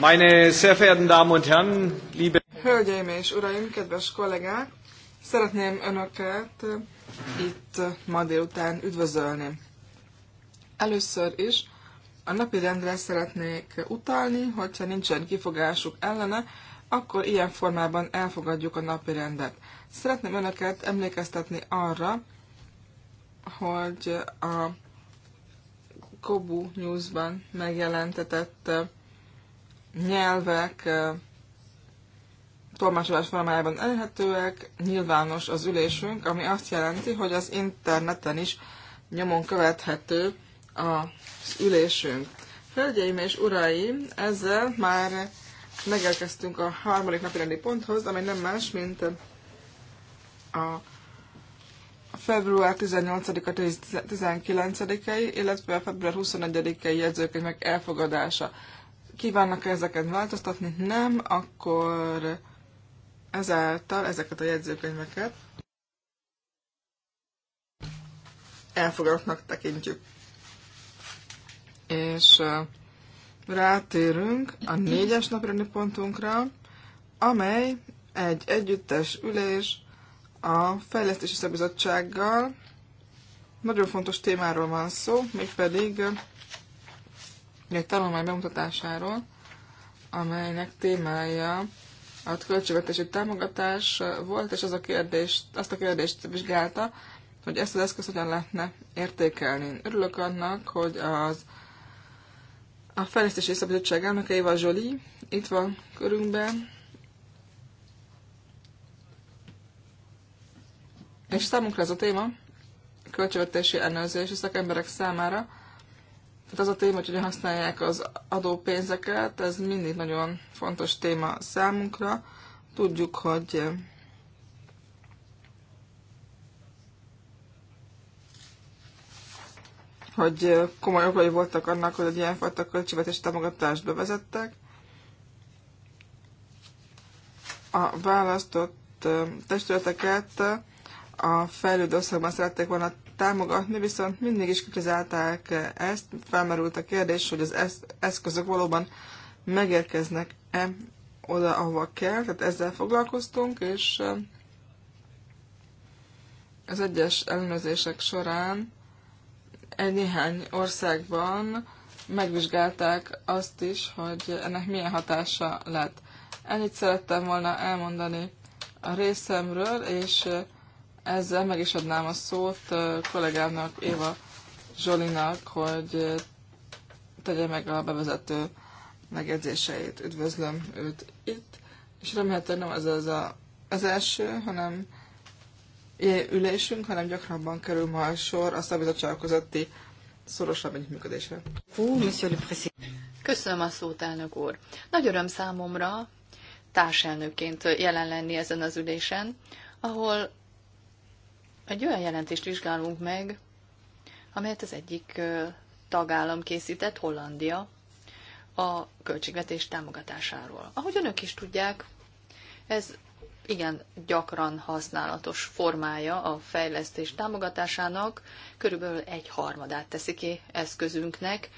Meine sehr verehrten Damen und Herren, liebe Hölgyeim és uraim, kedves kollégák! Szeretném Önöket eh, itt eh, ma délután üdvözölni. Először is a napi rendre szeretnék utalni, hogyha nincsen kifogásuk ellene, akkor ilyen formában elfogadjuk a napi rendet. Szeretném Önöket emlékeztetni arra, hogy a Kobu Newsban megjelentetett eh, nyelvek tolmácsolás formájában elérhetőek, nyilvános az ülésünk, ami azt jelenti, hogy az interneten is nyomon követhető az ülésünk. Hölgyeim és uraim, ezzel már megelkeztünk a harmadik napirendi ponthoz, ami nem más, mint a február 18-a 19-ei, illetve a február 21-ei jegyzőkönyvek elfogadása. Kívánnak -e ezeket változtatni? Nem, akkor ezáltal ezeket a jegyzőkönyveket elfogadottnak tekintjük. És uh, rátérünk a négyes napreni pontunkra, amely egy együttes ülés a Fejlesztési Szabizottsággal. Nagyon fontos témáról van szó, mégpedig egy tanulmány bemutatásáról, amelynek témája a költségvetési támogatás volt, és az a kérdést, azt a kérdést vizsgálta, hogy ezt az eszközt hogyan lehetne értékelni. Örülök annak, hogy az a Fejlesztési Szabadság elnöke Éva Zsoli itt van körünkben, és számunkra ez a téma költségvetési ellenőrzés szakemberek számára tehát az a téma, hogy használják az adópénzeket, ez mindig nagyon fontos téma számunkra. Tudjuk, hogy eh, hogy eh, komoly okai voltak annak, hogy egy ilyenfajta költségvetési támogatást bevezettek. A választott eh, testületeket a fejlődő országban szerették volna támogatni, viszont mindig is kritizálták ezt. Felmerült a kérdés, hogy az eszközök valóban megérkeznek-e oda, ahova kell. Tehát ezzel foglalkoztunk, és eh, az egyes ellenőrzések során egy néhány országban megvizsgálták azt is, hogy ennek milyen hatása lett. Ennyit szerettem volna elmondani a részemről, és eh, ezzel meg is adnám a szót a kollégámnak, Éva Zsolinak, hogy tegye meg a bevezető megjegyzéseit. Üdvözlöm őt itt, és remélhetően nem ez az a, az első, hanem ülésünk, hanem gyakrabban kerül a sor a szabizottság közötti szorosabb együttműködésre. Köszönöm a szót, elnök úr. Nagy öröm számomra társelnőként jelen lenni ezen az ülésen, ahol egy olyan jelentést vizsgálunk meg, amelyet az egyik tagállam készített, Hollandia, a költségvetés támogatásáról. Ahogy önök is tudják, ez igen gyakran használatos formája a fejlesztés támogatásának, körülbelül egy harmadát teszi ki eszközünknek,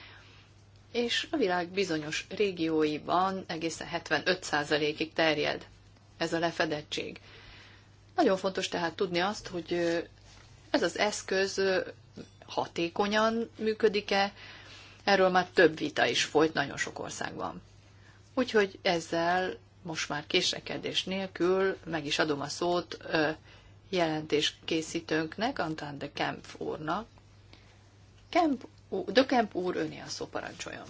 és a világ bizonyos régióiban egészen 75%-ig terjed ez a lefedettség. Nagyon fontos tehát tudni azt, hogy ez az eszköz hatékonyan működik-e, erről már több vita is folyt nagyon sok országban. Úgyhogy ezzel most már késrekedés nélkül meg is adom a szót jelentéskészítőnknek, Antán de Kemp úrnak. Kemp, de Kemp úr, öné a szó parancsoljon.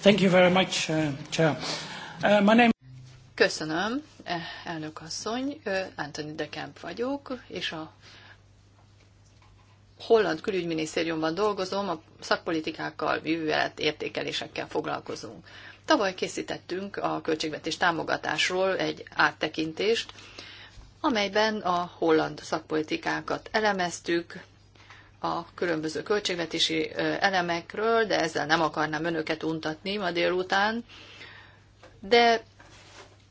Thank you very much, uh, Chair. Uh, my name Köszönöm, eh, elnök asszony, Anthony de Kemp vagyok, és a holland külügyminisztériumban dolgozom, a szakpolitikákkal, művelet értékelésekkel foglalkozunk. Tavaly készítettünk a költségvetés támogatásról egy áttekintést, amelyben a holland szakpolitikákat elemeztük, a különböző költségvetési elemekről, de ezzel nem akarnám önöket untatni ma délután. De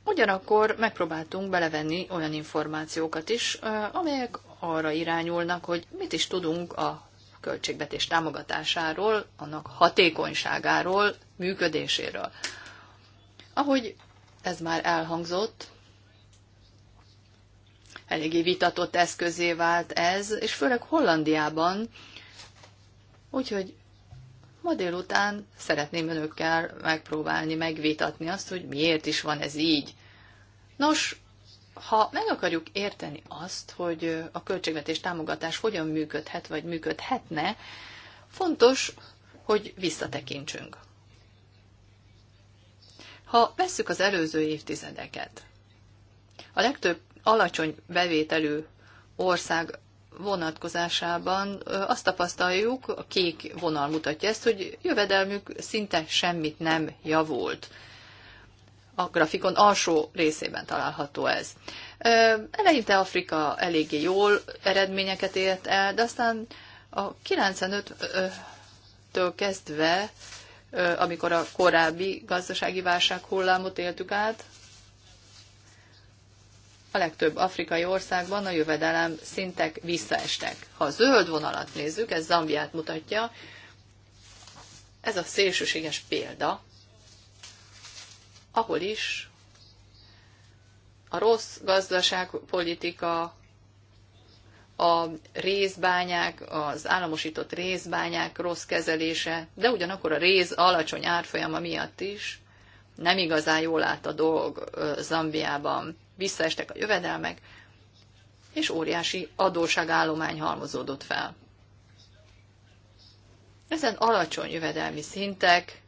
Ugyanakkor megpróbáltunk belevenni olyan információkat is, amelyek arra irányulnak, hogy mit is tudunk a költségvetés támogatásáról, annak hatékonyságáról, működéséről. Ahogy ez már elhangzott, eléggé vitatott eszközé vált ez, és főleg Hollandiában, úgyhogy ma délután szeretném önökkel megpróbálni megvitatni azt, hogy miért is van ez így. Nos, ha meg akarjuk érteni azt, hogy a költségvetés támogatás hogyan működhet vagy működhetne, fontos, hogy visszatekintsünk. Ha vesszük az előző évtizedeket, a legtöbb alacsony bevételű ország vonatkozásában azt tapasztaljuk, a kék vonal mutatja ezt, hogy jövedelmük szinte semmit nem javult. A grafikon alsó részében található ez. Eleinte Afrika eléggé jól eredményeket ért el, de aztán a 95-től kezdve, amikor a korábbi gazdasági válság hullámot éltük át, a legtöbb afrikai országban a jövedelem szintek visszaestek. Ha a zöld vonalat nézzük, ez Zambiát mutatja, ez a szélsőséges példa, ahol is a rossz gazdaságpolitika, a rézbányák, az államosított rézbányák rossz kezelése, de ugyanakkor a réz alacsony árfolyama miatt is nem igazán jól állt a dolg Zambiában visszaestek a jövedelmek, és óriási adóságállomány halmozódott fel. Ezen alacsony jövedelmi szintek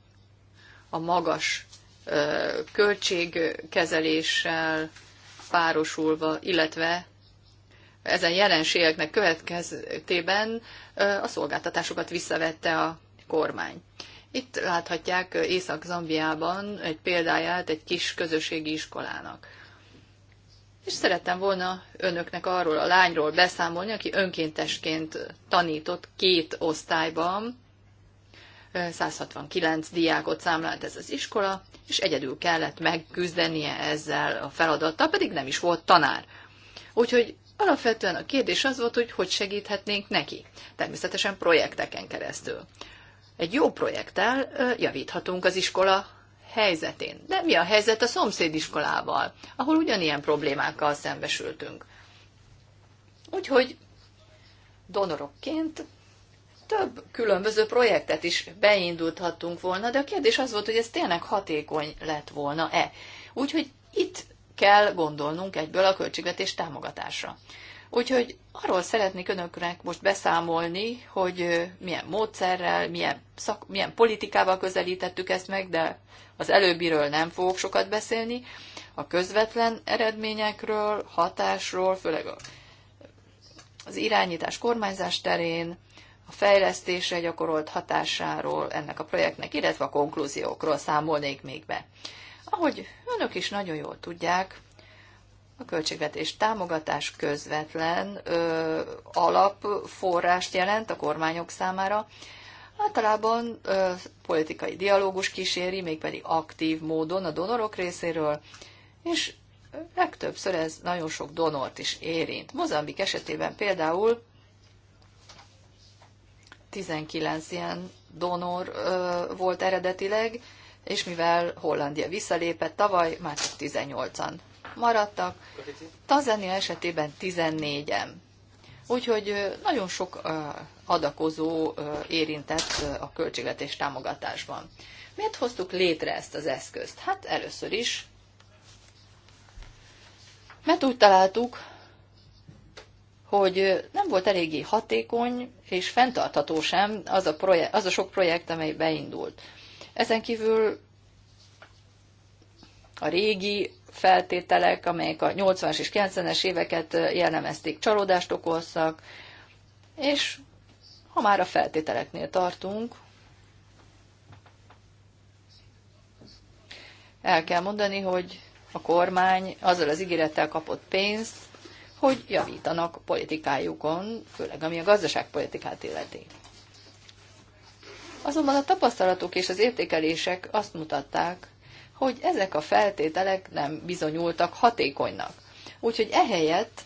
a magas ö, költségkezeléssel párosulva, illetve ezen jelenségeknek következtében a szolgáltatásokat visszavette a kormány. Itt láthatják Észak-Zambiában egy példáját egy kis közösségi iskolának és szerettem volna önöknek arról a lányról beszámolni, aki önkéntesként tanított két osztályban, 169 diákot számlált ez az iskola, és egyedül kellett megküzdenie ezzel a feladattal, pedig nem is volt tanár. Úgyhogy alapvetően a kérdés az volt, hogy hogy segíthetnénk neki. Természetesen projekteken keresztül. Egy jó projekttel javíthatunk az iskola helyzetén. De mi a helyzet a szomszédiskolával, ahol ugyanilyen problémákkal szembesültünk? Úgyhogy donorokként több különböző projektet is beindulthattunk volna, de a kérdés az volt, hogy ez tényleg hatékony lett volna-e. Úgyhogy itt kell gondolnunk egyből a költségvetés támogatásra. Úgyhogy arról szeretnék önöknek most beszámolni, hogy milyen módszerrel, milyen, szak, milyen politikával közelítettük ezt meg, de az előbbiről nem fogok sokat beszélni. A közvetlen eredményekről, hatásról, főleg a, az irányítás kormányzás terén, a fejlesztésre gyakorolt hatásáról ennek a projektnek, illetve a konklúziókról számolnék még be. Ahogy önök is nagyon jól tudják, a költségvetés támogatás közvetlen ö, alapforrást jelent a kormányok számára. Általában ö, politikai dialógus kíséri, mégpedig aktív módon a donorok részéről, és legtöbbször ez nagyon sok donort is érint. Mozambik esetében például 19 ilyen donor ö, volt eredetileg, és mivel Hollandia visszalépett tavaly, már csak 18-an maradtak, Tanzania esetében 14-en. Úgyhogy nagyon sok adakozó érintett a költségvetés támogatásban. Miért hoztuk létre ezt az eszközt? Hát először is, mert úgy találtuk, hogy nem volt eléggé hatékony és fenntartható sem az a, projekt, az a sok projekt, amely beindult. Ezen kívül a régi feltételek, amelyek a 80-as és 90-es éveket jellemezték, csalódást okoztak, és ha már a feltételeknél tartunk, el kell mondani, hogy a kormány azzal az ígérettel kapott pénzt, hogy javítanak politikájukon, főleg ami a gazdaságpolitikát illeti. Azonban a tapasztalatok és az értékelések azt mutatták, hogy ezek a feltételek nem bizonyultak hatékonynak. Úgyhogy ehelyett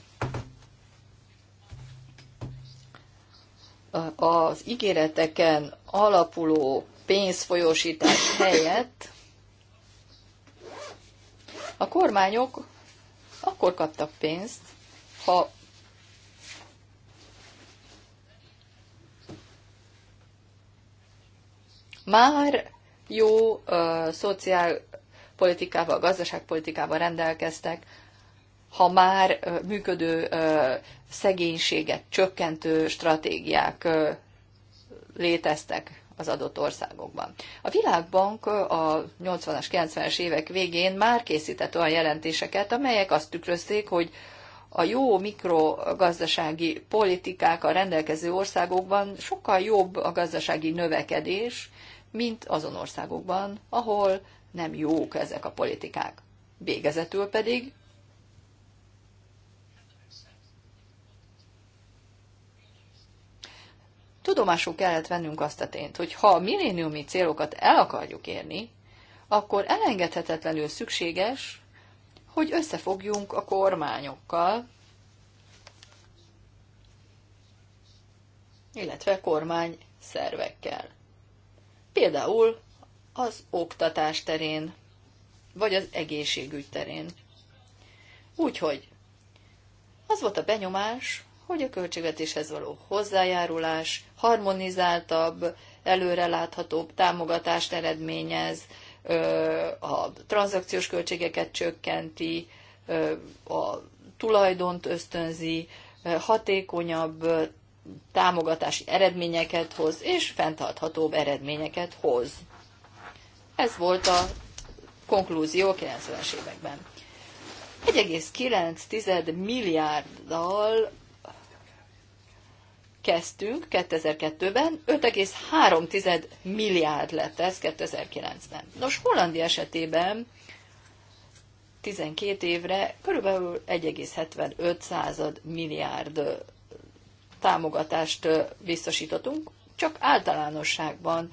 az ígéreteken alapuló pénzfolyósítás helyett a kormányok akkor kaptak pénzt, ha már jó uh, szociál politikával, gazdaságpolitikával rendelkeztek, ha már működő szegénységet csökkentő stratégiák léteztek az adott országokban. A Világbank a 80-as, 90-es évek végén már készített olyan jelentéseket, amelyek azt tükrözték, hogy a jó mikrogazdasági politikák a rendelkező országokban sokkal jobb a gazdasági növekedés, mint azon országokban, ahol nem jók ezek a politikák. Végezetül pedig tudomásul kellett vennünk azt a tényt, hogy ha a milléniumi célokat el akarjuk érni, akkor elengedhetetlenül szükséges, hogy összefogjunk a kormányokkal, illetve kormány szervekkel. Például az oktatás terén, vagy az egészségügy terén. Úgyhogy az volt a benyomás, hogy a költségvetéshez való hozzájárulás harmonizáltabb, előreláthatóbb támogatást eredményez, a tranzakciós költségeket csökkenti, a tulajdont ösztönzi, hatékonyabb támogatási eredményeket hoz, és fenntarthatóbb eredményeket hoz. Ez volt a konklúzió 90-es években. 1,9 milliárddal kezdtünk 2002-ben, 5,3 milliárd lett ez 2009-ben. Nos, Hollandi esetében 12 évre körülbelül 1,75 század milliárd támogatást biztosítottunk, csak általánosságban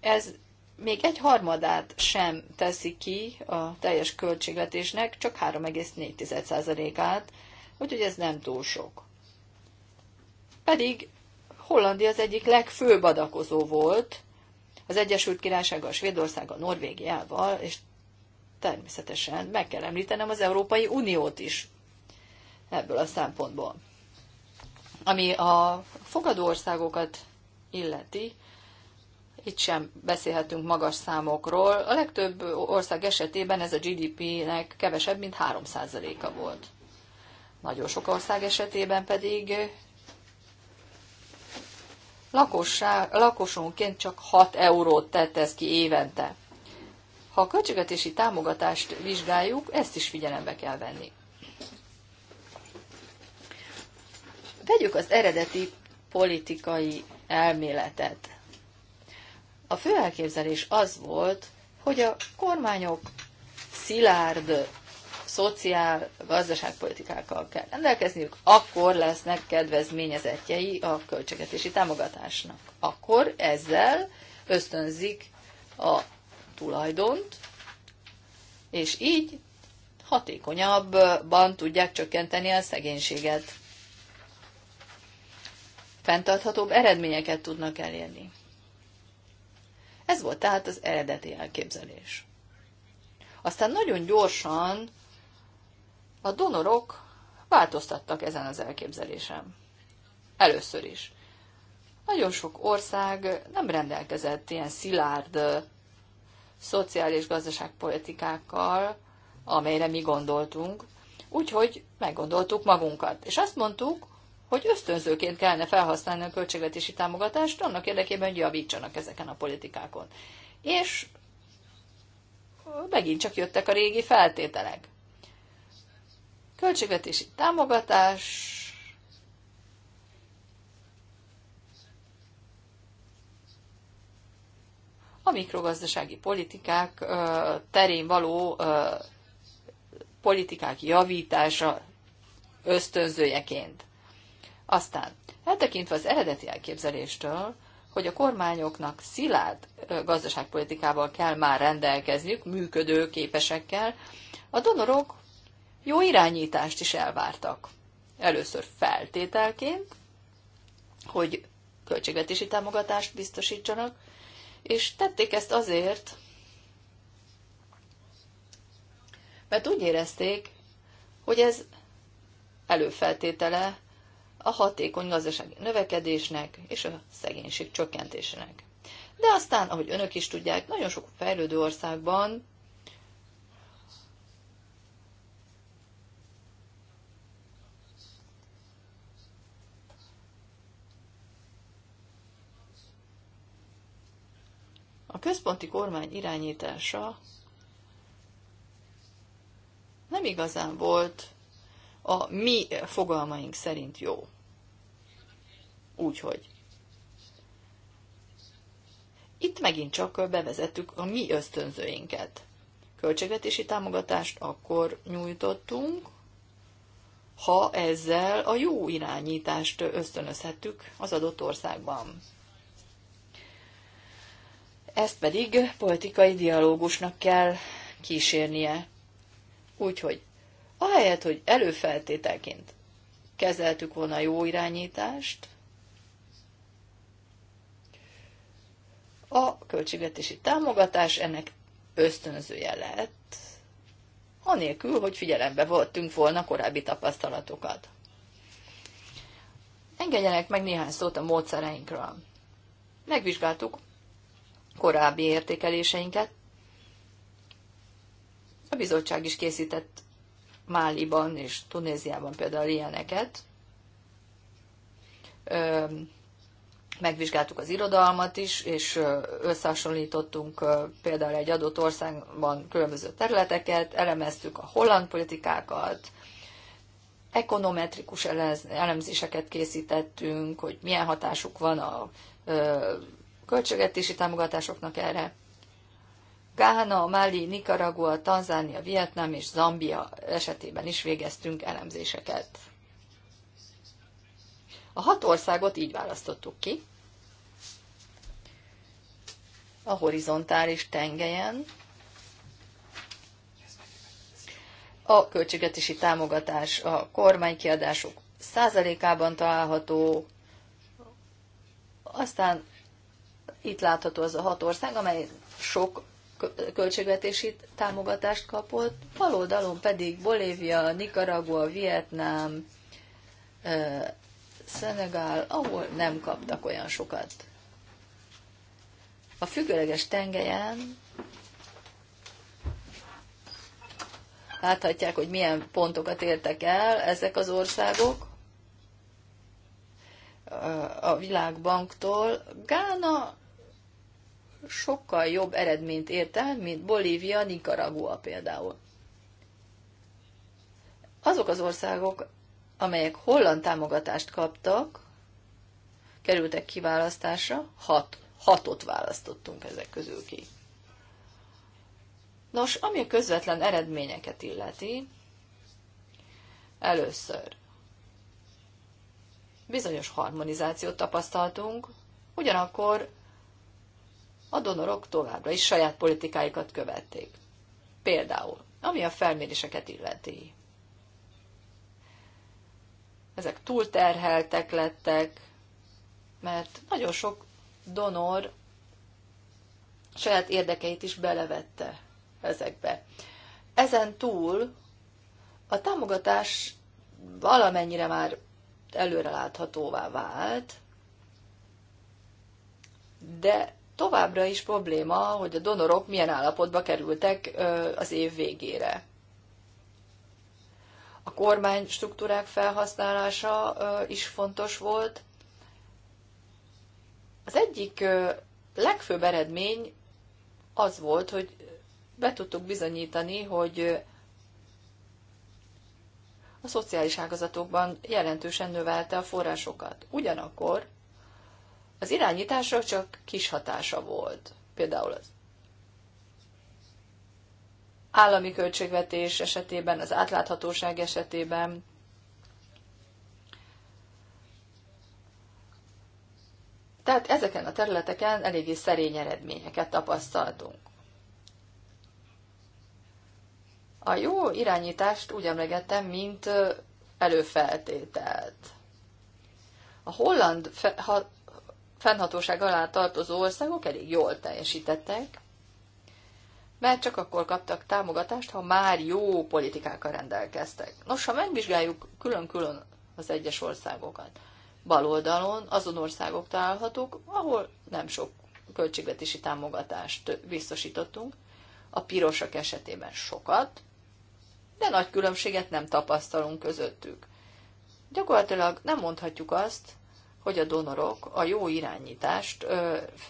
ez még egy harmadát sem teszi ki a teljes költségvetésnek, csak 3,4%-át, úgyhogy ez nem túl sok. Pedig Hollandia az egyik legfőbb adakozó volt, az Egyesült Királysággal, Svédországgal, Norvégiával, és természetesen meg kell említenem az Európai Uniót is ebből a szempontból. Ami a fogadó országokat illeti, itt sem beszélhetünk magas számokról. A legtöbb ország esetében ez a GDP-nek kevesebb, mint 3%-a volt. Nagyon sok ország esetében pedig lakossá, lakosonként csak 6 eurót tett ez ki évente. Ha a költségvetési támogatást vizsgáljuk, ezt is figyelembe kell venni. Vegyük az eredeti politikai elméletet. A fő elképzelés az volt, hogy a kormányok szilárd szociál gazdaságpolitikákkal kell rendelkezniük, akkor lesznek kedvezményezetjei a költségetési támogatásnak. Akkor ezzel ösztönzik a tulajdont, és így hatékonyabban tudják csökkenteni a szegénységet. Fentarthatóbb eredményeket tudnak elérni. Ez volt tehát az eredeti elképzelés. Aztán nagyon gyorsan a donorok változtattak ezen az elképzelésem. Először is. Nagyon sok ország nem rendelkezett ilyen szilárd szociális gazdaságpolitikákkal, amelyre mi gondoltunk, úgyhogy meggondoltuk magunkat. És azt mondtuk, hogy ösztönzőként kellene felhasználni a költségvetési támogatást annak érdekében, hogy javítsanak ezeken a politikákon. És megint csak jöttek a régi feltételek. Költségvetési támogatás, a mikrogazdasági politikák terén való politikák javítása ösztönzőjeként. Aztán eltekintve az eredeti elképzeléstől, hogy a kormányoknak szilárd gazdaságpolitikával kell már rendelkezniük, működő képesekkel, a donorok jó irányítást is elvártak. Először feltételként, hogy költségvetési támogatást biztosítsanak, és tették ezt azért, mert úgy érezték, hogy ez előfeltétele a hatékony gazdasági növekedésnek és a szegénység csökkentésének. De aztán, ahogy önök is tudják, nagyon sok fejlődő országban A központi kormány irányítása nem igazán volt a mi fogalmaink szerint jó. Úgyhogy. Itt megint csak bevezettük a mi ösztönzőinket. Költségvetési támogatást akkor nyújtottunk, ha ezzel a jó irányítást ösztönözhettük az adott országban. Ezt pedig politikai dialógusnak kell kísérnie. Úgyhogy ahelyett, hogy előfeltételként kezeltük volna a jó irányítást, a költségvetési támogatás ennek ösztönzője lett, anélkül, hogy figyelembe voltunk volna korábbi tapasztalatokat. Engedjenek meg néhány szót a módszereinkről. Megvizsgáltuk korábbi értékeléseinket. A bizottság is készített Máliban és Tunéziában például ilyeneket. Megvizsgáltuk az irodalmat is, és összehasonlítottunk például egy adott országban különböző területeket, elemeztük a holland politikákat, ekonometrikus elemzéseket készítettünk, hogy milyen hatásuk van a költségvetési támogatásoknak erre. Gána, Mali, Nicaragua, Tanzánia, Vietnám és Zambia esetében is végeztünk elemzéseket. A hat országot így választottuk ki. A horizontális tengelyen, a költségetési támogatás a kormánykiadások százalékában található, aztán itt látható az a hat ország, amely sok költségvetési támogatást kapott, bal oldalon pedig Bolívia, Nicaragua, Vietnám, Szenegál, ahol nem kaptak olyan sokat. A függőleges tengelyen láthatják, hogy milyen pontokat értek el ezek az országok a világbanktól. Gána sokkal jobb eredményt ért el, mint Bolívia, Nicaragua például. Azok az országok, amelyek holland támogatást kaptak, kerültek kiválasztásra, hat, hatot választottunk ezek közül ki. Nos, ami a közvetlen eredményeket illeti, először bizonyos harmonizációt tapasztaltunk, ugyanakkor a donorok továbbra is saját politikáikat követték. Például, ami a felméréseket illeti. Ezek túlterheltek lettek, mert nagyon sok donor saját érdekeit is belevette ezekbe. Ezen túl a támogatás valamennyire már előreláthatóvá vált, de továbbra is probléma, hogy a donorok milyen állapotba kerültek az év végére. A kormány struktúrák felhasználása is fontos volt. Az egyik legfőbb eredmény az volt, hogy be tudtuk bizonyítani, hogy a szociális ágazatokban jelentősen növelte a forrásokat. Ugyanakkor az irányításra csak kis hatása volt. Például az állami költségvetés esetében, az átláthatóság esetében, Tehát ezeken a területeken eléggé szerény eredményeket tapasztaltunk. A jó irányítást úgy emlegettem, mint előfeltételt. A holland fennhatóság alá tartozó országok elég jól teljesítettek, mert csak akkor kaptak támogatást, ha már jó politikákkal rendelkeztek. Nos, ha megvizsgáljuk külön-külön az egyes országokat, bal oldalon azon országok találhatók, ahol nem sok költségvetési támogatást biztosítottunk, a pirosak esetében sokat, de nagy különbséget nem tapasztalunk közöttük. Gyakorlatilag nem mondhatjuk azt, hogy a donorok a jó irányítást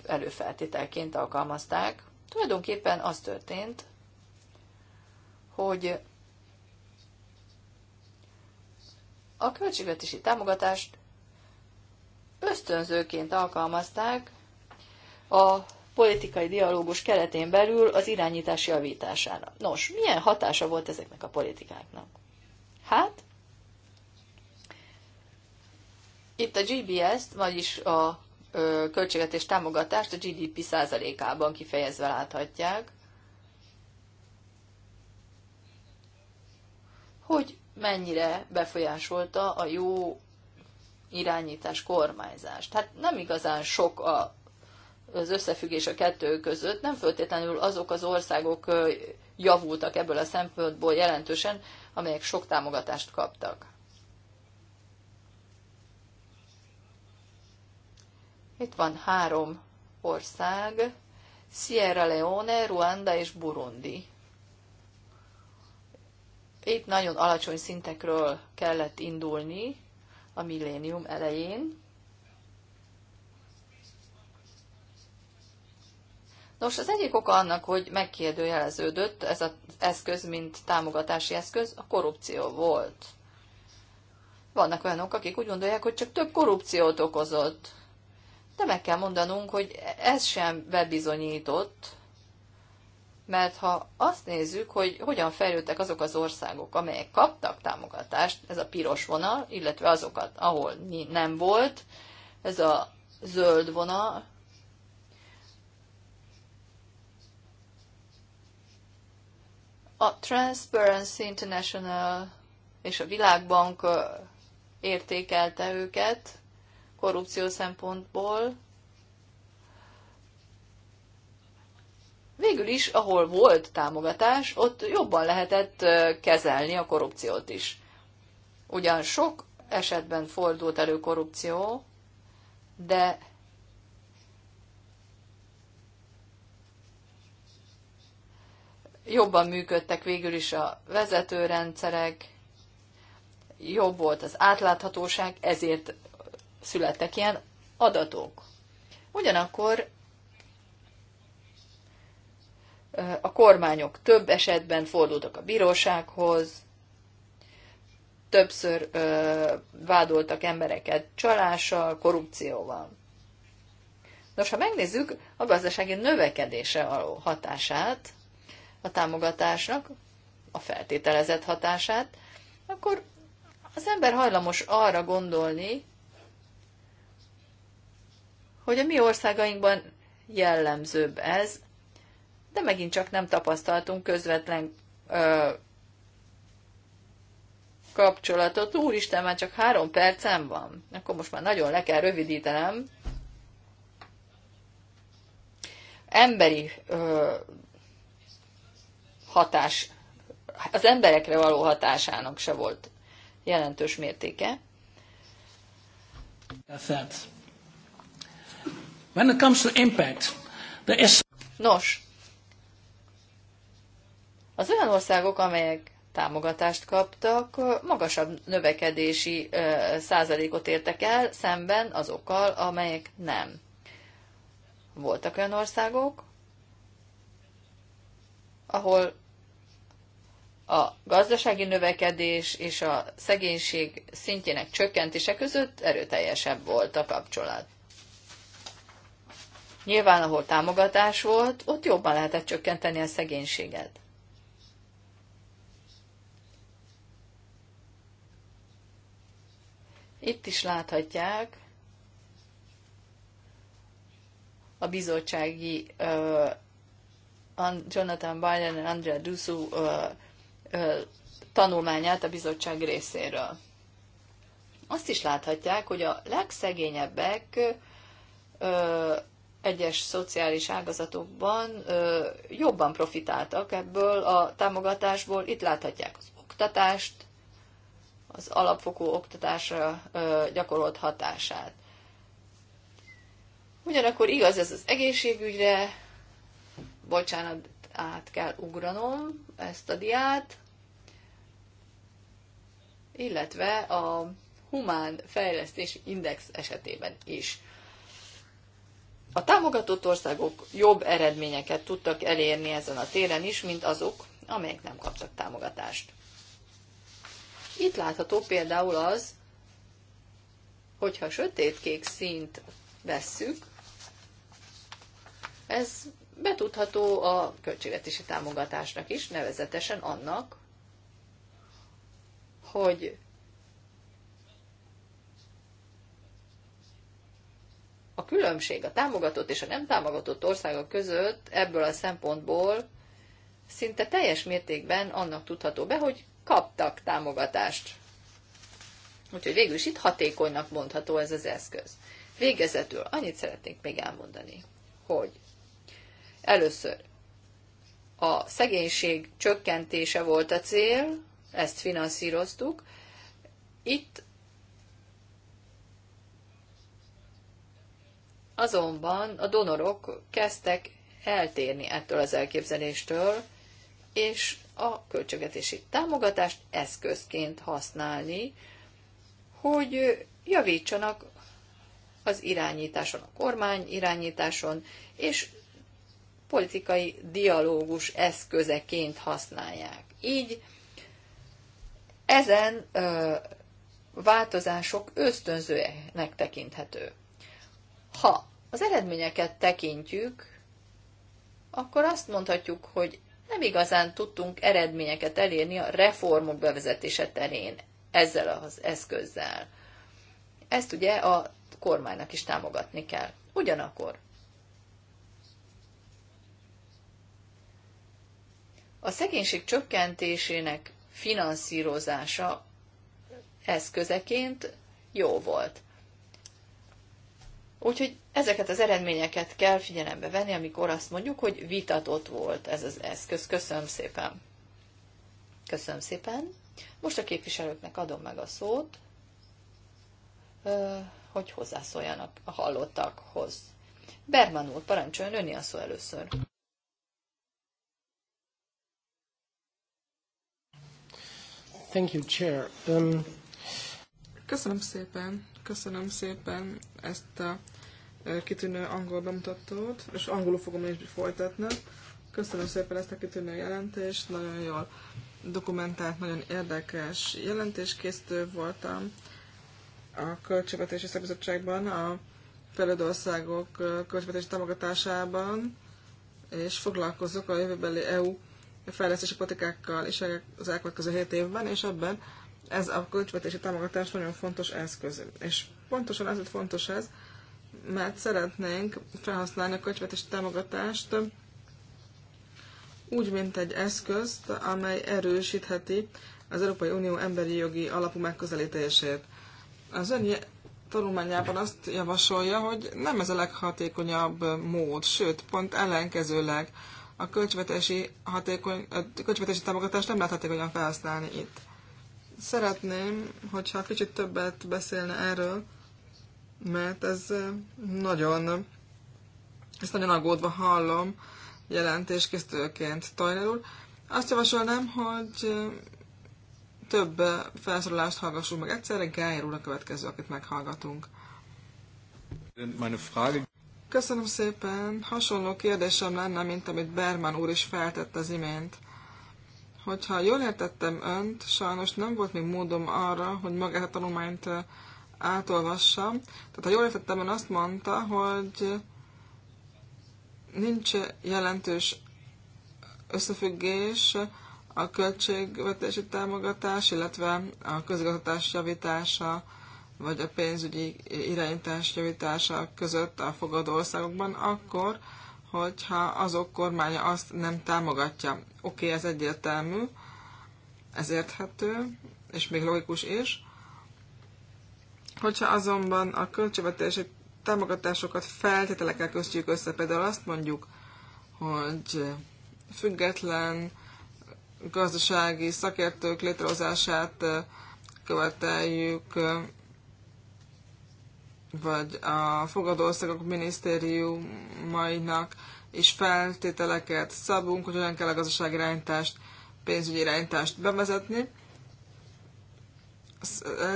előfeltételként alkalmazták. Tulajdonképpen az történt, hogy a költségvetési támogatást ösztönzőként alkalmazták a politikai dialógus keretén belül az irányítás javítására. Nos, milyen hatása volt ezeknek a politikáknak? Hát, Itt a GBS-t, vagyis a költségvetés támogatást a GDP százalékában kifejezve láthatják, hogy mennyire befolyásolta a jó irányítás, kormányzás. Tehát nem igazán sok a, az összefüggés a kettő között, nem föltétlenül azok az országok javultak ebből a szempontból jelentősen, amelyek sok támogatást kaptak. Itt van három ország, Sierra Leone, Ruanda és Burundi. Itt nagyon alacsony szintekről kellett indulni a millénium elején. Nos, az egyik oka annak, hogy megkérdőjeleződött ez az eszköz, mint támogatási eszköz, a korrupció volt. Vannak olyanok, akik úgy gondolják, hogy csak több korrupciót okozott de meg kell mondanunk, hogy ez sem bebizonyított, mert ha azt nézzük, hogy hogyan fejlődtek azok az országok, amelyek kaptak támogatást, ez a piros vonal, illetve azokat, ahol nem volt, ez a zöld vonal, a Transparency International és a Világbank értékelte őket, korrupció szempontból. Végül is, ahol volt támogatás, ott jobban lehetett kezelni a korrupciót is. Ugyan sok esetben fordult elő korrupció, de jobban működtek végül is a vezetőrendszerek, jobb volt az átláthatóság, ezért születtek ilyen adatok. Ugyanakkor a kormányok több esetben fordultak a bírósághoz, többször ö, vádoltak embereket csalással, korrupcióval. Nos, ha megnézzük a gazdasági növekedése aló hatását a támogatásnak, a feltételezett hatását, akkor az ember hajlamos arra gondolni, hogy a mi országainkban jellemzőbb ez, de megint csak nem tapasztaltunk közvetlen ö, kapcsolatot. Úristen, már csak három percem van. Akkor most már nagyon le kell rövidítenem. Emberi ö, hatás, az emberekre való hatásának se volt jelentős mértéke. When it comes to impact, there is... Nos, az olyan országok, amelyek támogatást kaptak, magasabb növekedési százalékot értek el szemben azokkal, amelyek nem. Voltak olyan országok, ahol a gazdasági növekedés és a szegénység szintjének csökkentése között erőteljesebb volt a kapcsolat. Nyilván, ahol támogatás volt, ott jobban lehetett csökkenteni a szegénységet. Itt is láthatják a bizottsági uh, Jonathan Biden és Andrea Dusu uh, uh, tanulmányát a bizottság részéről. Azt is láthatják, hogy a legszegényebbek uh, egyes szociális ágazatokban jobban profitáltak ebből a támogatásból. Itt láthatják az oktatást, az alapfokú oktatásra gyakorolt hatását. Ugyanakkor igaz ez az egészségügyre, bocsánat, át kell ugranom ezt a diát, illetve a humán fejlesztési index esetében is. A támogatott országok jobb eredményeket tudtak elérni ezen a téren is, mint azok, amelyek nem kaptak támogatást. Itt látható például az, hogyha sötétkék színt vesszük, ez betudható a költségvetési támogatásnak is, nevezetesen annak, hogy a különbség a támogatott és a nem támogatott országok között ebből a szempontból szinte teljes mértékben annak tudható be, hogy kaptak támogatást. Úgyhogy végül is itt hatékonynak mondható ez az eszköz. Végezetül annyit szeretnék még elmondani, hogy először a szegénység csökkentése volt a cél, ezt finanszíroztuk. Itt Azonban a donorok kezdtek eltérni ettől az elképzeléstől, és a költségvetési támogatást eszközként használni, hogy javítsanak az irányításon, a kormány irányításon, és politikai dialógus eszközeként használják. Így ezen ö, változások ösztönzőnek tekinthető. Ha az eredményeket tekintjük, akkor azt mondhatjuk, hogy nem igazán tudtunk eredményeket elérni a reformok bevezetése terén ezzel az eszközzel. Ezt ugye a kormánynak is támogatni kell. Ugyanakkor a szegénység csökkentésének finanszírozása eszközeként jó volt. Úgyhogy ezeket az eredményeket kell figyelembe venni, amikor azt mondjuk, hogy vitatott volt ez az eszköz. Köszönöm szépen. Köszönöm szépen. Most a képviselőknek adom meg a szót, hogy hozzászóljanak a hallottakhoz. Berman úr, parancsoljon, önni a szó először. Thank you, Chair. Um... Köszönöm szépen, Köszönöm szépen ezt a kitűnő angol bemutatót, és angolul fogom én is folytatni. Köszönöm szépen ezt a kitűnő jelentést, nagyon jól dokumentált, nagyon érdekes jelentéskészítő voltam a Költségvetési Szabizottságban, a fejlődő országok költségvetési támogatásában, és foglalkozok a jövőbeli EU fejlesztési politikákkal is az elkövetkező 7 évben, és ebben ez a költségvetési támogatás nagyon fontos eszköz. És pontosan ezért fontos ez, mert szeretnénk felhasználni a költségvetési támogatást úgy, mint egy eszközt, amely erősítheti az Európai Unió emberi jogi alapú megközelítését. Az ön tanulmányában azt javasolja, hogy nem ez a leghatékonyabb mód, sőt, pont ellenkezőleg a költségvetési, hatékony, a költségvetési támogatást nem lehet hatékonyan felhasználni itt. Szeretném, hogyha kicsit többet beszélne erről, mert ez eh, nagyon, ezt nagyon aggódva hallom jelentéskészítőként Tajnerul. Azt javasolnám, hogy eh, több eh, felszólalást hallgassunk meg egyszerre, Gájer úr a következő, akit meghallgatunk. Köszönöm szépen. Hasonló kérdésem lenne, mint amit Berman úr is feltett az imént. Hogyha jól értettem önt, sajnos nem volt még módom arra, hogy magát a tanulmányt átolvassam. Tehát ha jól értettem, ön azt mondta, hogy nincs jelentős összefüggés a költségvetési támogatás, illetve a közigazgatás javítása, vagy a pénzügyi irányítás javítása között a fogadó országokban, akkor hogyha azok kormánya azt nem támogatja. Oké, okay, ez egyértelmű, ez érthető, és még logikus is. Hogyha azonban a költségvetési támogatásokat feltételekkel köztjük össze, például azt mondjuk, hogy független gazdasági szakértők létrehozását követeljük vagy a fogadóországok minisztériumainak is feltételeket szabunk, hogy hogyan kell a gazdasági irányítást, pénzügyi irányítást bevezetni.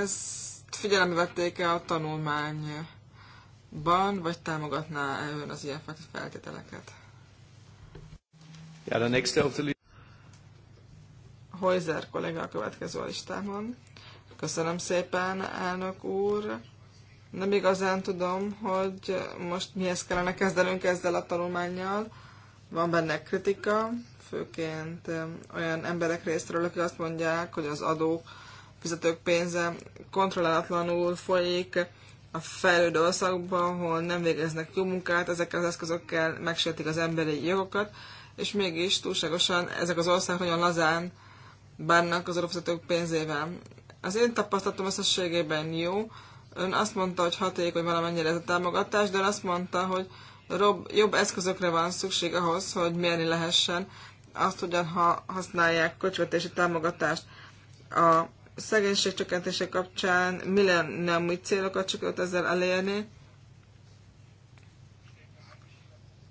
Ezt figyelembe vették -e a tanulmányban, vagy támogatná -e ön az ilyen feltételeket? Ja, Hojzer kollega a következő a listámon. Köszönöm szépen, elnök úr! nem igazán tudom, hogy most mihez kellene kezdenünk ezzel a tanulmányjal. Van benne kritika, főként olyan emberek részéről, akik azt mondják, hogy az adók fizetők pénze kontrollálatlanul folyik a fejlődő országokban, ahol nem végeznek jó munkát, ezekkel az eszközökkel megsértik az emberi jogokat, és mégis túlságosan ezek az országok nagyon lazán bánnak az adófizetők pénzével. Az én tapasztalatom összességében jó, Ön azt mondta, hogy hatékony valamennyire ez a támogatás, de ön azt mondta, hogy rob, jobb eszközökre van szükség ahhoz, hogy mérni lehessen azt, hogyan ha használják kocsvetési támogatást. A szegénység csökkentése kapcsán mi lenne amúgy célokat sikerült ezzel elérni?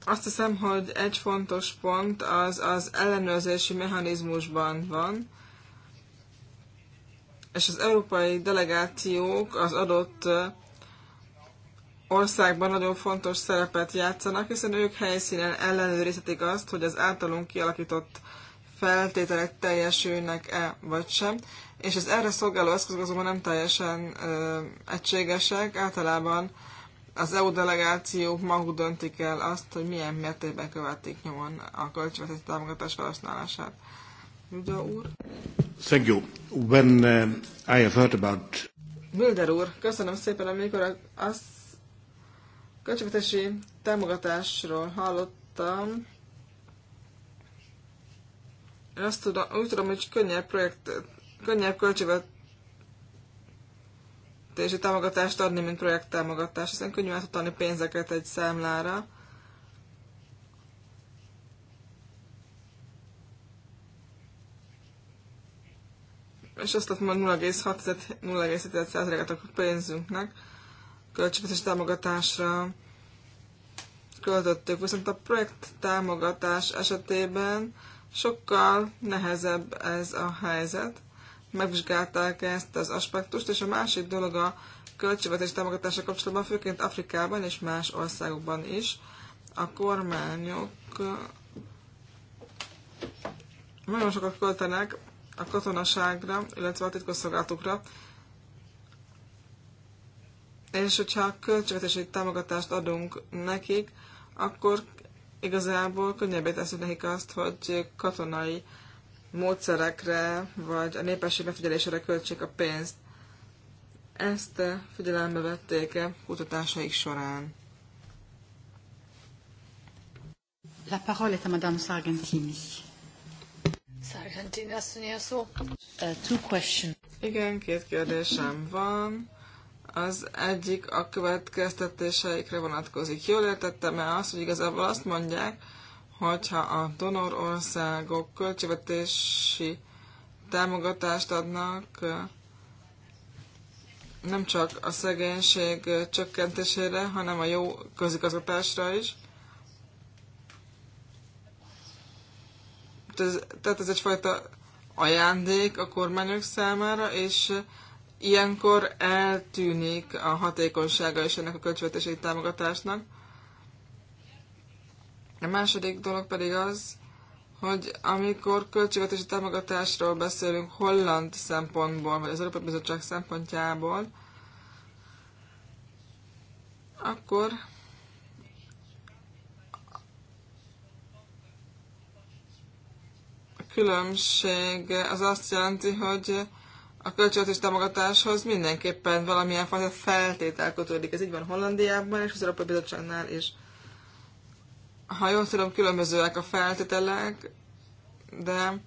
Azt hiszem, hogy egy fontos pont az az ellenőrzési mechanizmusban van, és az európai delegációk az adott országban nagyon fontos szerepet játszanak, hiszen ők helyszínen ellenőrizhetik azt, hogy az általunk kialakított feltételek teljesülnek-e vagy sem, és az erre szolgáló eszközök azonban nem teljesen ö, egységesek, általában az EU delegációk maguk döntik el azt, hogy milyen mértékben követik nyomon a költségvetési támogatás felhasználását. Mulder úr. Thank you. When uh, I have heard about... Mulder úr, köszönöm szépen, amikor az költségvetési támogatásról hallottam, én azt tudom, úgy tudom, hogy könnyebb projekt, könnyebb költségvetési támogatást adni, mint projekt támogatást, hiszen könnyű átutalni pénzeket egy számlára. és azt látom, hogy 06 et a pénzünknek költségvetés támogatásra költöttük, viszont a projekt támogatás esetében sokkal nehezebb ez a helyzet. Megvizsgálták ezt az aspektust, és a másik dolog a költségvetés támogatása kapcsolatban, főként Afrikában és más országokban is, a kormányok nagyon sokat költenek a katonaságra, illetve a titkosszolgálatokra, és hogyha költségvetési támogatást adunk nekik, akkor igazából könnyebbé teszünk nekik azt, hogy katonai módszerekre, vagy a népesség megfigyelésére költsék a pénzt. Ezt figyelembe vették -e kutatásaik során. La parole est à Madame Sargentini. Sargentini asszony a szó. Uh, two question. Igen, két kérdésem van. Az egyik a következtetéseikre vonatkozik. Jól értettem el azt, hogy igazából azt mondják, hogyha a donor országok költségvetési támogatást adnak, nem csak a szegénység csökkentésére, hanem a jó közigazgatásra is. tehát ez egyfajta ajándék a kormányok számára, és ilyenkor eltűnik a hatékonysága és ennek a költségvetési támogatásnak. A második dolog pedig az, hogy amikor költségvetési támogatásról beszélünk holland szempontból, vagy az Európai Bizottság szempontjából, akkor különbség az azt jelenti, hogy a költségvetés támogatáshoz mindenképpen valamilyen fajta feltétel kötődik. Ez így van Hollandiában és az Európai Bizottságnál is. Ha jól tudom, különbözőek a feltételek, de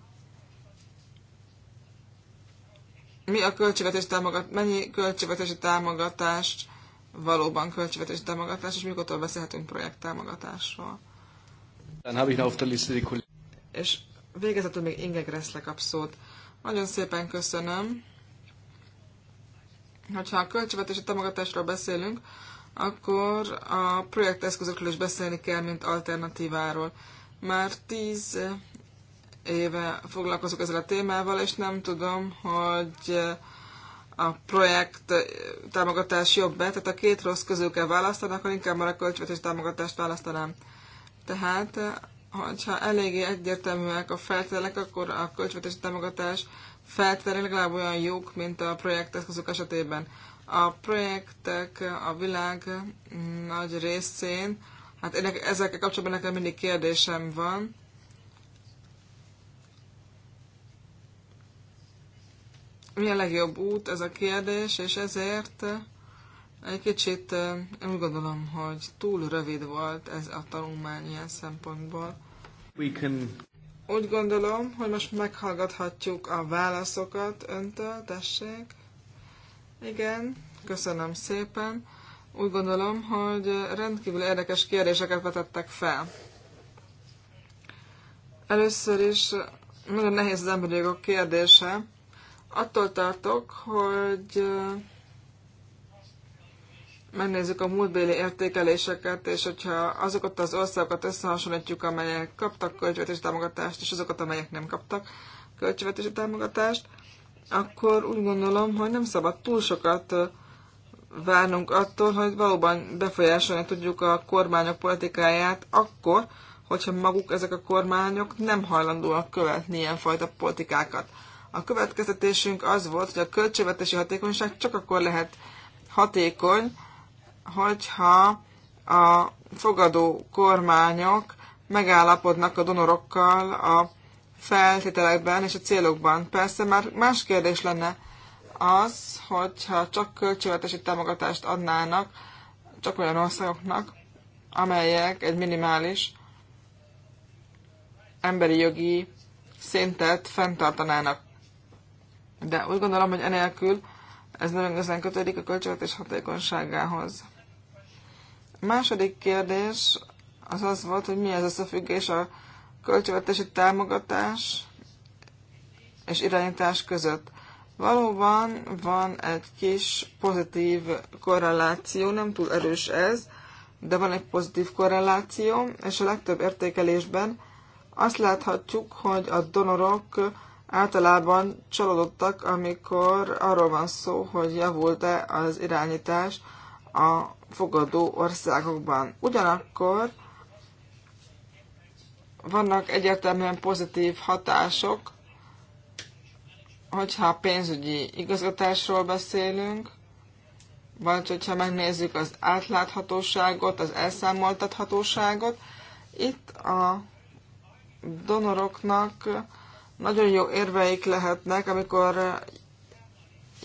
mi a költségvetés támogat, mennyi költségvetési támogatást valóban költségvetési támogatás, és mikor beszélhetünk projekt támogatásról. És Végezetül még Inge Gressle kap szót. Nagyon szépen köszönöm. Hogyha a költségvetési támogatásról beszélünk, akkor a projekteszközökről is beszélni kell, mint alternatíváról. Már tíz éve foglalkozok ezzel a témával, és nem tudom, hogy a projekt támogatás jobb-e, tehát a két rossz közül kell választani, akkor inkább már a költségvetési támogatást választanám. Tehát hogyha eléggé egyértelműek a feltételek, akkor a költségvetési támogatás feltételek legalább olyan jók, mint a projekteszközök esetében. A projektek a világ nagy részén, hát ennek, ezekkel kapcsolatban nekem mindig kérdésem van. Mi a legjobb út, ez a kérdés, és ezért egy kicsit úgy gondolom, hogy túl rövid volt ez a tanulmány ilyen szempontból. We can... Úgy gondolom, hogy most meghallgathatjuk a válaszokat öntől, tessék. Igen, köszönöm szépen. Úgy gondolom, hogy rendkívül érdekes kérdéseket vetettek fel. Először is nagyon nehéz az emberi jogok kérdése. Attól tartok, hogy megnézzük a múltbéli értékeléseket, és hogyha azokat az országokat összehasonlítjuk, amelyek kaptak költségvetési támogatást, és azokat, amelyek nem kaptak költségvetési támogatást, akkor úgy gondolom, hogy nem szabad túl sokat várnunk attól, hogy valóban befolyásolni tudjuk a kormányok politikáját akkor, hogyha maguk ezek a kormányok nem hajlandóak követni ilyenfajta politikákat. A következtetésünk az volt, hogy a költségvetési hatékonyság csak akkor lehet hatékony, hogyha a fogadó kormányok megállapodnak a donorokkal a feltételekben és a célokban. Persze már más kérdés lenne az, hogyha csak költségvetési támogatást adnának csak olyan országoknak, amelyek egy minimális emberi jogi szintet fenntartanának. De úgy gondolom, hogy enélkül ez nem igazán kötődik a költségvetés hatékonyságához. Második kérdés az az volt, hogy mi az összefüggés a költségvetési támogatás és irányítás között. Valóban van egy kis pozitív korreláció, nem túl erős ez, de van egy pozitív korreláció, és a legtöbb értékelésben azt láthatjuk, hogy a donorok általában csalódottak, amikor arról van szó, hogy javult-e az irányítás a fogadó országokban. Ugyanakkor vannak egyértelműen pozitív hatások, hogyha pénzügyi igazgatásról beszélünk, vagy hogyha megnézzük az átláthatóságot, az elszámoltathatóságot, itt a donoroknak nagyon jó érveik lehetnek, amikor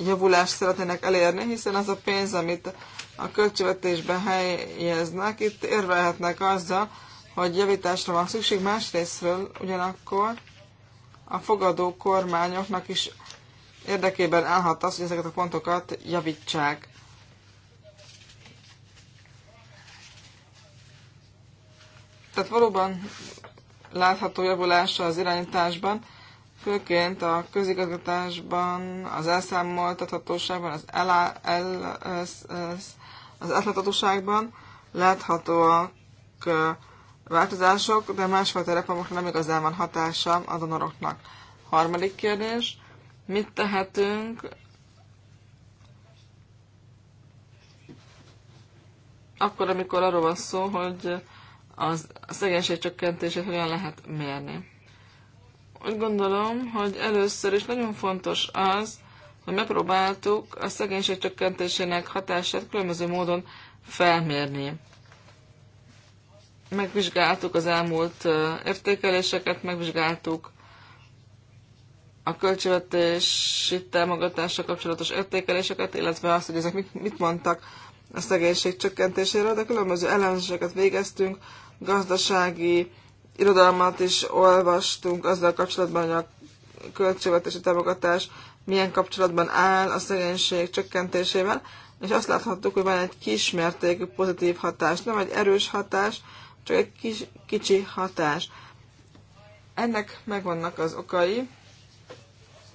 javulást szeretnének elérni, hiszen az a pénz, amit a költségvetésbe helyeznek, itt érvelhetnek azzal, hogy javításra van szükség, másrésztről ugyanakkor a fogadó kormányoknak is érdekében állhat az, hogy ezeket a pontokat javítsák. Tehát valóban látható javulása az irányításban, főként a közigazgatásban, az elszámoltathatóságban, az elá, el, ez, ez, az átláthatóságban láthatóak változások, de másfajta reformokra nem igazán van hatása a donoroknak. Harmadik kérdés, mit tehetünk akkor, amikor arról van szó, hogy az, a szegénység csökkentését hogyan lehet mérni. Úgy gondolom, hogy először is nagyon fontos az, hogy megpróbáltuk a szegénység csökkentésének hatását különböző módon felmérni. Megvizsgáltuk az elmúlt értékeléseket, megvizsgáltuk a költségvetési támogatásra kapcsolatos értékeléseket, illetve azt, hogy ezek mit, mit mondtak a szegénység csökkentéséről, de különböző elemzéseket végeztünk, gazdasági irodalmat is olvastunk azzal kapcsolatban, hogy a költségvetési támogatás milyen kapcsolatban áll a szegénység csökkentésével, és azt láthattuk, hogy van egy kismértékű pozitív hatás, nem egy erős hatás, csak egy kis, kicsi hatás. Ennek megvannak az okai,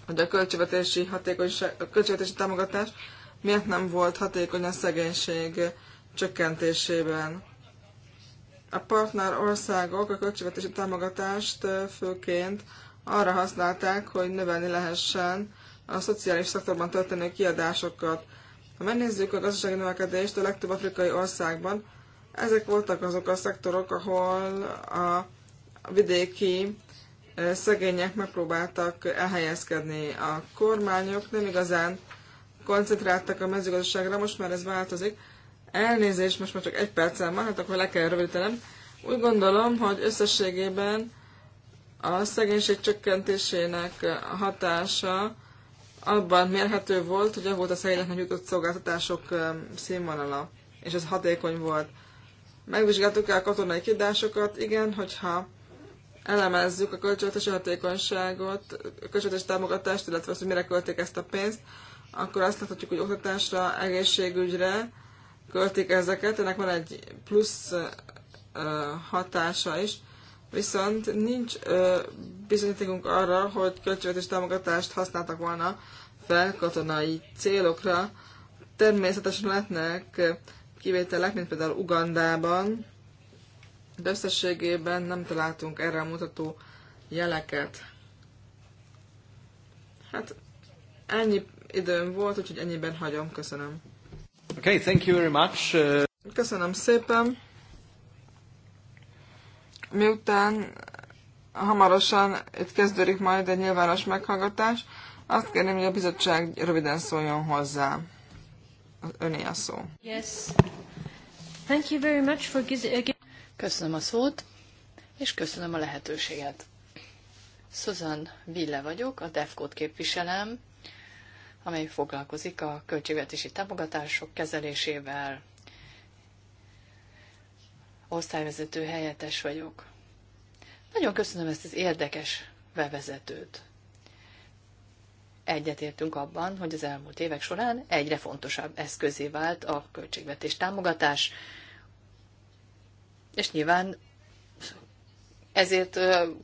hogy a költségvetési, hatékonyság, a költségvetési támogatás miért nem volt hatékony a szegénység csökkentésében. A partner országok a költségvetési támogatást főként arra használták, hogy növelni lehessen a szociális szektorban történő kiadásokat. Ha megnézzük a gazdasági növekedést a legtöbb afrikai országban, ezek voltak azok a szektorok, ahol a vidéki szegények megpróbáltak elhelyezkedni. A kormányok nem igazán koncentráltak a mezőgazdaságra, most már ez változik. Elnézést, most már csak egy percem van, hát akkor le kell rövidítenem. Úgy gondolom, hogy összességében a szegénység csökkentésének hatása abban mérhető volt, hogy volt a szegényeknek nyújtott szolgáltatások színvonala, és ez hatékony volt. Megvizsgáltuk el katonai kiadásokat, igen, hogyha elemezzük a költségvetési hatékonyságot, a költségvetési támogatást, illetve azt, hogy mire költik ezt a pénzt, akkor azt láthatjuk, hogy oktatásra, egészségügyre költik ezeket, ennek van egy plusz hatása is, viszont nincs ö, bizonyítékunk arra, hogy költségvetés támogatást használtak volna fel katonai célokra. Természetesen lehetnek kivételek, mint például Ugandában, de összességében nem találtunk erre a mutató jeleket. Hát ennyi időm volt, úgyhogy ennyiben hagyom. Köszönöm. Okay, thank you very much. Uh, Köszönöm szépen miután hamarosan itt kezdődik majd egy nyilvános meghallgatás, azt kérném, hogy a bizottság röviden szóljon hozzá. Öné a szó. Yes. Thank you very much for uh, Köszönöm a szót, és köszönöm a lehetőséget. Susan Ville vagyok, a DEFCO-t képviselem, amely foglalkozik a költségvetési támogatások kezelésével, osztályvezető helyettes vagyok. Nagyon köszönöm ezt az érdekes bevezetőt. Egyetértünk abban, hogy az elmúlt évek során egyre fontosabb eszközé vált a költségvetés támogatás, és nyilván ezért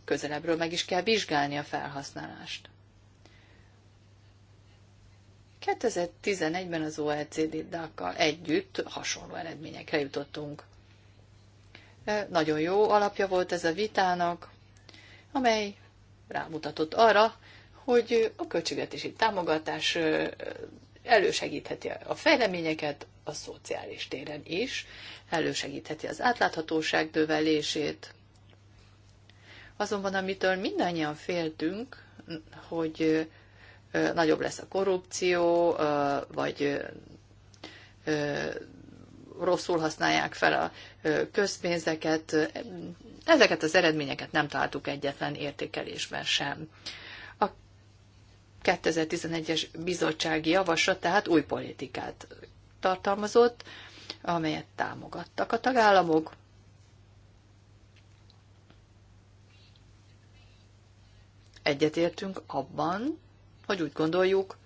közelebbről meg is kell vizsgálni a felhasználást. 2011-ben az OECD-dákkal együtt hasonló eredményekre jutottunk. E, nagyon jó alapja volt ez a vitának, amely rámutatott arra, hogy a költségvetési támogatás e, elősegítheti a fejleményeket a szociális téren is, elősegítheti az átláthatóság növelését. Azonban, amitől mindannyian féltünk, hogy e, nagyobb lesz a korrupció, vagy rosszul használják fel a közpénzeket. Ezeket az eredményeket nem találtuk egyetlen értékelésben sem. A 2011-es bizottsági javaslat tehát új politikát tartalmazott, amelyet támogattak a tagállamok. Egyetértünk abban, hogy úgy gondoljuk,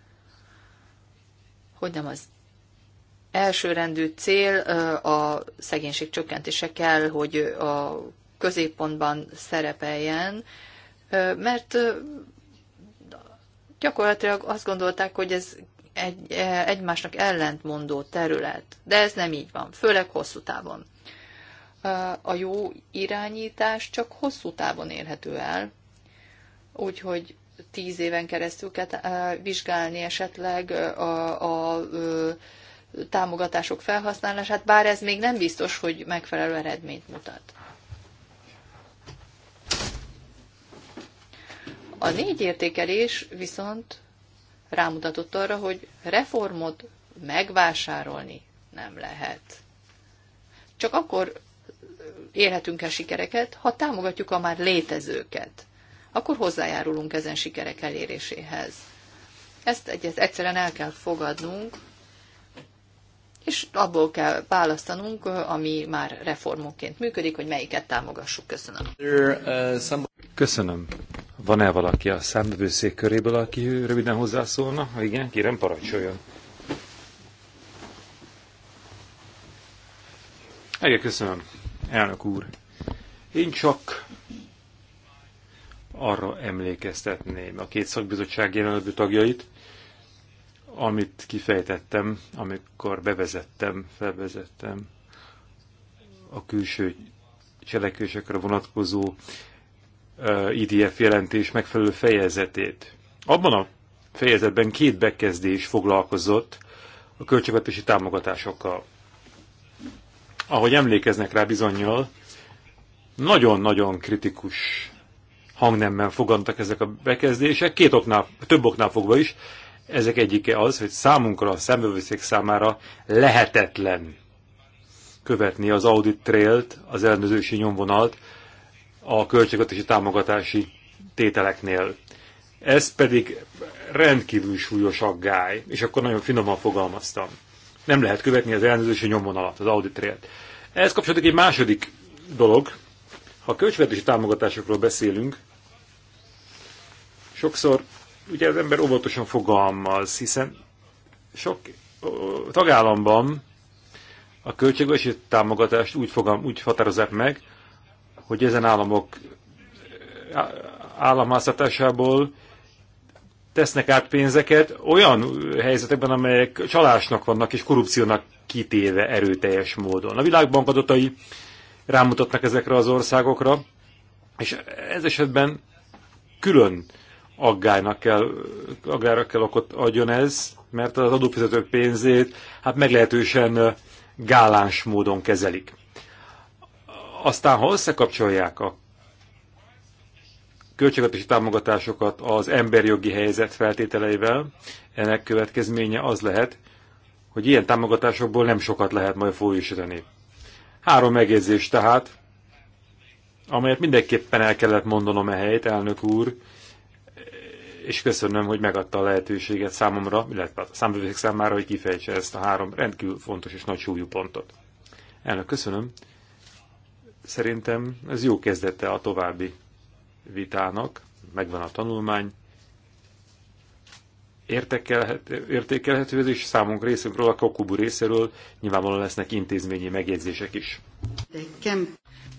hogy nem az elsőrendű cél a szegénység csökkentése kell, hogy a középpontban szerepeljen, mert gyakorlatilag azt gondolták, hogy ez egy, e, egymásnak ellentmondó terület, de ez nem így van, főleg hosszú távon. A jó irányítás csak hosszú távon érhető el, úgyhogy tíz éven keresztül kell vizsgálni esetleg a, a, a támogatások felhasználását, bár ez még nem biztos, hogy megfelelő eredményt mutat. A négy értékelés viszont rámutatott arra, hogy reformot megvásárolni nem lehet. Csak akkor érhetünk el sikereket, ha támogatjuk a már létezőket. Akkor hozzájárulunk ezen sikerek eléréséhez. Ezt egyet egyszerűen el kell fogadnunk, és abból kell választanunk, ami már reformokként működik, hogy melyiket támogassuk. Köszönöm. Köszönöm. Van-e valaki a számbevőszék köréből, aki röviden hozzászólna? Ha igen, kérem parancsoljon. Igen, köszönöm, elnök úr. Én csak arra emlékeztetném a két szakbizottság jelenlegi tagjait, amit kifejtettem, amikor bevezettem, felvezettem a külső cselekvésekre vonatkozó IDF e jelentés megfelelő fejezetét. Abban a fejezetben két bekezdés foglalkozott a költségvetési támogatásokkal. Ahogy emlékeznek rá bizonyal, nagyon-nagyon kritikus hangnemben fogantak ezek a bekezdések, két oknál, több oknál fogva is. Ezek egyike az, hogy számunkra, a szembevőszék számára lehetetlen követni az audit trailt, az ellenőrzési nyomvonalt a költségvetési támogatási tételeknél. Ez pedig rendkívül súlyos aggály, és akkor nagyon finoman fogalmaztam. Nem lehet követni az ellenőrzési nyomvonalat, az audit trailt. Ehhez kapcsolatban egy második dolog. Ha költségvetési támogatásokról beszélünk, sokszor ugye az ember óvatosan fogalmaz, hiszen sok tagállamban a költségvetési támogatást úgy, fogam, úgy határozzák meg, hogy ezen államok államháztatásából tesznek át pénzeket olyan helyzetekben, amelyek csalásnak vannak és korrupciónak kitéve erőteljes módon. A világbank adatai rámutatnak ezekre az országokra, és ez esetben külön aggálynak kell, aggára kell okot adjon ez, mert az adófizetők pénzét hát meglehetősen gáláns módon kezelik. Aztán, ha összekapcsolják a költségvetési támogatásokat az emberjogi helyzet feltételeivel, ennek következménye az lehet, hogy ilyen támogatásokból nem sokat lehet majd folyósítani. Három megjegyzés tehát, amelyet mindenképpen el kellett mondanom a e helyet, elnök úr, és köszönöm, hogy megadta a lehetőséget számomra, illetve a számbevők számára, hogy kifejtse ezt a három rendkívül fontos és nagy súlyú pontot. Elnök, köszönöm. Szerintem ez jó kezdete a további vitának, megvan a tanulmány, értékelhető ez, és számunk részünkről, a Kokubu részéről nyilvánvalóan lesznek intézményi megjegyzések is.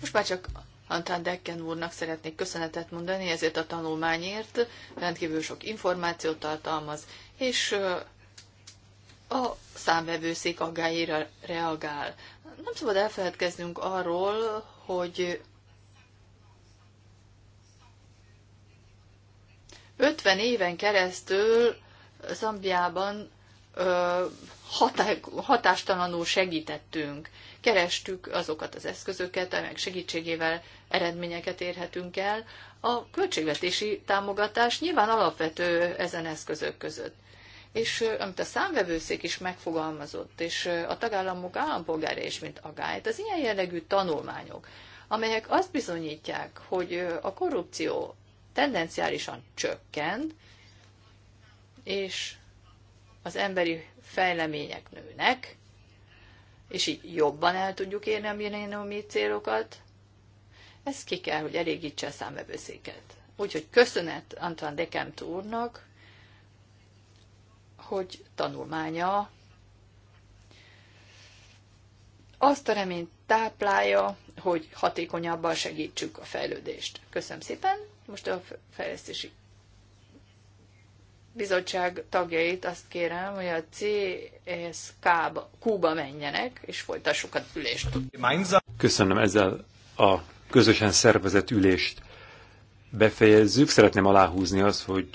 Most már csak Antán Decken úrnak szeretnék köszönetet mondani ezért a tanulmányért, rendkívül sok információt tartalmaz, és a számvevőszék aggáira reagál. Nem szabad elfeledkeznünk arról, hogy 50 éven keresztül Zambiában hatástalanul segítettünk kerestük azokat az eszközöket, amelyek segítségével eredményeket érhetünk el. A költségvetési támogatás nyilván alapvető ezen eszközök között. És amit a számvevőszék is megfogalmazott, és a tagállamok állampolgára is, mint agályt, az ilyen jellegű tanulmányok, amelyek azt bizonyítják, hogy a korrupció tendenciálisan csökkent, és az emberi fejlemények nőnek, és így jobban el tudjuk érni a millenniumi célokat, ez ki kell, hogy elégítse a számvevőszéket. Úgyhogy köszönet Antoine Dekempt úrnak, hogy tanulmánya azt a reményt táplálja, hogy hatékonyabban segítsük a fejlődést. Köszönöm szépen, most a fejlesztési bizottság tagjait azt kérem, hogy a CSK-ba, Kuba menjenek, és folytassuk a ülést. Köszönöm ezzel a közösen szervezett ülést befejezzük. Szeretném aláhúzni azt, hogy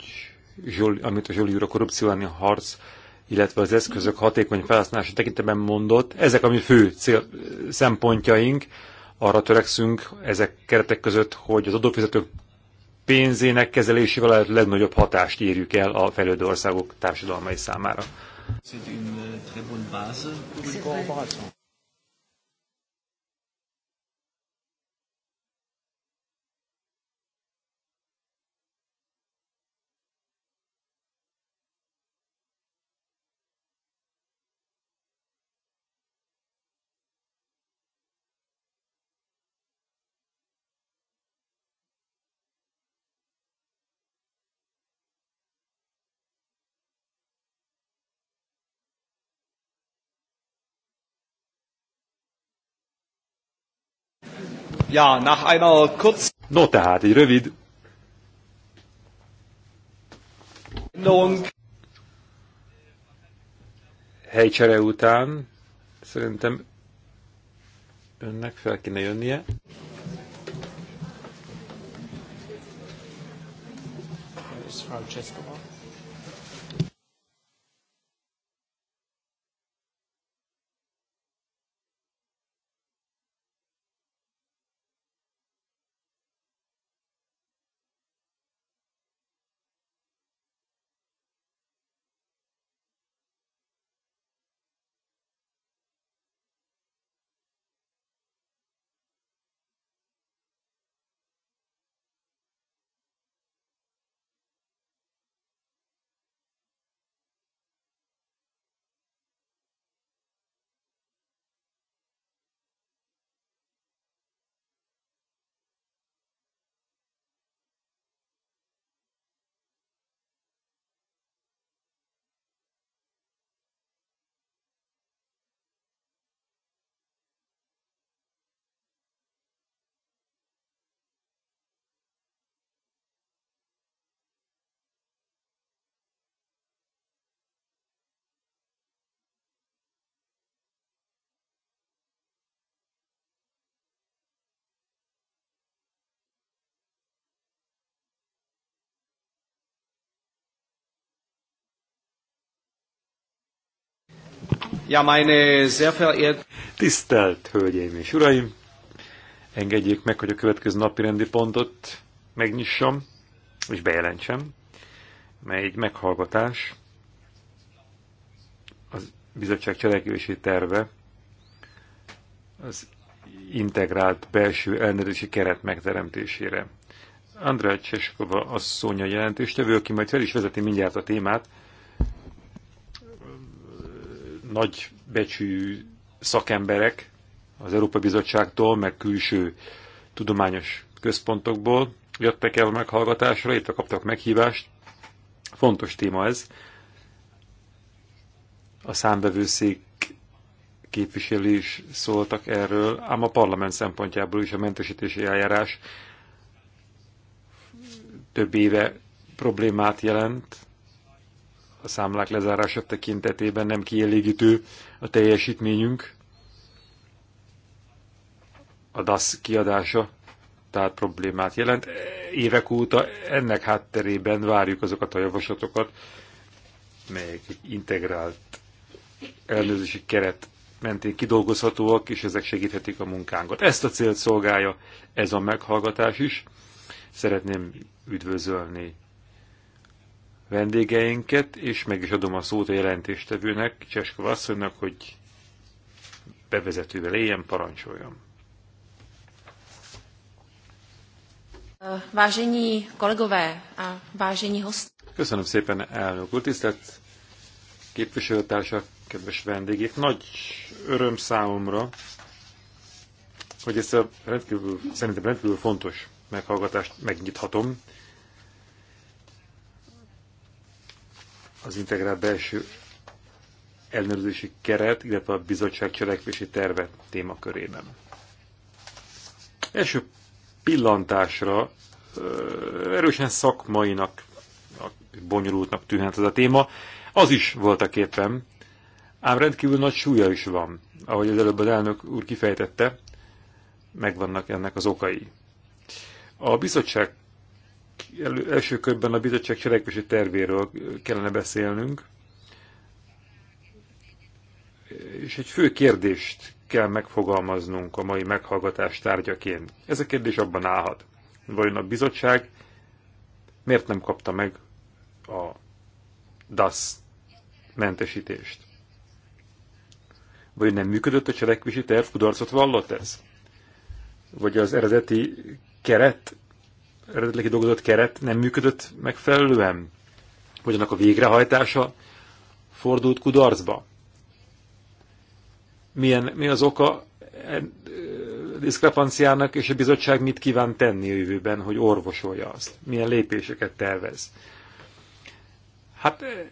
Zsoli, amit a Zsoli úr a korrupció elleni harc, illetve az eszközök hatékony felhasználása tekintetben mondott. Ezek a mi fő cél, szempontjaink, arra törekszünk ezek keretek között, hogy az adófizetők pénzének kezelésével lehet legnagyobb hatást érjük el a fejlődő országok társadalmai számára. Ja, nach einmal kurz... No tehát, egy rövid... Helycsere után szerintem önnek fel kéne jönnie. Francesco. Ja, meine sehr verehrt... Tisztelt Hölgyeim és Uraim! Engedjék meg, hogy a következő napi rendi pontot megnyissam és bejelentsem, mely egy meghallgatás az bizottság cselekvési terve az integrált belső elnevezési keret megteremtésére. Andrá Cseskova asszonya jelentéstevő, aki majd fel is vezeti mindjárt a témát, nagy becsű szakemberek az Európai Bizottságtól, meg külső tudományos központokból jöttek el a meghallgatásra, itt kaptak meghívást. Fontos téma ez. A számbevőszék képviselő is szóltak erről, ám a parlament szempontjából is a mentesítési eljárás több éve problémát jelent, a számlák lezárása tekintetében nem kielégítő a teljesítményünk. A DASZ kiadása tehát problémát jelent. Évek óta ennek hátterében várjuk azokat a javaslatokat, melyek egy integrált elnőzési keret mentén kidolgozhatóak, és ezek segíthetik a munkánkat. Ezt a célt szolgálja ez a meghallgatás is. Szeretném üdvözölni vendégeinket, és meg is adom a szót a jelentéstevőnek, Cseska Vasszonynak, hogy bevezetővel éljen, parancsoljon. Vážení kolegové a vážení host. Köszönöm szépen, elnök úr, tisztelt képviselőtársak, kedves vendégek. Nagy öröm számomra, hogy ezt a rendkívül, szerintem rendkívül fontos meghallgatást megnyithatom az integrál belső ellenőrzési keret, illetve a bizottság cselekvési terve témakörében. Első pillantásra erősen szakmainak, bonyolultnak tűnhet ez a téma. Az is voltak éppen, ám rendkívül nagy súlya is van. Ahogy az előbb az elnök úr kifejtette, megvannak ennek az okai. A bizottság első körben a bizottság cselekvési tervéről kellene beszélnünk, és egy fő kérdést kell megfogalmaznunk a mai meghallgatás tárgyaként. Ez a kérdés abban állhat. Vajon a bizottság miért nem kapta meg a DASZ mentesítést? Vagy nem működött a cselekvési terv, kudarcot vallott ez? Vagy az eredeti keret eredetileg dolgozott keret nem működött megfelelően? Vagy annak a végrehajtása fordult kudarcba? Milyen, mi az oka e, e, diszkrepanciának, és a bizottság mit kíván tenni a jövőben, hogy orvosolja azt? Milyen lépéseket tervez? Hát e,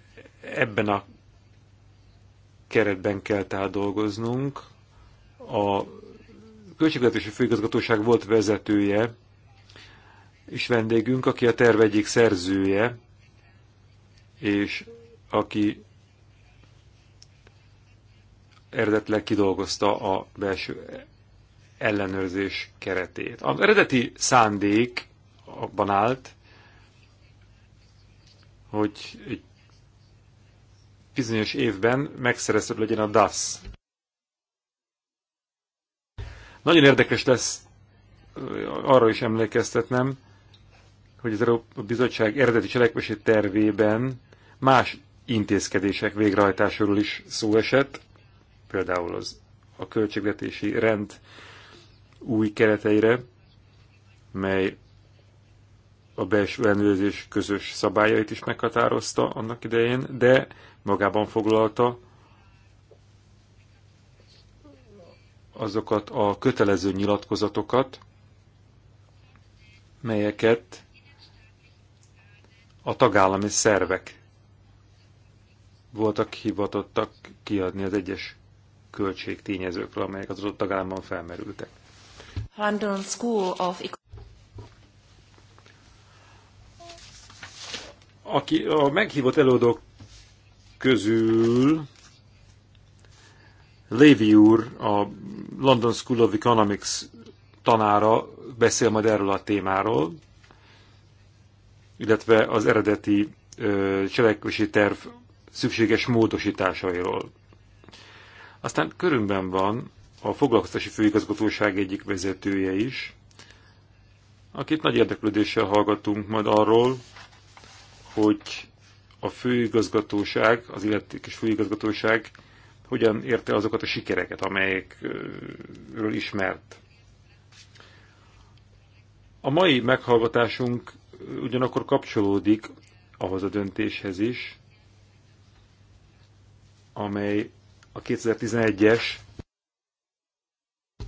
ebben a keretben kell tehát dolgoznunk. A Költségvetési Főigazgatóság volt vezetője is vendégünk, aki a terv egyik szerzője, és aki eredetileg kidolgozta a belső ellenőrzés keretét. Az eredeti szándék abban állt, hogy egy bizonyos évben megszerezhető legyen a DAS. Nagyon érdekes lesz arra is emlékeztetnem, hogy az Európa Bizottság eredeti cselekvési tervében más intézkedések végrehajtásáról is szó esett, például az a költségvetési rend új kereteire, mely a belső ellenőrzés közös szabályait is meghatározta annak idején, de magában foglalta azokat a kötelező nyilatkozatokat, melyeket a tagállami szervek voltak hivatottak kiadni az egyes költségtényezőkről, amelyek az adott tagállamban felmerültek. London School of Aki a meghívott előadók közül Lévi úr, a London School of Economics tanára beszél majd erről a témáról, illetve az eredeti cselekvési terv szükséges módosításairól. Aztán körünkben van a foglalkoztási főigazgatóság egyik vezetője is, akit nagy érdeklődéssel hallgatunk majd arról, hogy a főigazgatóság, az illetékes főigazgatóság hogyan érte azokat a sikereket, amelyekről ismert. A mai meghallgatásunk ugyanakkor kapcsolódik ahhoz a döntéshez is, amely a 2011-es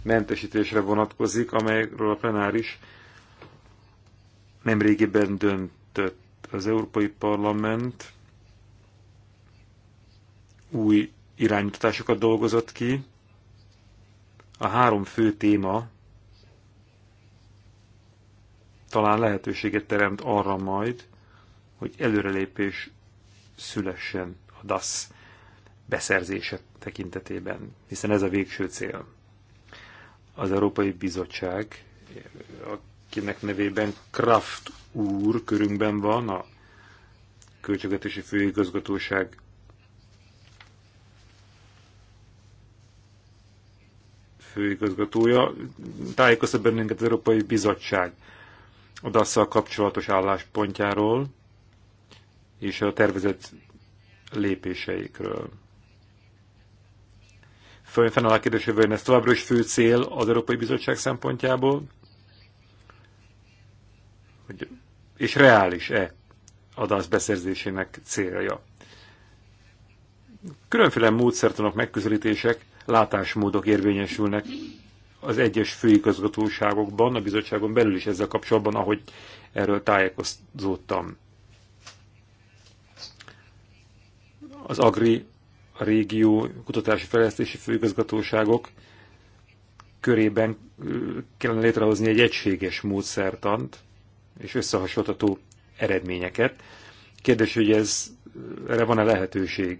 mentesítésre vonatkozik, amelyről a plenáris nemrégiben döntött. Az Európai Parlament új irányításokat dolgozott ki. A három fő téma talán lehetőséget teremt arra majd, hogy előrelépés szülessen a DASZ beszerzése tekintetében, hiszen ez a végső cél. Az Európai Bizottság, akinek nevében Kraft úr körünkben van, a Költségvetési Főigazgatóság főigazgatója, tájékoztat bennünket az Európai Bizottság a dasz kapcsolatos álláspontjáról és a tervezett lépéseikről. Fönnáll a kérdés, hogy ez továbbra is fő cél az Európai Bizottság szempontjából, hogy, és reális-e a DASZ beszerzésének célja. Különféle módszertanok, megközelítések, látásmódok érvényesülnek az egyes főigazgatóságokban, a bizottságon belül is ezzel kapcsolatban, ahogy erről tájékozódtam. Az Agri, a régió kutatási fejlesztési főigazgatóságok körében kellene létrehozni egy egységes módszertant és összehasonlítható eredményeket. Kérdés, hogy ez, erre van-e lehetőség?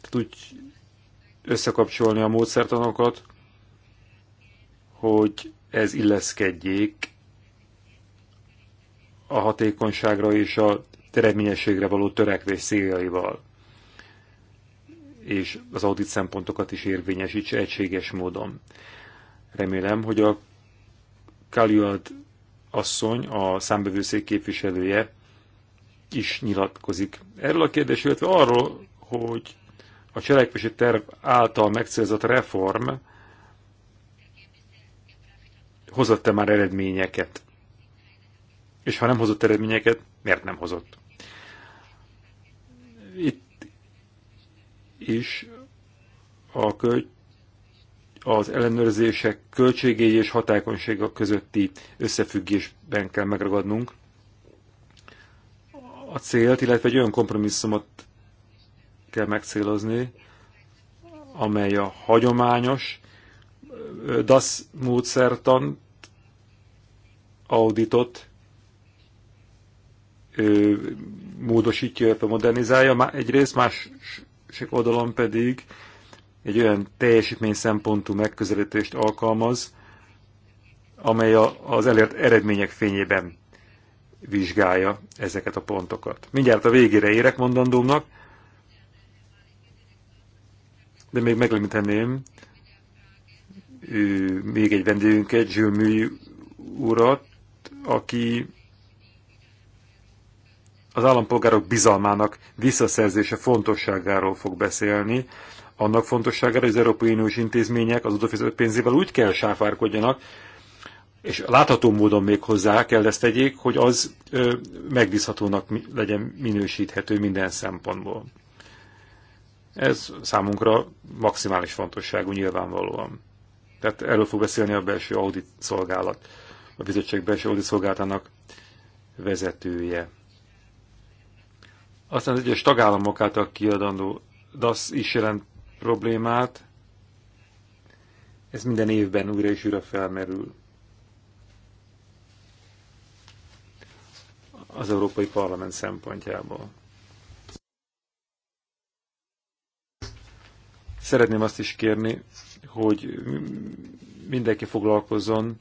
Tudj összekapcsolni a módszertanokat, hogy ez illeszkedjék a hatékonyságra és a eredményességre való törekvés céljaival, és az audit szempontokat is érvényesítse egységes módon. Remélem, hogy a Kaliad asszony, a számbevőszék képviselője is nyilatkozik erről a kérdésről, illetve arról, hogy a cselekvési terv által megcélzott reform hozott-e már eredményeket? És ha nem hozott eredményeket, miért nem hozott? Itt is a költ az ellenőrzések költségei és hatékonysága közötti összefüggésben kell megragadnunk a célt, illetve egy olyan kompromisszumot kell megcélozni, amely a hagyományos DAS módszertan auditot módosítja, illetve modernizálja. Egyrészt másik oldalon pedig egy olyan teljesítmény szempontú megközelítést alkalmaz, amely az elért eredmények fényében vizsgálja ezeket a pontokat. Mindjárt a végére érek mondandómnak, de még meglemíteném, ő, még egy vendégünket, Zsülműi urat, aki az állampolgárok bizalmának visszaszerzése fontosságáról fog beszélni, annak fontosságára, hogy az Európai Uniós intézmények az adófizetők pénzével úgy kell sáfárkodjanak, és látható módon még hozzá kell ezt tegyék, hogy az ö, megbízhatónak legyen minősíthető minden szempontból. Ez számunkra maximális fontosságú nyilvánvalóan. Tehát erről fog beszélni a belső audit szolgálat, a bizottság belső audit szolgálatának vezetője. Aztán az egyes tagállamok által kiadandó DASZ is jelent problémát. Ez minden évben újra és újra felmerül. Az Európai Parlament szempontjából. Szeretném azt is kérni, hogy mindenki foglalkozzon,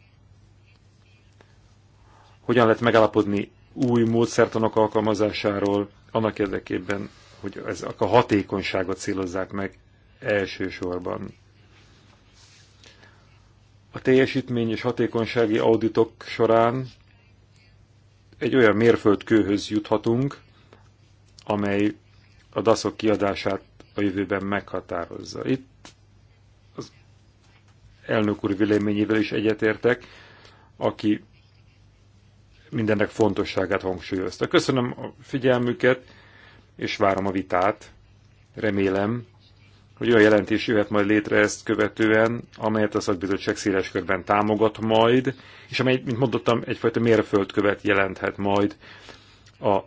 hogyan lehet megállapodni új módszertanok alkalmazásáról, annak érdekében, hogy ez a hatékonyságot célozzák meg elsősorban. A teljesítmény és hatékonysági auditok során egy olyan mérföldkőhöz juthatunk, amely a daszok kiadását a jövőben meghatározza. Itt elnök úr véleményével is egyetértek, aki mindennek fontosságát hangsúlyozta. Köszönöm a figyelmüket, és várom a vitát. Remélem, hogy olyan jelentés jöhet majd létre ezt követően, amelyet a szakbizottság széles körben támogat majd, és amely, mint mondottam, egyfajta mérföldkövet jelenthet majd a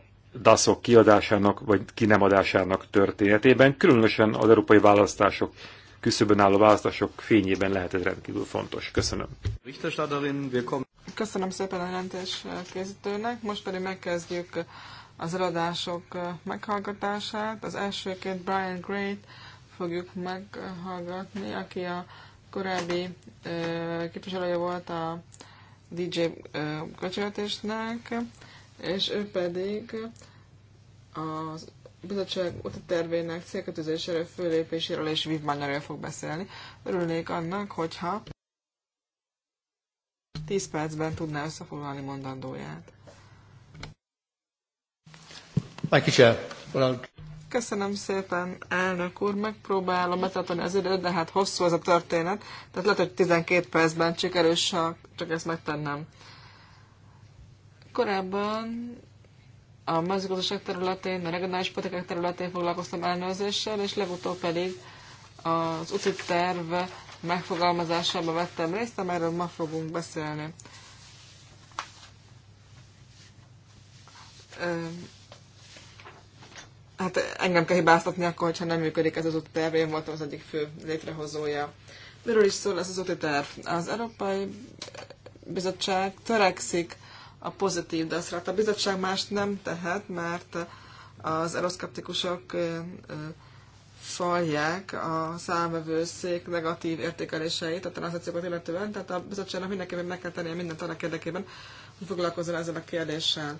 daszok kiadásának vagy kinemadásának történetében, különösen az európai választások küszöbön álló választások fényében lehet ez rendkívül fontos. Köszönöm. Köszönöm szépen a jelentés készítőnek, most pedig megkezdjük az eladások meghallgatását. Az elsőként Brian Great fogjuk meghallgatni, aki a korábbi képviselője volt a DJ költségvetésnek, és ő pedig az bizottság utatervének célkötözéséről, fölépéséről és vívmányáról fog beszélni. Örülnék annak, hogyha 10 percben tudná összefoglalni mondandóját. Köszönöm szépen, elnök úr. Megpróbálom betartani az időt, de hát hosszú ez a történet. Tehát lehet, hogy 12 percben sikerül, csak ezt megtennem. Korábban a mezőgazdaság területén, a regionális politikák területén foglalkoztam elnőzéssel, és legutóbb pedig az UCI terv megfogalmazásába vettem részt, amelyről ma fogunk beszélni. Hát engem kell hibáztatni akkor, hogyha nem működik ez az UCI terv, én voltam az egyik fő létrehozója. Miről is szól ez az UCI terv? Az Európai Bizottság törekszik a pozitív deszrát. A bizottság mást nem tehet, mert az eroszkeptikusok falják a számvevőszék negatív értékeléseit a transzakciókat illetően, tehát a bizottságnak mindenképpen meg kell tennie mindent annak érdekében, hogy foglalkozzon ezzel a kérdéssel.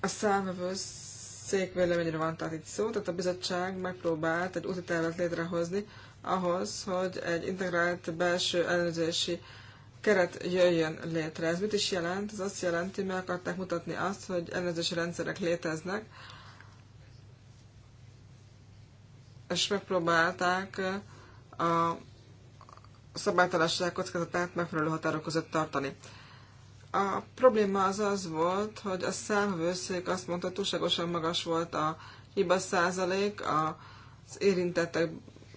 A számvevőszék véleményre van tehát itt szó, tehát a bizottság megpróbált egy úti tervet létrehozni ahhoz, hogy egy integrált belső ellenőrzési keret jöjjön létre. Ez mit is jelent? Ez azt jelenti, meg akarták mutatni azt, hogy ellenzési rendszerek léteznek, és megpróbálták a szabálytalanság kockázatát megfelelő határok között tartani. A probléma az az volt, hogy a számvőszék azt mondta, túlságosan magas volt a hiba százalék az érintettek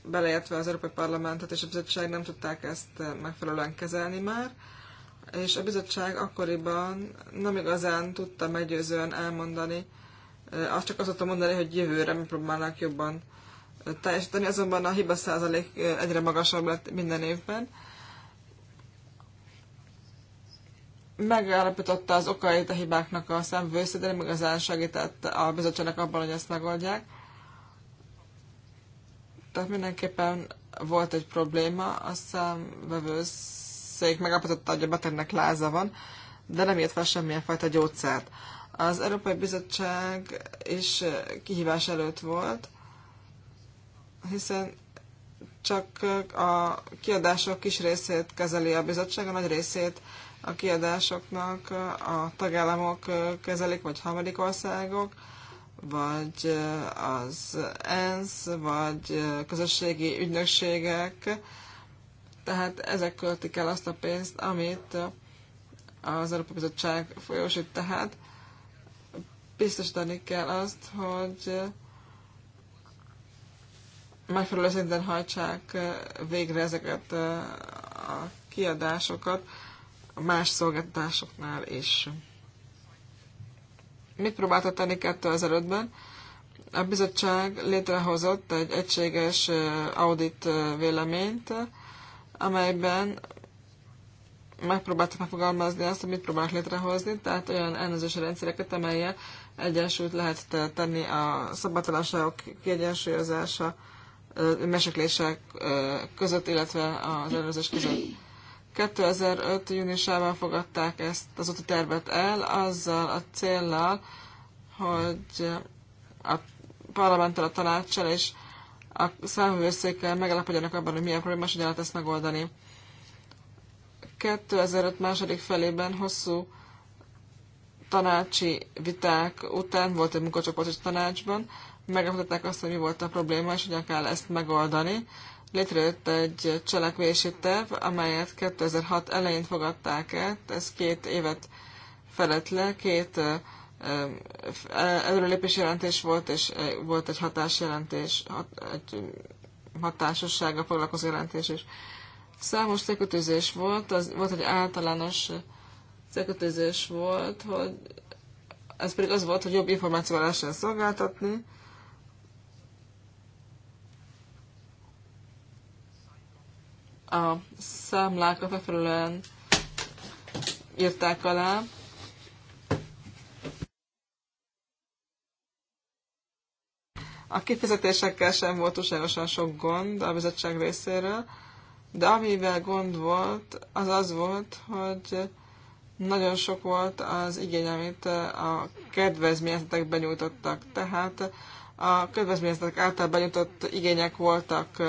beleértve az Európai Parlamentet és a bizottság nem tudták ezt eh, megfelelően kezelni már, és a bizottság akkoriban nem igazán tudta meggyőzően elmondani, eh, azt csak azt tudta mondani, hogy jövőre mi próbálnak jobban eh, teljesíteni, azonban a hiba százalék egyre magasabb lett minden évben. Megállapította az okait a hibáknak a szemvőszé, meg az igazán segített a bizottságnak abban, hogy ezt megoldják. Tehát mindenképpen volt egy probléma, a számvevőszék megapatotta, hogy a betegnek láza van, de nem írt fel semmilyen fajta gyógyszert. Az Európai Bizottság is kihívás előtt volt, hiszen csak a kiadások kis részét kezeli a bizottság, a nagy részét a kiadásoknak a tagállamok kezelik, vagy harmadik országok vagy az ENSZ, vagy közösségi ügynökségek. Tehát ezek költik el azt a pénzt, amit az Európai Bizottság folyósít. Tehát biztosítani kell azt, hogy megfelelő szinten hajtsák végre ezeket a kiadásokat más szolgáltatásoknál is. Mit próbáltat tenni 2005-ben? A bizottság létrehozott egy egységes audit véleményt, amelyben megpróbáltak megfogalmazni azt, hogy mit próbálnak létrehozni, tehát olyan ellenőrzési rendszereket, amelyen egyensúlyt lehet tenni a szabadtalanságok kiegyensúlyozása, meseklések között, illetve az ellenőrzés között. 2005. júniusában fogadták ezt az a tervet el, azzal a céllal, hogy a parlamenttel, a tanácssal és a számvőszékkel megállapodjanak abban, hogy milyen problémás, hogyan lehet ezt megoldani. 2005 második felében hosszú tanácsi viták után volt egy munkacsoport tanácsban, megemlítették azt, hogy mi volt a probléma, és hogyan kell ezt megoldani. Létrejött egy cselekvési terv, amelyet 2006 elején fogadták el, ez két évet felett le, két előrelépés jelentés volt, és volt egy hatásjelentés, hat, egy hatásossága foglalkozó jelentés is. Számos cekötőzés volt, az, volt egy általános cekötőzés volt, hogy ez pedig az volt, hogy jobb információval lehessen szolgáltatni, a számlákat megfelelően írták alá. A kifizetésekkel sem volt túlságosan sok gond a bizottság részéről, de amivel gond volt, az az volt, hogy nagyon sok volt az igény, amit a kedvezményezetek benyújtottak. Tehát a kedvezményezetek által benyújtott igények voltak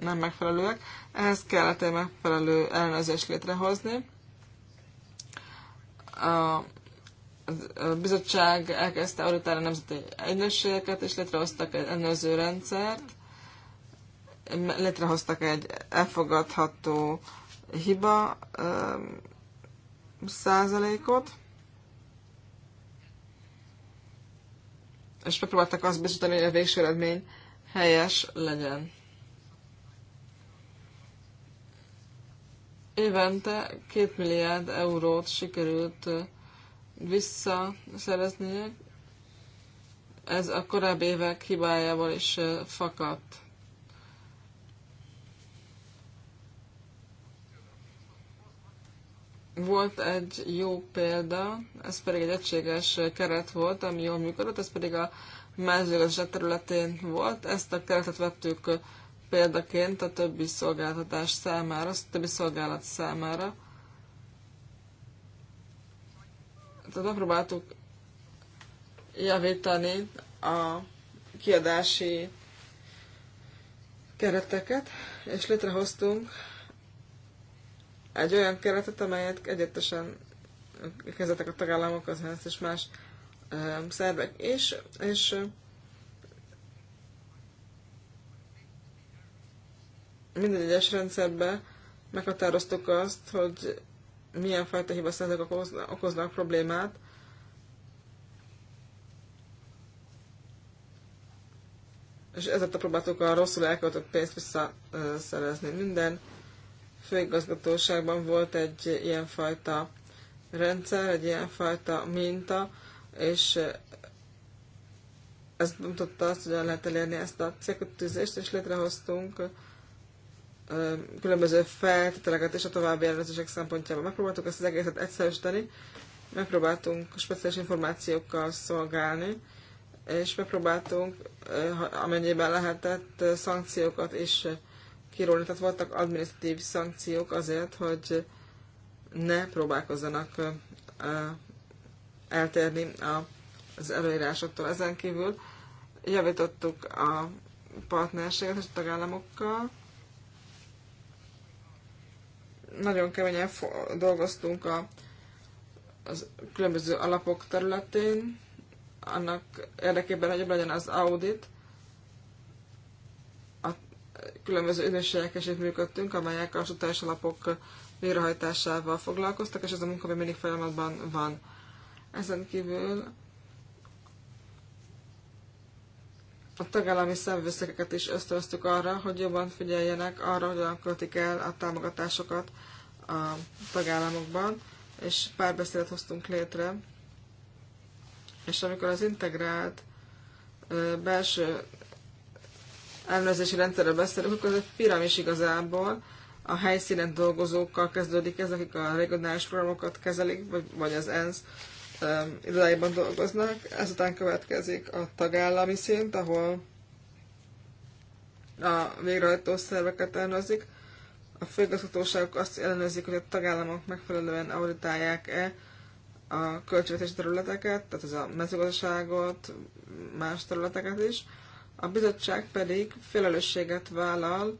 nem megfelelőek. Ehhez kellett egy megfelelő ellenőrzést létrehozni. A bizottság elkezdte auditálni a nemzeti egyenlőségeket, és létrehoztak egy ellenőrző rendszert, létrehoztak egy elfogadható hiba százalékot, és megpróbáltak azt biztosítani, hogy a végső eredmény helyes legyen. évente 2 milliárd eurót sikerült visszaszereznie. Ez a korábbi évek hibájával is fakadt. Volt egy jó példa, ez pedig egy egységes keret volt, ami jól működött, ez pedig a mezőgazdaság területén volt. Ezt a keretet vettük példaként a többi szolgáltatás számára, a többi szolgálat számára. Tehát megpróbáltuk javítani a kiadási kereteket, és létrehoztunk egy olyan keretet, amelyet egyetesen kezdetek a tagállamok, az és más szervek is, és minden egyes rendszerben meghatároztuk azt, hogy milyen fajta hibaszentek okoznak, okoznak problémát. És ezzel próbáltuk a rosszul elköltött pénzt visszaszerezni. Minden főigazgatóságban volt egy ilyenfajta rendszer, egy ilyenfajta minta, és ez mutatta azt, hogy lehet elérni ezt a célkötőzést, és létrehoztunk különböző feltételeket és a további ellenőrzések szempontjából. Megpróbáltuk ezt az egészet egyszerűsíteni, megpróbáltunk speciális információkkal szolgálni, és megpróbáltunk, amennyiben lehetett, szankciókat is kirólni. Tehát voltak administratív szankciók azért, hogy ne próbálkozzanak eltérni az előírásoktól. Ezen kívül javítottuk a partnerséget a tagállamokkal, nagyon keményen dolgoztunk a, az különböző alapok területén, annak érdekében, hogy legyen az audit, a különböző ügynökségek esetén működtünk, amelyek a struktúrás alapok végrehajtásával foglalkoztak, és ez a munka még mindig folyamatban van. Ezen kívül a tagállami szemvőszekeket is ösztönöztük arra, hogy jobban figyeljenek arra, hogyan költik el a támogatásokat a tagállamokban, és párbeszédet hoztunk létre. És amikor az integrált belső ellenőrzési rendszerre beszélünk, akkor ez egy piramis igazából. A helyszínen dolgozókkal kezdődik ez, akik a regionális programokat kezelik, vagy, vagy az ENSZ Um, irodáiban dolgoznak, ezután következik a tagállami szint, ahol a végrehajtó szerveket ellenőrzik. A főigazgatóságok azt ellenőrzik, hogy a tagállamok megfelelően auditálják-e a költségvetési területeket, tehát ez a mezőgazdaságot, más területeket is. A bizottság pedig felelősséget vállal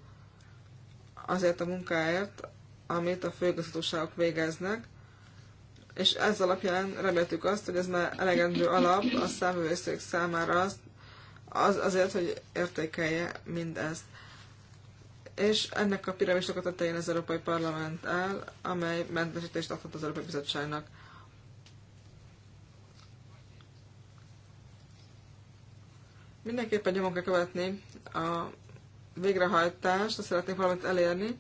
azért a munkáért, amit a főigazgatóságok végeznek, és ez alapján reméltük azt, hogy ez már elegendő alap a számvevőszék számára az, az, azért, hogy értékelje mindezt. És ennek a piramisnak a tetején az Európai Parlament áll, amely mentesítést adhat az Európai Bizottságnak. Mindenképpen nyomon kell követni a végrehajtást, azt szeretnénk valamit elérni,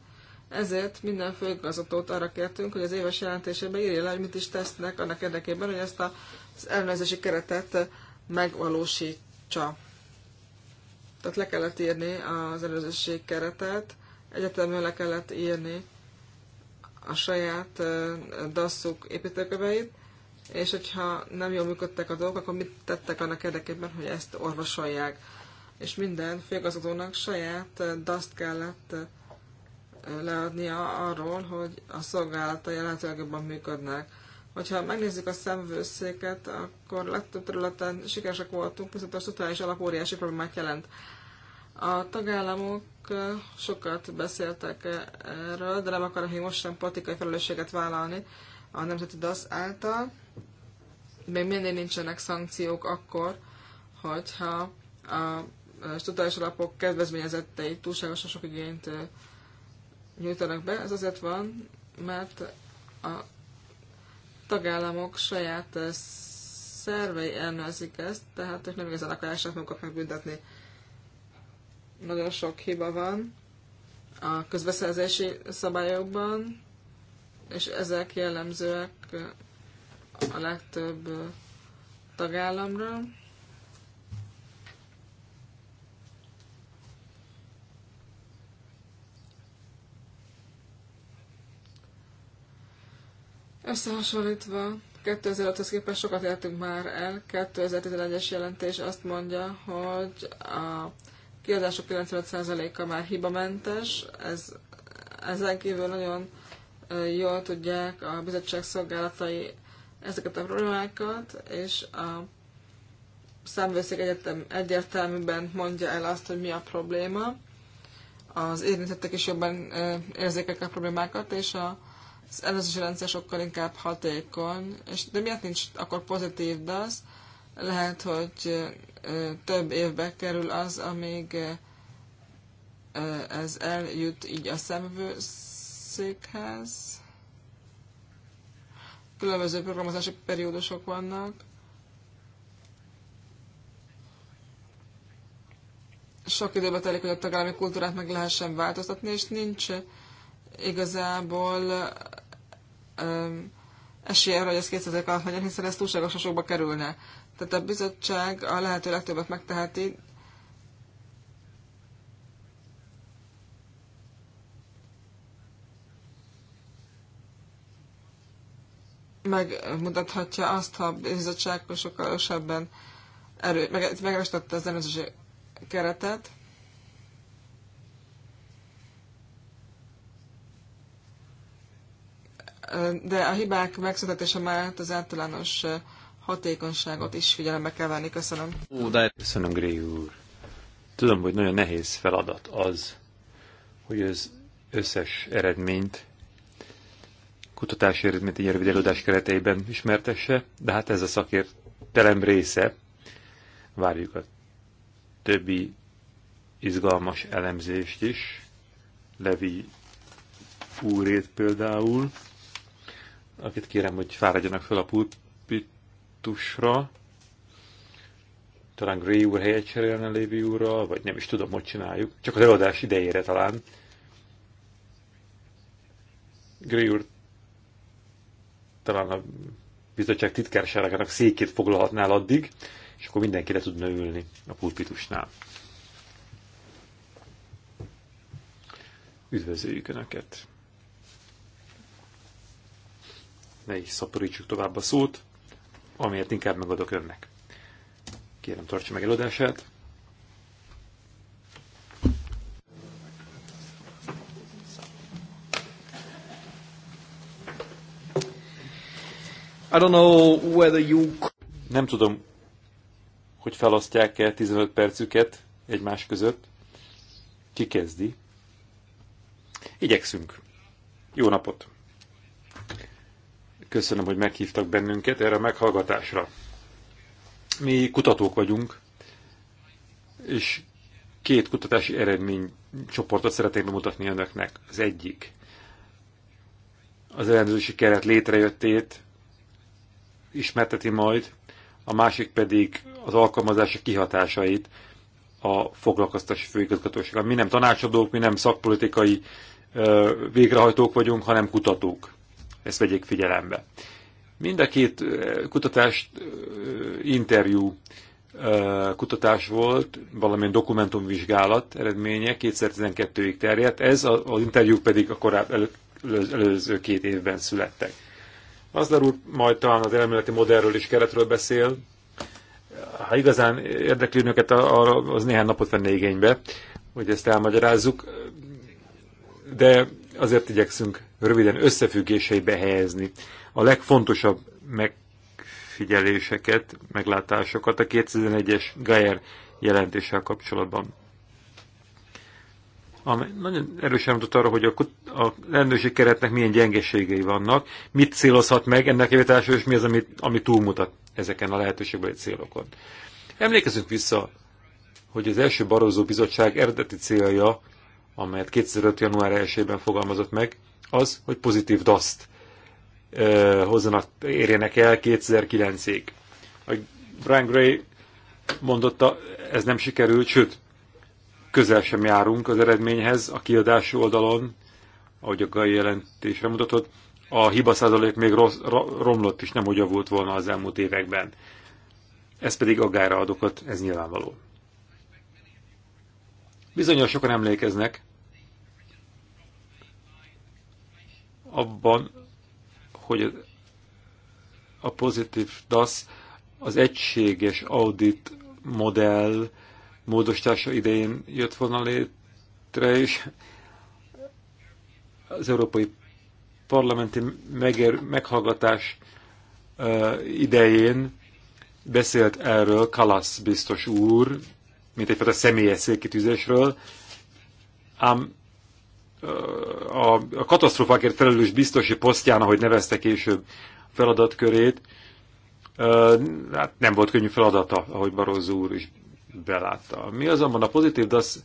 ezért minden főigazgatót arra kértünk, hogy az éves jelentésében írja le, hogy mit is tesznek annak érdekében, hogy ezt az ellenőrzési keretet megvalósítsa. Tehát le kellett írni az előzőség keretet, egyetemről le kellett írni a saját dasszuk építőköveit, és hogyha nem jól működtek a dolgok, akkor mit tettek annak érdekében, hogy ezt orvosolják. És minden főigazgatónak saját daszt kellett leadnia arról, hogy a szolgálata jelentőleg jobban működnek. Hogyha megnézzük a szemvőszéket, akkor legtöbb területen sikeresek voltunk, viszont a totális alap óriási problémát jelent. A tagállamok sokat beszéltek erről, de nem akarok még most sem politikai felelősséget vállalni a Nemzeti DASZ által. Még mindig nincsenek szankciók akkor, hogyha a struktúrális alapok kedvezményezettei túlságosan sok igényt nyújtanak be. Ez azért van, mert a tagállamok saját szervei elnőzik ezt, tehát ők nem igazán akarják saját magukat megbüntetni. Nagyon sok hiba van a közbeszerzési szabályokban, és ezek jellemzőek a legtöbb tagállamra. Összehasonlítva 2005-höz képest sokat értünk már el. 2011-es jelentés azt mondja, hogy a kiadások 95%-a már hibamentes. Ez, ezen kívül nagyon jól tudják a bizottság szolgálatai ezeket a problémákat, és a számvőszék egyetem egyértelműben mondja el azt, hogy mi a probléma. Az érintettek is jobban érzékelik a problémákat, és a az előzős rendszer sokkal inkább hatékony, és de miért nincs akkor pozitív DAS? Lehet, hogy több évbe kerül az, amíg ez eljut így a szemvőszékhez. Különböző programozási periódusok vannak. Sok időbe telik, hogy a tagállami kultúrát meg lehessen változtatni, és nincs igazából um, esélye arra, hogy ez 200 alatt legyen, hiszen ez túlságosan sokba kerülne. Tehát a bizottság a lehető legtöbbet megteheti, megmutathatja azt, ha a bizottság sokkal erő, meg, megerősítette az előző keretet, de a hibák megszüntetése mellett az általános hatékonyságot is figyelembe kell venni. Köszönöm. Ó, de köszönöm, Gray úr. Tudom, hogy nagyon nehéz feladat az, hogy az összes eredményt, kutatási eredményt egy rövid előadás keretében ismertesse, de hát ez a szakértelem része. Várjuk a többi izgalmas elemzést is. Levi úrét például akit kérem, hogy fáradjanak fel a pulpitusra. Talán Gray úr helyet cserélne Lévi úrral, vagy nem is tudom, hogy csináljuk. Csak az előadás idejére talán. Gray úr talán a bizottság titkárságának székét foglalhatnál addig, és akkor mindenki le tudna ülni a pulpitusnál. Üdvözöljük Önöket! ne is szaporítsuk tovább a szót, amiért inkább megadok önnek. Kérem, tartsa meg előadását. I don't know whether you... Nem tudom, hogy felosztják-e 15 percüket egymás között. Ki kezdi? Igyekszünk. Jó napot! Köszönöm, hogy meghívtak bennünket erre a meghallgatásra. Mi kutatók vagyunk, és két kutatási eredménycsoportot szeretnék bemutatni önöknek. Az egyik az ellenőrzési keret létrejöttét ismerteti majd, a másik pedig az alkalmazása kihatásait a foglalkoztatási főigazgatóságon. Mi nem tanácsadók, mi nem szakpolitikai végrehajtók vagyunk, hanem kutatók. Ezt vegyék figyelembe. Mind a két kutatást, interjú kutatás volt, valamilyen dokumentumvizsgálat eredménye 2012-ig terjedt, ez az interjú pedig a korábbi elő, előző két évben születtek. Az úr majd talán az elméleti modellről és keretről beszél. Ha igazán érdekli önöket, az néhány napot venne igénybe, hogy ezt elmagyarázzuk. De azért igyekszünk röviden összefüggéseibe helyezni a legfontosabb megfigyeléseket, meglátásokat a 2001-es Gayer jelentéssel kapcsolatban. Ami nagyon erősen mutat arra, hogy a, a rendőrség keretnek milyen gyengeségei vannak, mit célozhat meg ennek javítása, és mi az, ami, ami túlmutat ezeken a lehetőségbeli célokon. Emlékezzünk vissza, hogy az első Barozó Bizottság eredeti célja amelyet 2005. január 1-ben fogalmazott meg, az, hogy pozitív DASZ-t hozzanak, érjenek el 2009-ig. A Brian Gray mondotta, ez nem sikerült, sőt, közel sem járunk az eredményhez a kiadási oldalon, ahogy a GAI jelentésre mutatott, a hiba százalék még rossz, romlott is, nem hogy volt volna az elmúlt években. Ez pedig agára adokat, ez nyilvánvaló. Bizonyos sokan emlékeznek abban, hogy a pozitív DAS az egységes audit modell módosítása idején jött volna létre, és az Európai Parlamenti megér, meghallgatás idején beszélt erről Kalasz biztos úr, mint egyfajta személyes szélkitűzésről, ám a, a katasztrofákért felelős biztosi posztján, ahogy nevezte később feladatkörét, hát nem volt könnyű feladata, ahogy Barózó úr is belátta. Mi azonban a pozitív DASZ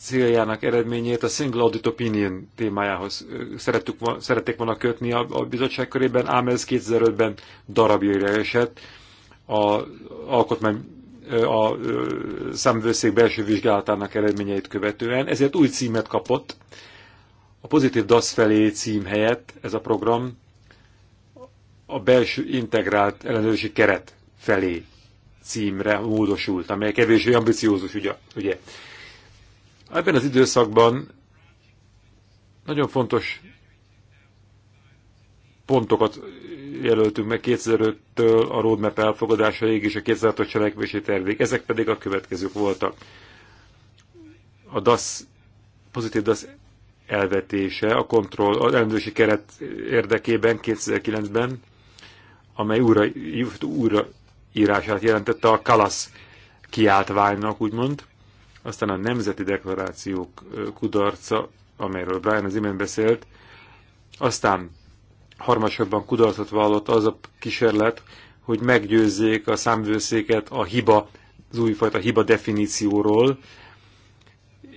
céljának eredményét a Single Audit Opinion témájához szerettük, szerették volna kötni a, a bizottság körében, ám ez 2005-ben darabjaira esett. A alkotmány a számvőszék belső vizsgálatának eredményeit követően, ezért új címet kapott. A pozitív DASZ felé cím helyett ez a program a belső integrált ellenőrzési keret felé címre módosult, amely kevésbé ambiciózus, ugye? ugye. Ebben az időszakban nagyon fontos pontokat jelöltünk meg 2005-től a roadmap elfogadásaig és a 2006-os cselekvési tervék. Ezek pedig a következők voltak. A DAS, pozitív DAS elvetése a kontroll, az ellenőrzési keret érdekében 2009-ben, amely újra, újra írását jelentette a Kalasz kiáltványnak, úgymond. Aztán a nemzeti deklarációk kudarca, amelyről Brian az imént beszélt. Aztán harmasabban kudarcot vallott az a kísérlet, hogy meggyőzzék a számvőszéket a hiba, az újfajta hiba definícióról,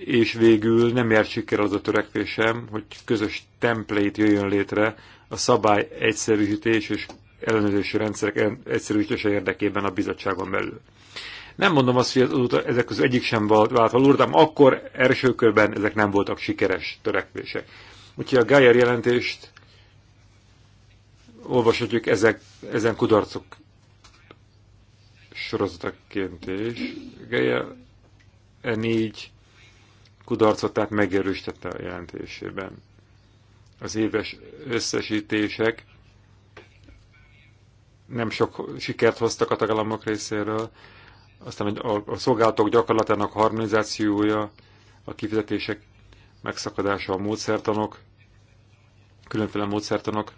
és végül nem ért siker az a törekvésem, hogy közös template jöjjön létre a szabály egyszerűsítés és ellenőrzési rendszerek egyszerűsítése érdekében a bizottságon belül. Nem mondom azt, hogy azóta ezek közül egyik sem vált valóra, de akkor első körben ezek nem voltak sikeres törekvések. Úgyhogy a Geyer jelentést olvashatjuk ezek, ezen kudarcok sorozataként is. Geja e négy kudarcot tehát megerősítette a jelentésében. Az éves összesítések nem sok sikert hoztak a tagállamok részéről, aztán a, a szolgálatok gyakorlatának harmonizációja, a kifizetések megszakadása a módszertanok, különféle módszertanok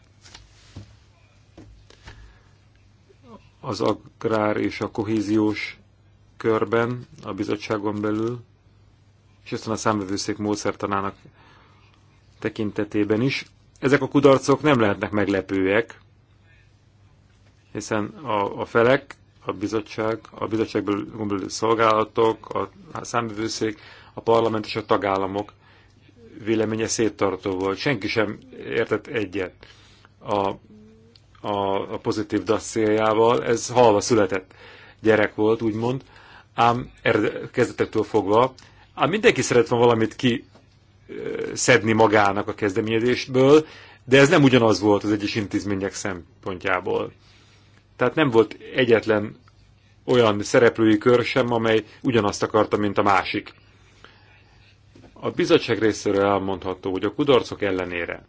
az agrár és a kohéziós körben, a bizottságon belül, és aztán a számvevőszék módszertanának tekintetében is. Ezek a kudarcok nem lehetnek meglepőek, hiszen a, a felek, a bizottság, a bizottságból belül szolgálatok, a, a számvevőszék, a parlament és a tagállamok véleménye széttartó volt. Senki sem értett egyet a a, a pozitív dasszéljával, ez halva született gyerek volt, úgymond, ám kezdetektől fogva, ám mindenki szeret van valamit ki szedni magának a kezdeményezésből, de ez nem ugyanaz volt az egyes intézmények szempontjából. Tehát nem volt egyetlen olyan szereplői kör sem, amely ugyanazt akarta, mint a másik. A bizottság részéről elmondható, hogy a kudarcok ellenére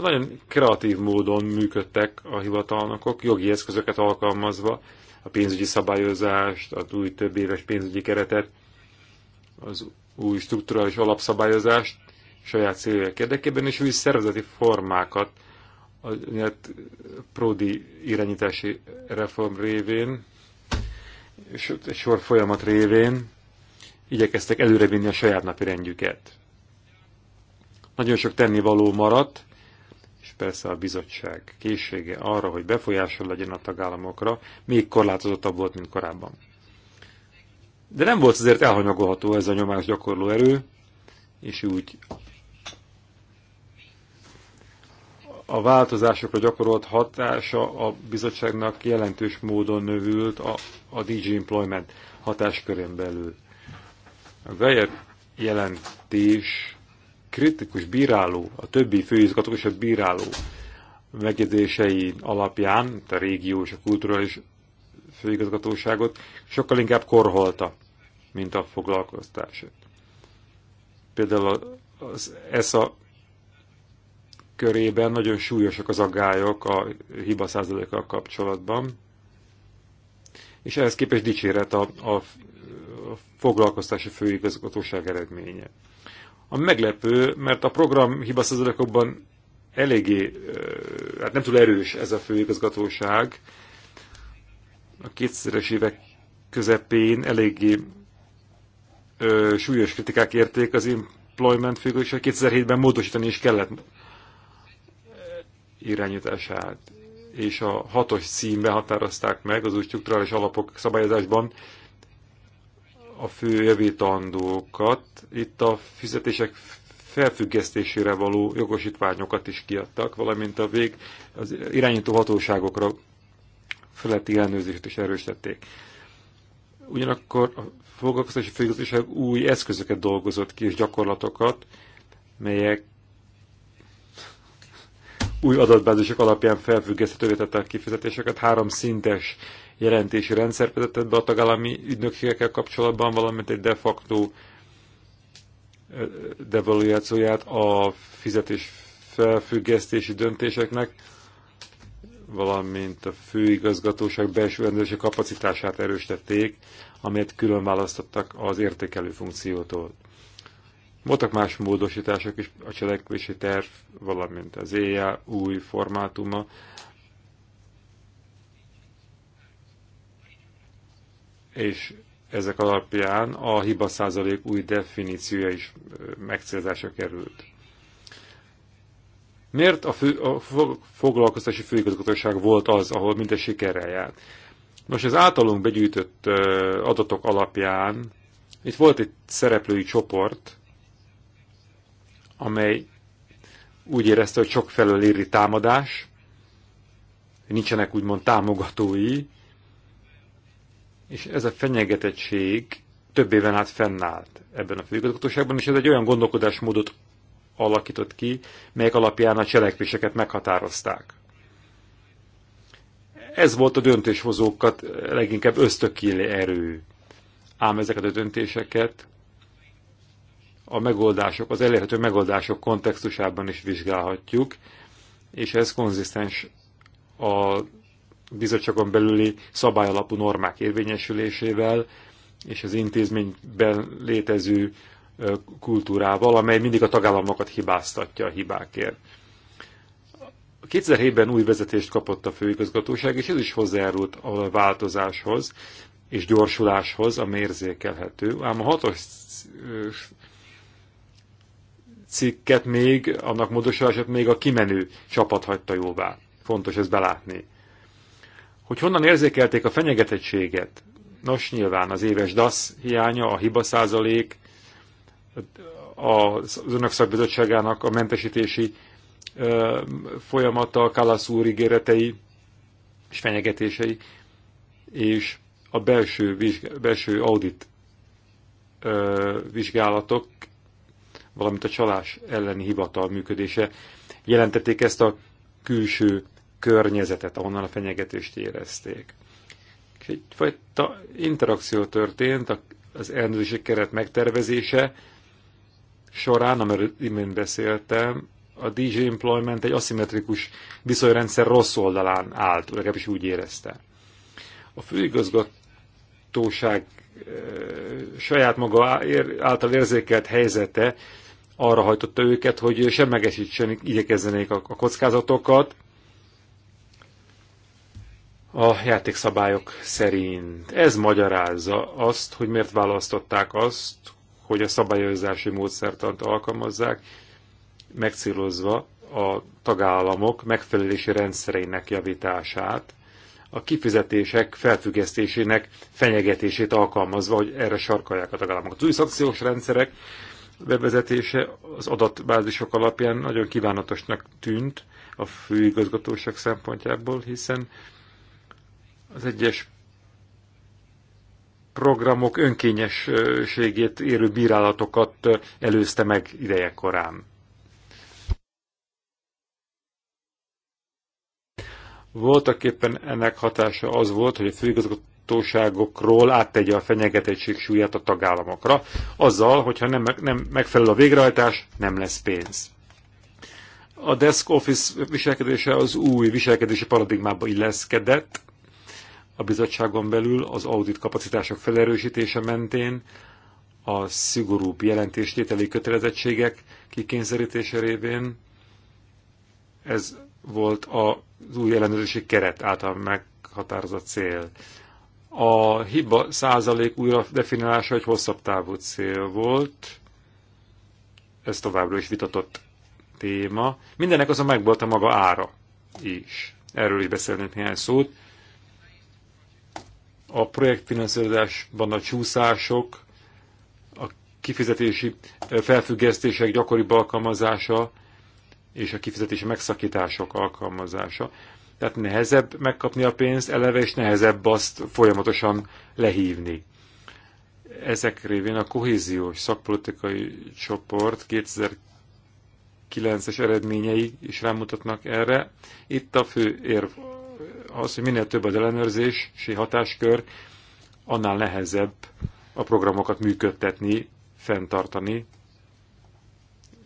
nagyon kreatív módon működtek a hivatalnokok, jogi eszközöket alkalmazva, a pénzügyi szabályozást, az új több éves pénzügyi keretet, az új strukturális alapszabályozást saját céljaik érdekében, és új szervezeti formákat a Prodi irányítási reform révén, és egy sor folyamat révén igyekeztek előrevinni a saját napi rendjüket. Nagyon sok tennivaló maradt, persze a bizottság készsége arra, hogy befolyásol legyen a tagállamokra, még korlátozottabb volt, mint korábban. De nem volt azért elhanyagolható ez a nyomás gyakorló erő, és úgy a változásokra gyakorolt hatása a bizottságnak jelentős módon növült a, a DG Employment hatáskörén belül. A Geyer jelentés kritikus bíráló, a többi főizgató és a bíráló megjegyzései alapján, a régió és a kulturális főigazgatóságot sokkal inkább korholta, mint a foglalkoztását. Például az ESA körében nagyon súlyosak az aggályok a hiba százalékkal kapcsolatban, és ehhez képest dicséret a, a foglalkoztási főigazgatóság eredménye. A meglepő, mert a program hibaszázadakokban eléggé, hát nem túl erős ez a főigazgatóság. A 2000-es évek közepén eléggé ö, súlyos kritikák érték az employment főigazgatóság, 2007-ben módosítani is kellett irányítását. És a hatos színbe határozták meg az új strukturális alapok szabályozásban a fő javítandókat, itt a fizetések felfüggesztésére való jogosítványokat is kiadtak, valamint a vég az irányító hatóságokra feletti ellenőrzést is erősítették. Ugyanakkor a foglalkoztatási főigazgatóság új eszközöket dolgozott ki és gyakorlatokat, melyek új adatbázisok alapján felfüggesztetővé tette a kifizetéseket, három szintes jelentési rendszer vezetett be a tagállami ügynökségekkel kapcsolatban, valamint egy de facto devaluációját a fizetés felfüggesztési döntéseknek, valamint a főigazgatóság belső rendőrségi kapacitását erősítették, amelyet külön választottak az értékelő funkciótól. Voltak más módosítások is, a cselekvési terv, valamint az éjjel új formátuma, és ezek alapján a hiba százalék új definíciója is megcélzásra került. Miért a, fő, a foglalkoztási főigazgatóság volt az, ahol minden sikerrel járt? Nos, az általunk begyűjtött adatok alapján itt volt egy szereplői csoport, amely úgy érezte, hogy sok felől éri támadás, nincsenek úgymond támogatói, és ez a fenyegetettség több éven át fennállt ebben a főigazgatóságban, és ez egy olyan gondolkodásmódot alakított ki, melyek alapján a cselekvéseket meghatározták. Ez volt a döntéshozókat leginkább ösztökéli erő. Ám ezeket a döntéseket a megoldások, az elérhető megoldások kontextusában is vizsgálhatjuk, és ez konzisztens a bizottságon belüli szabályalapú normák érvényesülésével és az intézményben létező kultúrával, amely mindig a tagállamokat hibáztatja a hibákért. 2007-ben új vezetést kapott a főigazgatóság, és ez is hozzájárult a változáshoz és gyorsuláshoz, ami érzékelhető. Ám a hatos cikket még, annak módosulását még a kimenő csapat hagyta jóvá. Fontos ezt belátni. Hogy honnan érzékelték a fenyegetettséget? Nos, nyilván az éves DASZ hiánya, a hiba százalék, az önök szakbizottságának a mentesítési folyamata, Kalasz úr ígéretei és fenyegetései, és a belső, vizsg- belső audit ö, vizsgálatok, valamint a csalás elleni hivatal működése jelentették ezt a külső környezetet, ahonnan a fenyegetést érezték. És egyfajta interakció történt az elnőzési keret megtervezése során, amiről imént beszéltem, a DJ Employment egy aszimmetrikus viszonyrendszer rossz oldalán állt, legalábbis úgy érezte. A főigazgatóság saját maga által érzékelt helyzete arra hajtotta őket, hogy semlegesítsenek, igyekezzenék a kockázatokat, a játékszabályok szerint. Ez magyarázza azt, hogy miért választották azt, hogy a szabályozási módszertant alkalmazzák, megcélozva a tagállamok megfelelési rendszereinek javítását, a kifizetések felfüggesztésének fenyegetését alkalmazva, hogy erre sarkalják a tagállamokat. Az új szakciós rendszerek bevezetése az adatbázisok alapján nagyon kívánatosnak tűnt a főigazgatóság szempontjából, hiszen az egyes programok önkényességét érő bírálatokat előzte meg ideje korán. Voltak éppen ennek hatása az volt, hogy a főigazgatóságokról áttegye a fenyegetettség súlyát a tagállamokra, azzal, hogyha nem, nem megfelel a végrehajtás, nem lesz pénz. A desk office viselkedése az új viselkedési paradigmába illeszkedett, a bizottságon belül az audit kapacitások felerősítése mentén, a szigorúbb jelentéstételi kötelezettségek kikényszerítése révén. Ez volt az új ellenőrzési keret által meghatározott cél. A hiba százalék újra definálása egy hosszabb távú cél volt. Ez továbbra is vitatott téma. Mindennek a megvolt a maga ára is. Erről is beszélnék néhány szót a projektfinanszírozásban a csúszások, a kifizetési felfüggesztések gyakoribb alkalmazása és a kifizetési megszakítások alkalmazása. Tehát nehezebb megkapni a pénzt eleve, és nehezebb azt folyamatosan lehívni. Ezek révén a kohéziós szakpolitikai csoport 2009-es eredményei is rámutatnak erre. Itt a fő érv az, hogy minél több az ellenőrzési hatáskör, annál nehezebb a programokat működtetni, fenntartani,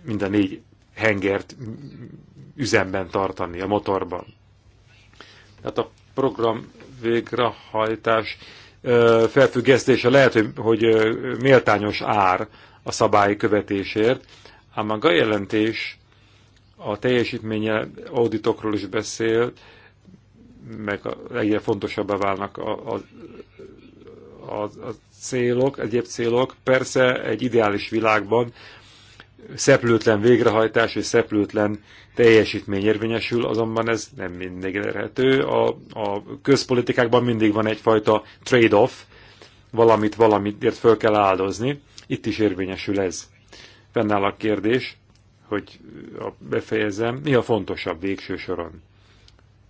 mind a négy hengert üzemben tartani, a motorban. Tehát a program végrehajtás felfüggesztése lehet, hogy, méltányos ár a szabály követésért, ám a jelentés a teljesítménye auditokról is beszélt, meg egyre fontosabbá válnak a, a, a, a célok, egyéb célok. Persze egy ideális világban szeplőtlen végrehajtás és szeplőtlen teljesítmény érvényesül, azonban ez nem mindig elérhető. A, a közpolitikákban mindig van egyfajta trade-off, valamit valamitért föl kell áldozni. Itt is érvényesül ez. Fennáll a kérdés, hogy befejezem, mi a fontosabb végső soron?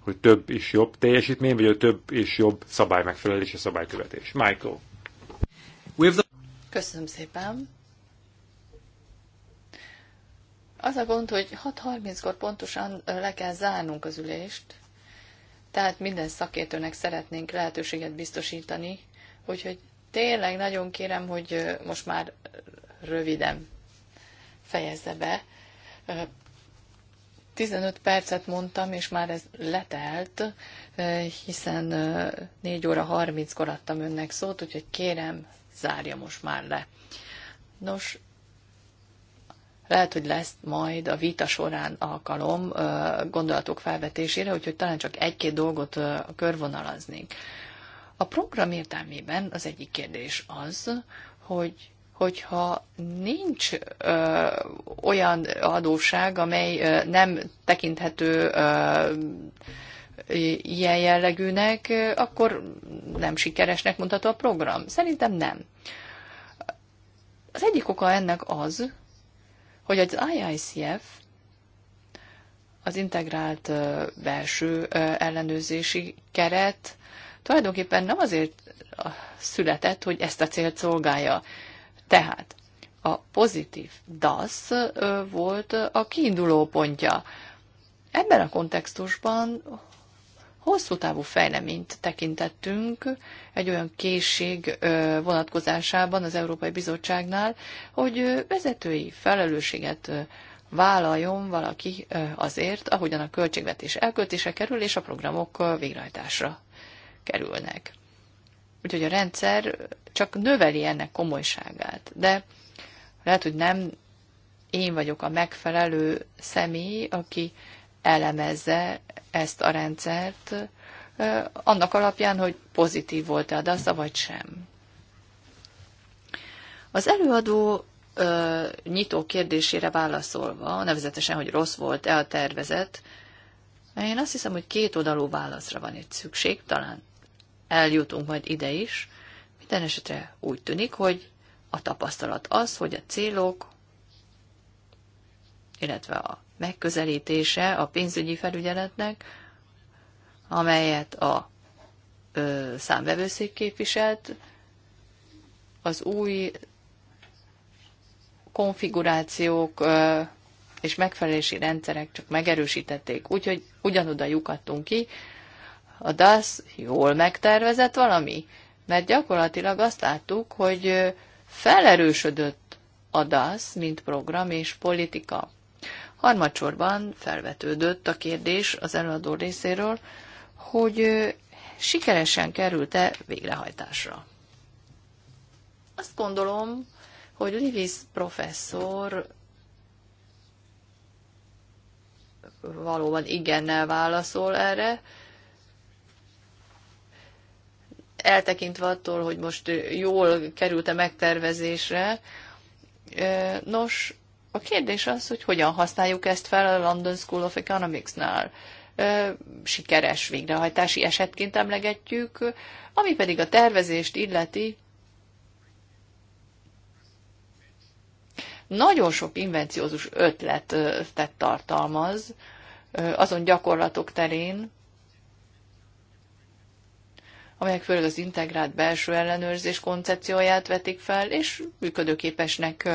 hogy több és jobb teljesítmény, vagy a több és jobb szabály megfelelés és szabálykövetés. Michael. Köszönöm szépen. Az a gond, hogy 6.30-kor pontosan le kell zárnunk az ülést, tehát minden szakértőnek szeretnénk lehetőséget biztosítani, úgyhogy tényleg nagyon kérem, hogy most már röviden fejezze be. 15 percet mondtam, és már ez letelt, eh, hiszen 4 eh, óra 30-kor adtam önnek szót, úgyhogy kérem, zárja most már le. Nos, lehet, hogy lesz majd a vita során alkalom eh, gondolatok felvetésére, úgyhogy talán csak egy-két dolgot körvonalaznék. A program értelmében az egyik kérdés az, hogy hogyha nincs ö, olyan adóság, amely ö, nem tekinthető ö, ilyen jellegűnek, akkor nem sikeresnek mondható a program. Szerintem nem. Az egyik oka ennek az, hogy az IICF az integrált belső ellenőrzési keret tulajdonképpen nem azért született, hogy ezt a célt szolgálja. Tehát a pozitív DAS volt a kiinduló pontja. Ebben a kontextusban hosszú távú fejleményt tekintettünk egy olyan készség vonatkozásában az Európai Bizottságnál, hogy vezetői felelősséget vállaljon valaki azért, ahogyan a költségvetés elköltése kerül, és a programok végrehajtásra kerülnek. Úgyhogy a rendszer csak növeli ennek komolyságát. De lehet, hogy nem én vagyok a megfelelő személy, aki elemezze ezt a rendszert, annak alapján, hogy pozitív volt e a DASZA, vagy sem. Az előadó ö, nyitó kérdésére válaszolva, nevezetesen, hogy rossz volt-e a tervezet, én azt hiszem, hogy két oldalú válaszra van itt szükség, talán eljutunk majd ide is. Minden esetre úgy tűnik, hogy a tapasztalat az, hogy a célok, illetve a megközelítése a pénzügyi felügyeletnek, amelyet a ö, számvevőszék képviselt, az új konfigurációk ö, és megfelelési rendszerek csak megerősítették. Úgyhogy ugyanoda lyukadtunk ki, a DAS jól megtervezett valami? Mert gyakorlatilag azt láttuk, hogy felerősödött a DAS, mint program és politika. Harmadsorban felvetődött a kérdés az előadó részéről, hogy sikeresen került-e végrehajtásra. Azt gondolom, hogy Livis professzor valóban igennel válaszol erre, eltekintve attól, hogy most jól került a megtervezésre, nos, a kérdés az, hogy hogyan használjuk ezt fel a London School of Economics-nál. Sikeres végrehajtási esetként emlegetjük, ami pedig a tervezést illeti, nagyon sok invenciózus ötletet tartalmaz azon gyakorlatok terén, amelyek főleg az integrált belső ellenőrzés koncepcióját vetik fel, és működőképesnek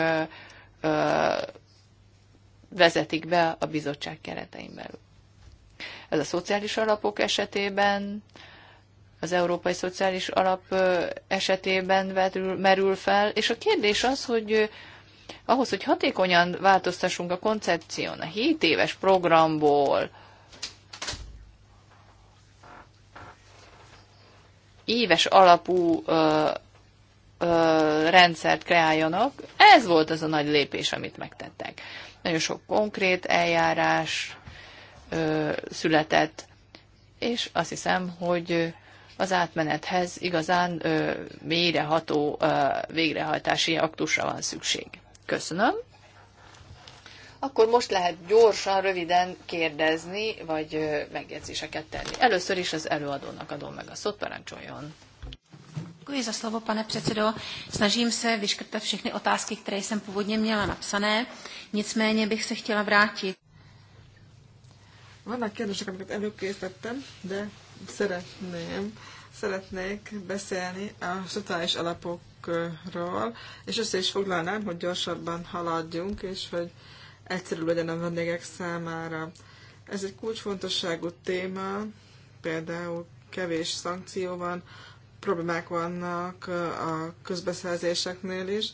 vezetik be a bizottság keretein belül. Ez a szociális alapok esetében, az Európai Szociális Alap esetében merül fel, és a kérdés az, hogy ahhoz, hogy hatékonyan változtassunk a koncepción, a 7 éves programból, éves alapú ö, ö, rendszert kreáljanak. Ez volt az a nagy lépés, amit megtettek. Nagyon sok konkrét eljárás ö, született, és azt hiszem, hogy az átmenethez igazán ö, mélyreható ö, végrehajtási aktusra van szükség. Köszönöm akkor most lehet gyorsan, röviden kérdezni, vagy megjegyzéseket tenni. Először is az előadónak adom meg a szót, parancsoljon. Děkuji za slovo, pane předsedo. Snažím se vyškrtat všechny otázky, které jsem původně měla napsané. Nicméně bych se chtěla vrátit. Vannak kérdések, amiket előkészítettem, de szeretném, szeretnék beszélni a szociális alapokról, és össze is foglalnám, hogy gyorsabban haladjunk, és hogy egyszerű legyen a vendégek számára. Ez egy kulcsfontosságú téma, például kevés szankció van, problémák vannak a közbeszerzéseknél is.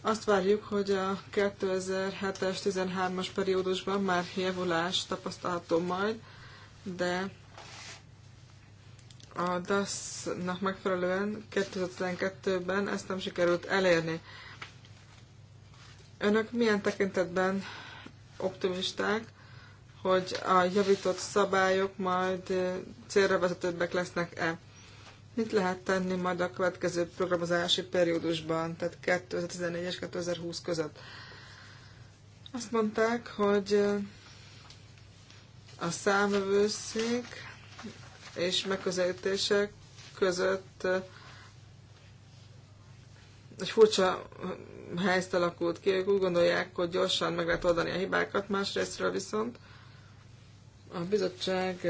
Azt várjuk, hogy a 2007-es, 13-as periódusban már javulás tapasztalható majd, de a DASZ-nak megfelelően 2012-ben ezt nem sikerült elérni. Önök milyen tekintetben optimisták, hogy a javított szabályok majd célra vezetőbbek lesznek-e? Mit lehet tenni majd a következő programozási periódusban, tehát 2014 és 2020 között? Azt mondták, hogy a számövőszék és megközelítések között egy furcsa helyzet alakult ki, ők úgy gondolják, hogy gyorsan meg lehet oldani a hibákat, másrésztről viszont a bizottság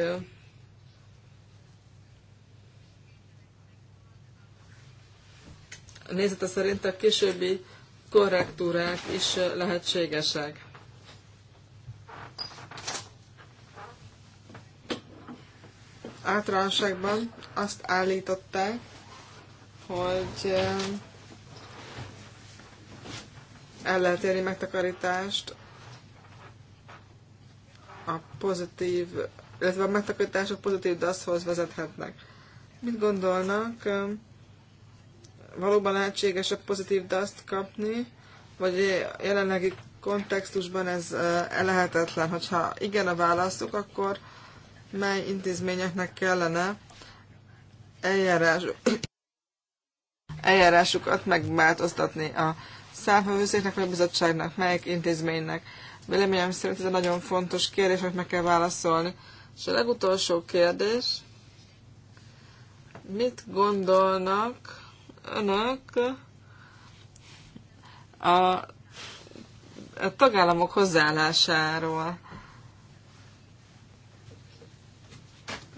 nézete szerint a későbbi korrektúrák is lehetségesek. Általánosságban azt állították, hogy el lehet érni megtakarítást a pozitív, illetve a megtakarítások pozitív daszhoz vezethetnek. Mit gondolnak? Valóban lehetséges a pozitív daszt kapni, vagy jelenlegi kontextusban ez lehetetlen? Hogyha igen a válaszuk, akkor mely intézményeknek kellene eljárás, eljárásukat megváltoztatni a számhőzéknek, vagy a bizottságnak, melyik intézménynek. Véleményem szerint ez egy nagyon fontos kérdés, amit meg kell válaszolni. És a legutolsó kérdés, mit gondolnak önök a, a tagállamok hozzáállásáról?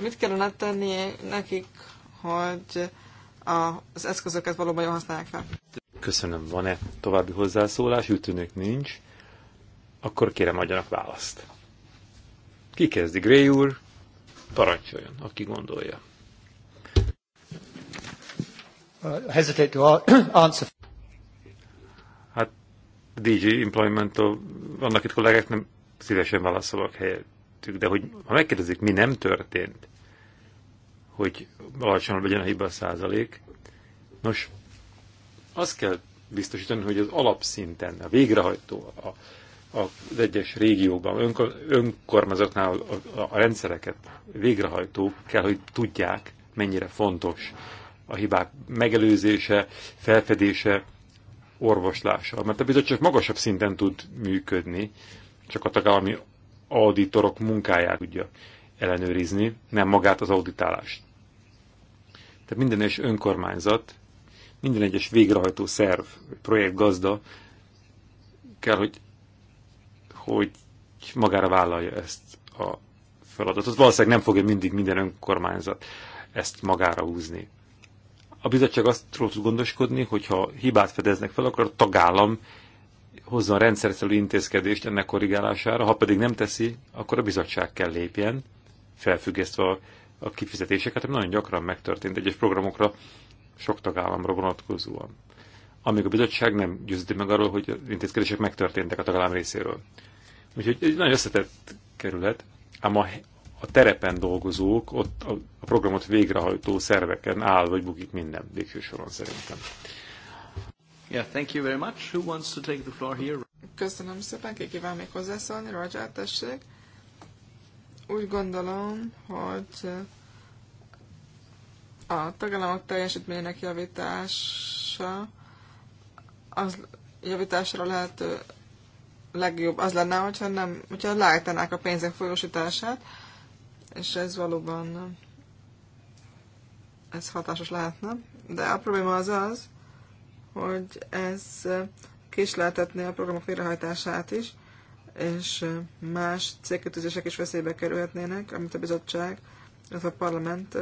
Mit kellene tenni nekik, hogy az eszközöket valóban jól használják fel? Köszönöm, van-e további hozzászólás? Ütőnök nincs. Akkor kérem adjanak választ. Ki kezdi? Gray úr? Parancsoljon, aki gondolja. Uh, hesitate to answer. Hát DG employment vannak itt kollégák, nem szívesen válaszolok helyettük, de hogy ha megkérdezik, mi nem történt, hogy alacsonyabb legyen a hiba százalék, nos, azt kell biztosítani, hogy az alapszinten, a végrehajtó, a, a, az egyes régióban, önkor, önkormányzatnál a, a, a rendszereket végrehajtók kell, hogy tudják, mennyire fontos a hibák megelőzése, felfedése, orvoslása. Mert a bizottság magasabb szinten tud működni, csak a tagállami auditorok munkáját tudja ellenőrizni, nem magát az auditálást. Tehát minden és önkormányzat minden egyes végrehajtó szerv, projektgazda kell, hogy, hogy magára vállalja ezt a feladatot. Valószínűleg nem fogja mindig minden önkormányzat ezt magára húzni. A bizottság azt tud gondoskodni, hogy ha hibát fedeznek fel, akkor a tagállam hozzon rendszerszerű intézkedést ennek korrigálására, ha pedig nem teszi, akkor a bizottság kell lépjen, felfüggesztve a, a kifizetéseket, ami nagyon gyakran megtörtént egyes programokra sok tagállamra vonatkozóan. Amíg a bizottság nem győzte meg arról, hogy az intézkedések megtörténtek a tagállam részéről. Úgyhogy egy nagyon összetett kerület, ám a, a terepen dolgozók, ott a, a programot végrehajtó szerveken áll vagy bukik minden végső soron szerintem. Yeah, thank you very much. Who wants to take the floor here? Köszönöm szépen, ki kíván még hozzászólni, Roger, tessék. Úgy gondolom, hogy a tagállamok teljesítményének javítása az javításra lehető legjobb az lenne, hogyha, nem, hogyha lájtanák a pénzek folyósítását, és ez valóban ez hatásos lehetne. De a probléma az az, hogy ez késleltetné a programok végrehajtását is, és más cégkötőzések is veszélybe kerülhetnének, amit a bizottság, illetve a parlament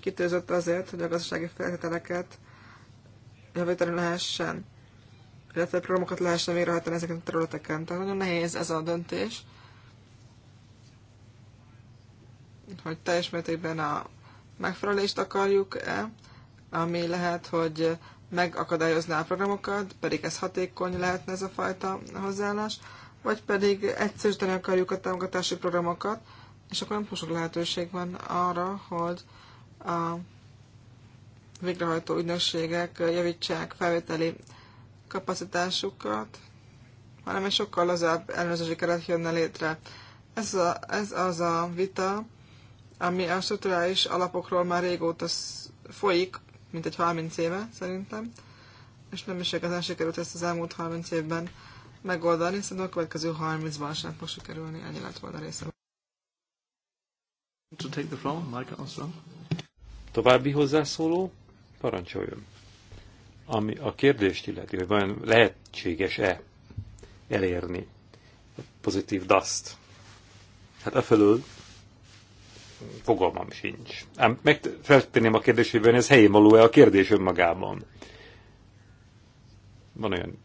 kitűzött azért, hogy a gazdasági feltételeket javítani lehessen, illetve programokat lehessen végrehajtani ezeken a területeken. Tehát nagyon nehéz ez a döntés, hogy teljes mértékben a megfelelést akarjuk-e, ami lehet, hogy megakadályozná a programokat, pedig ez hatékony lehetne ez a fajta hozzáállás, vagy pedig egyszerűsíteni akarjuk a támogatási programokat, és akkor nem sok lehetőség van arra, hogy a végrehajtó ügynökségek javítsák felvételi kapacitásukat, hanem egy sokkal lazább ellenőrzési keret jönne létre. Ez, a, ez az a vita, ami a strukturális alapokról már régóta folyik, mint egy 30 éve szerintem, és nem is igazán sikerült ezt az elmúlt 30 évben megoldani, szerintem a következő 30-ban sem fog sikerülni, ennyi lett volna része. To take the floor, Michael Armstrong. További hozzászóló? Parancsoljon. Ami a kérdést illeti, hogy vajon lehetséges-e elérni a pozitív daszt. Hát e felől fogalmam sincs. Ám meg feltenném a kérdésében, hogy ez helyén való-e a kérdés önmagában. Van olyan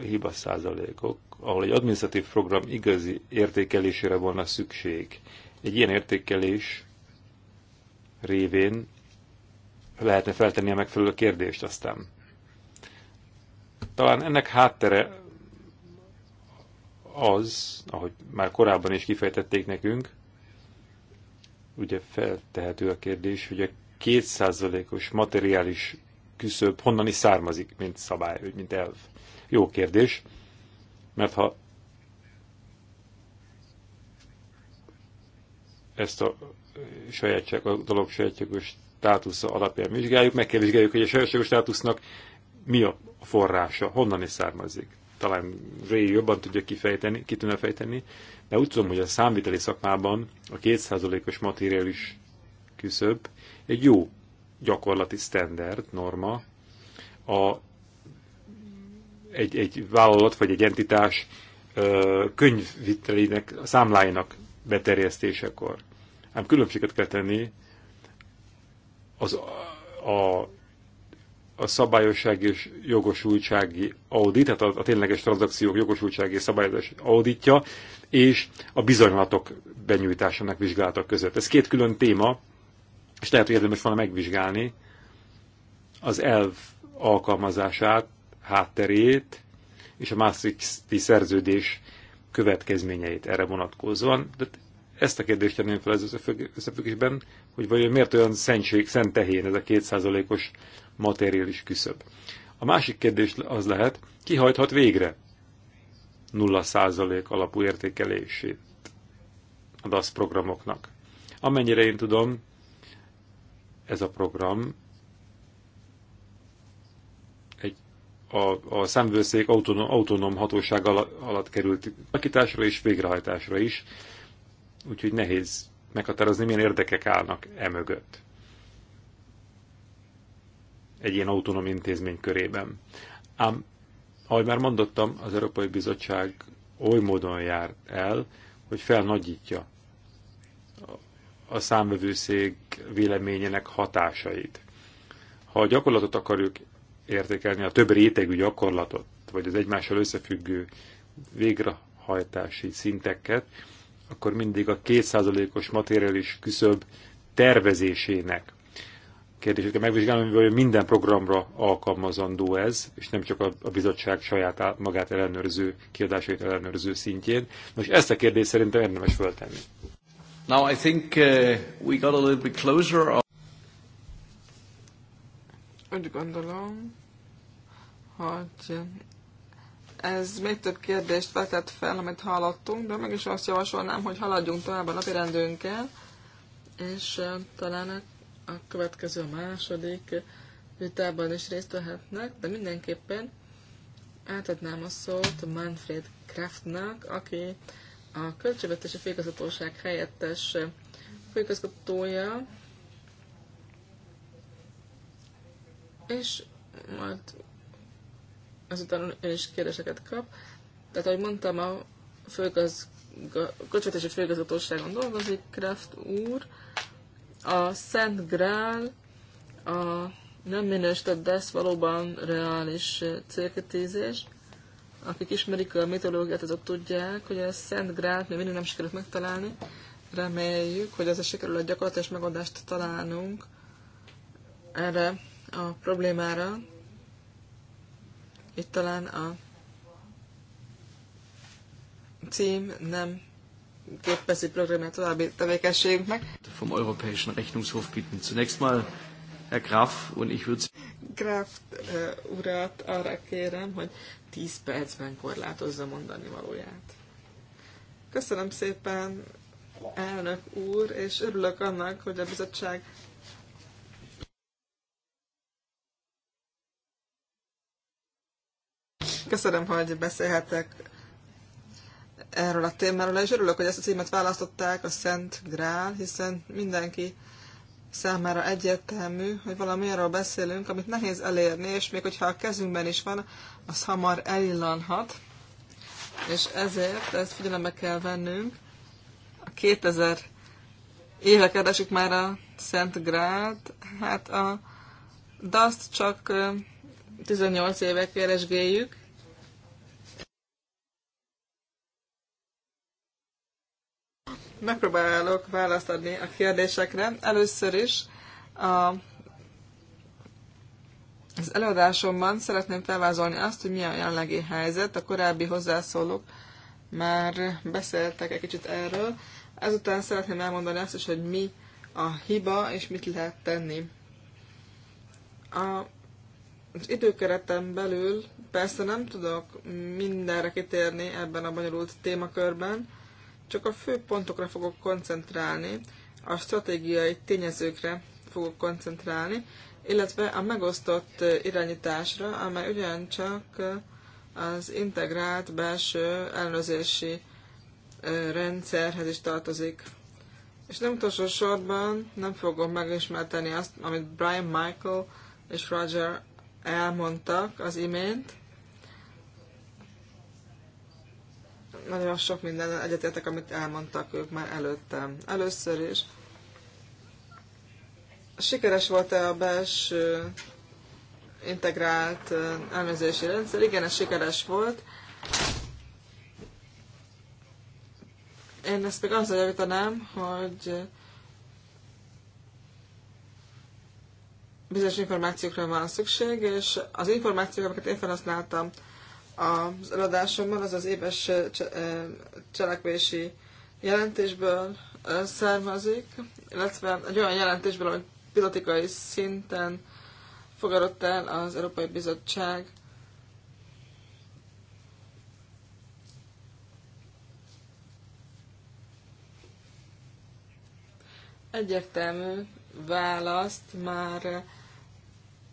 hiba százalékok, ahol egy administratív program igazi értékelésére volna szükség. Egy ilyen értékelés révén lehetne feltenni a megfelelő kérdést aztán. Talán ennek háttere az, ahogy már korábban is kifejtették nekünk, ugye feltehető a kérdés, hogy a kétszázalékos materiális küszöb honnan is származik, mint szabály, vagy mint elv. Jó kérdés, mert ha ezt a sajátság, a dolog sajátságos státusza alapján vizsgáljuk, meg kell vizsgáljuk, hogy a sajátságos státusznak mi a forrása, honnan is származik. Talán Ray jobban tudja kifejteni, ki tudna fejteni, de úgy tudom, hogy a számviteli szakmában a kétszázalékos materiális küszöb egy jó gyakorlati standard, norma, a, egy, egy vállalat vagy egy entitás könyvvitelének, számláinak beterjesztésekor. Ám különbséget kell tenni az a, a szabályosság és jogosultsági audit, tehát a, a tényleges tranzakciók jogosultsági és szabályozás auditja, és a bizonylatok benyújtásának vizsgálatok között. Ez két külön téma, és lehet, hogy érdemes volna megvizsgálni az elv alkalmazását, hátterét és a Maastrichti szerződés következményeit erre vonatkozóan. De ezt a kérdést tenném fel az összefüggésben, hogy vajon miért olyan szentség, szent tehén ez a kétszázalékos materiális küszöb. A másik kérdés az lehet, ki hajthat végre 0% alapú értékelését a DASZ programoknak. Amennyire én tudom, ez a program egy, a, a szemvőszék autonóm, autonóm hatóság alatt, alatt került alakításra és végrehajtásra is, úgyhogy nehéz meghatározni, milyen érdekek állnak e mögött. Egy ilyen autonóm intézmény körében. Ám, ahogy már mondottam, az Európai Bizottság oly módon jár el, hogy felnagyítja a számvevőszék véleményének hatásait. Ha a gyakorlatot akarjuk értékelni, a több rétegű gyakorlatot, vagy az egymással összefüggő végrehajtási szinteket, akkor mindig a kétszázalékos materiális küszöb tervezésének kérdését kell megvizsgálni, hogy minden programra alkalmazandó ez, és nem csak a bizottság saját magát ellenőrző, kiadásait ellenőrző szintjén. Most ezt a kérdést szerintem érdemes föltenni. Now I think uh, we got a little bit closer. Or... Úgy gondolom, hogy ez még több kérdést vetett fel, amit hallottunk, de mégis azt javasolnám, hogy haladjunk tovább a napirendünkkel, és talán a következő, a második vitában is részt vehetnek, de mindenképpen átadnám a szót Manfred Kraftnak, aki a Költségvetési Főigazgatóság helyettes főigazgatója, és majd Azután ön is kérdéseket kap. Tehát, ahogy mondtam, a kocsvetési főgazgatóságon dolgozik Kraft úr. A Szent Grál, a nem minősített DESZ valóban reális célkötézés. Akik ismerik a mitológiát, azok tudják, hogy a Szent Grált még mindig nem sikerült megtalálni. Reméljük, hogy a sikerül a gyakorlatilag megoldást találnunk erre a problémára. Itt talán a cím nem képezi programját további tevékenységünknek. Vom Europäischen Rechnungshof bitten. Zunächst mal Herr Graf und ich würde... Graf uh, urat arra kérem, hogy 10 percben korlátozza mondani valóját. Köszönöm szépen, elnök úr, és örülök annak, hogy a bizottság Köszönöm, hogy beszélhetek erről a témáról, és örülök, hogy ezt a címet választották, a Szent Grál, hiszen mindenki számára egyértelmű, hogy valami arról beszélünk, amit nehéz elérni, és még hogyha a kezünkben is van, az hamar elillanhat. És ezért ezt figyelembe kell vennünk. A 2000 éve keresik már a Szent Grált, hát a DAST csak 18 éve keresgéljük, Megpróbálok választ adni a kérdésekre. Először is a, az előadásomban szeretném felvázolni azt, hogy mi a jelenlegi helyzet. A korábbi hozzászólók már beszéltek egy kicsit erről. Ezután szeretném elmondani azt is, hogy mi a hiba, és mit lehet tenni. A, az időkeretem belül persze nem tudok mindenre kitérni ebben a bonyolult témakörben, csak a fő pontokra fogok koncentrálni, a stratégiai tényezőkre fogok koncentrálni, illetve a megosztott irányításra, amely ugyancsak az integrált belső ellenőrzési rendszerhez is tartozik. És nem utolsó sorban nem fogom megismerteni azt, amit Brian Michael és Roger elmondtak az imént, nagyon sok minden egyetértek, amit elmondtak ők már előttem. Először is. Sikeres volt-e a belső integrált ellenőrzési rendszer? Igen, ez sikeres volt. Én ezt még azzal javítanám, hogy bizonyos információkra van szükség, és az információk, amiket én felhasználtam, az eladásomban, az az éves cselekvési jelentésből származik, illetve egy olyan jelentésből, amit politikai szinten fogadott el az Európai Bizottság egyértelmű választ már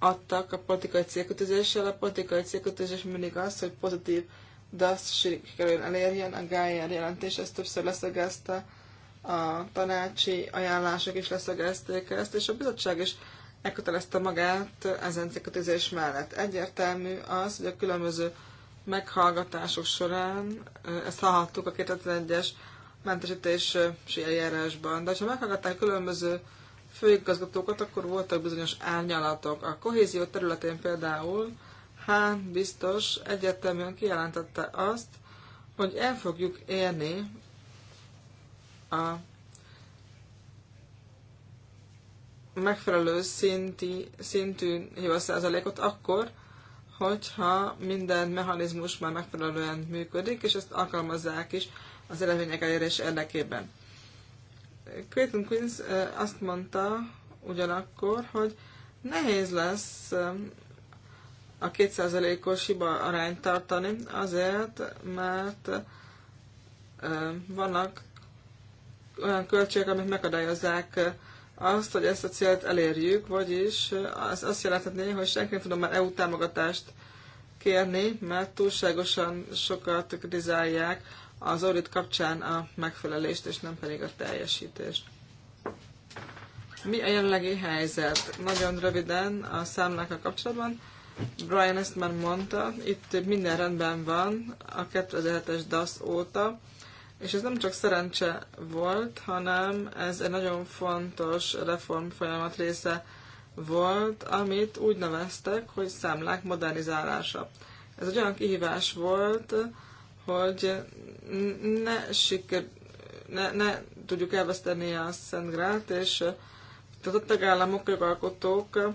adtak a politikai célkötözéssel. A politikai célkötözés mindig az, hogy pozitív DASZ sikerül elérjen, a Gájer jelentés ezt többször leszögezte, a tanácsi ajánlások is leszögezték ezt, és a bizottság is elkötelezte magát ezen célkötözés mellett. Egyértelmű az, hogy a különböző meghallgatások során, ezt hallhattuk a 2001-es mentesítési eljárásban, de ha meghallgatták különböző főigazgatókat, akkor voltak bizonyos árnyalatok. A kohézió területén például Hán biztos egyértelműen kijelentette azt, hogy el fogjuk érni a megfelelő szinti, szintű hibaszázalékot akkor, hogyha minden mechanizmus már megfelelően működik, és ezt alkalmazzák is az eredmények elérés érdekében. Clayton Queens azt mondta ugyanakkor, hogy nehéz lesz a kétszázalékos hiba arányt tartani, azért, mert vannak olyan költségek, amik megadályozzák azt, hogy ezt a célt elérjük, vagyis az azt jelenthetné, hogy senki nem tudom már EU támogatást kérni, mert túlságosan sokat kritizálják az audit kapcsán a megfelelést, és nem pedig a teljesítést. Mi a jelenlegi helyzet? Nagyon röviden a a kapcsolatban. Brian ezt már mondta, itt minden rendben van a 2007-es DAS óta, és ez nem csak szerencse volt, hanem ez egy nagyon fontos reform folyamat része volt, amit úgy neveztek, hogy számlák modernizálása. Ez egy olyan kihívás volt, hogy ne, siker, ne, ne tudjuk elveszteni a Szent Grát, és tehát a tagállamok, jogalkotók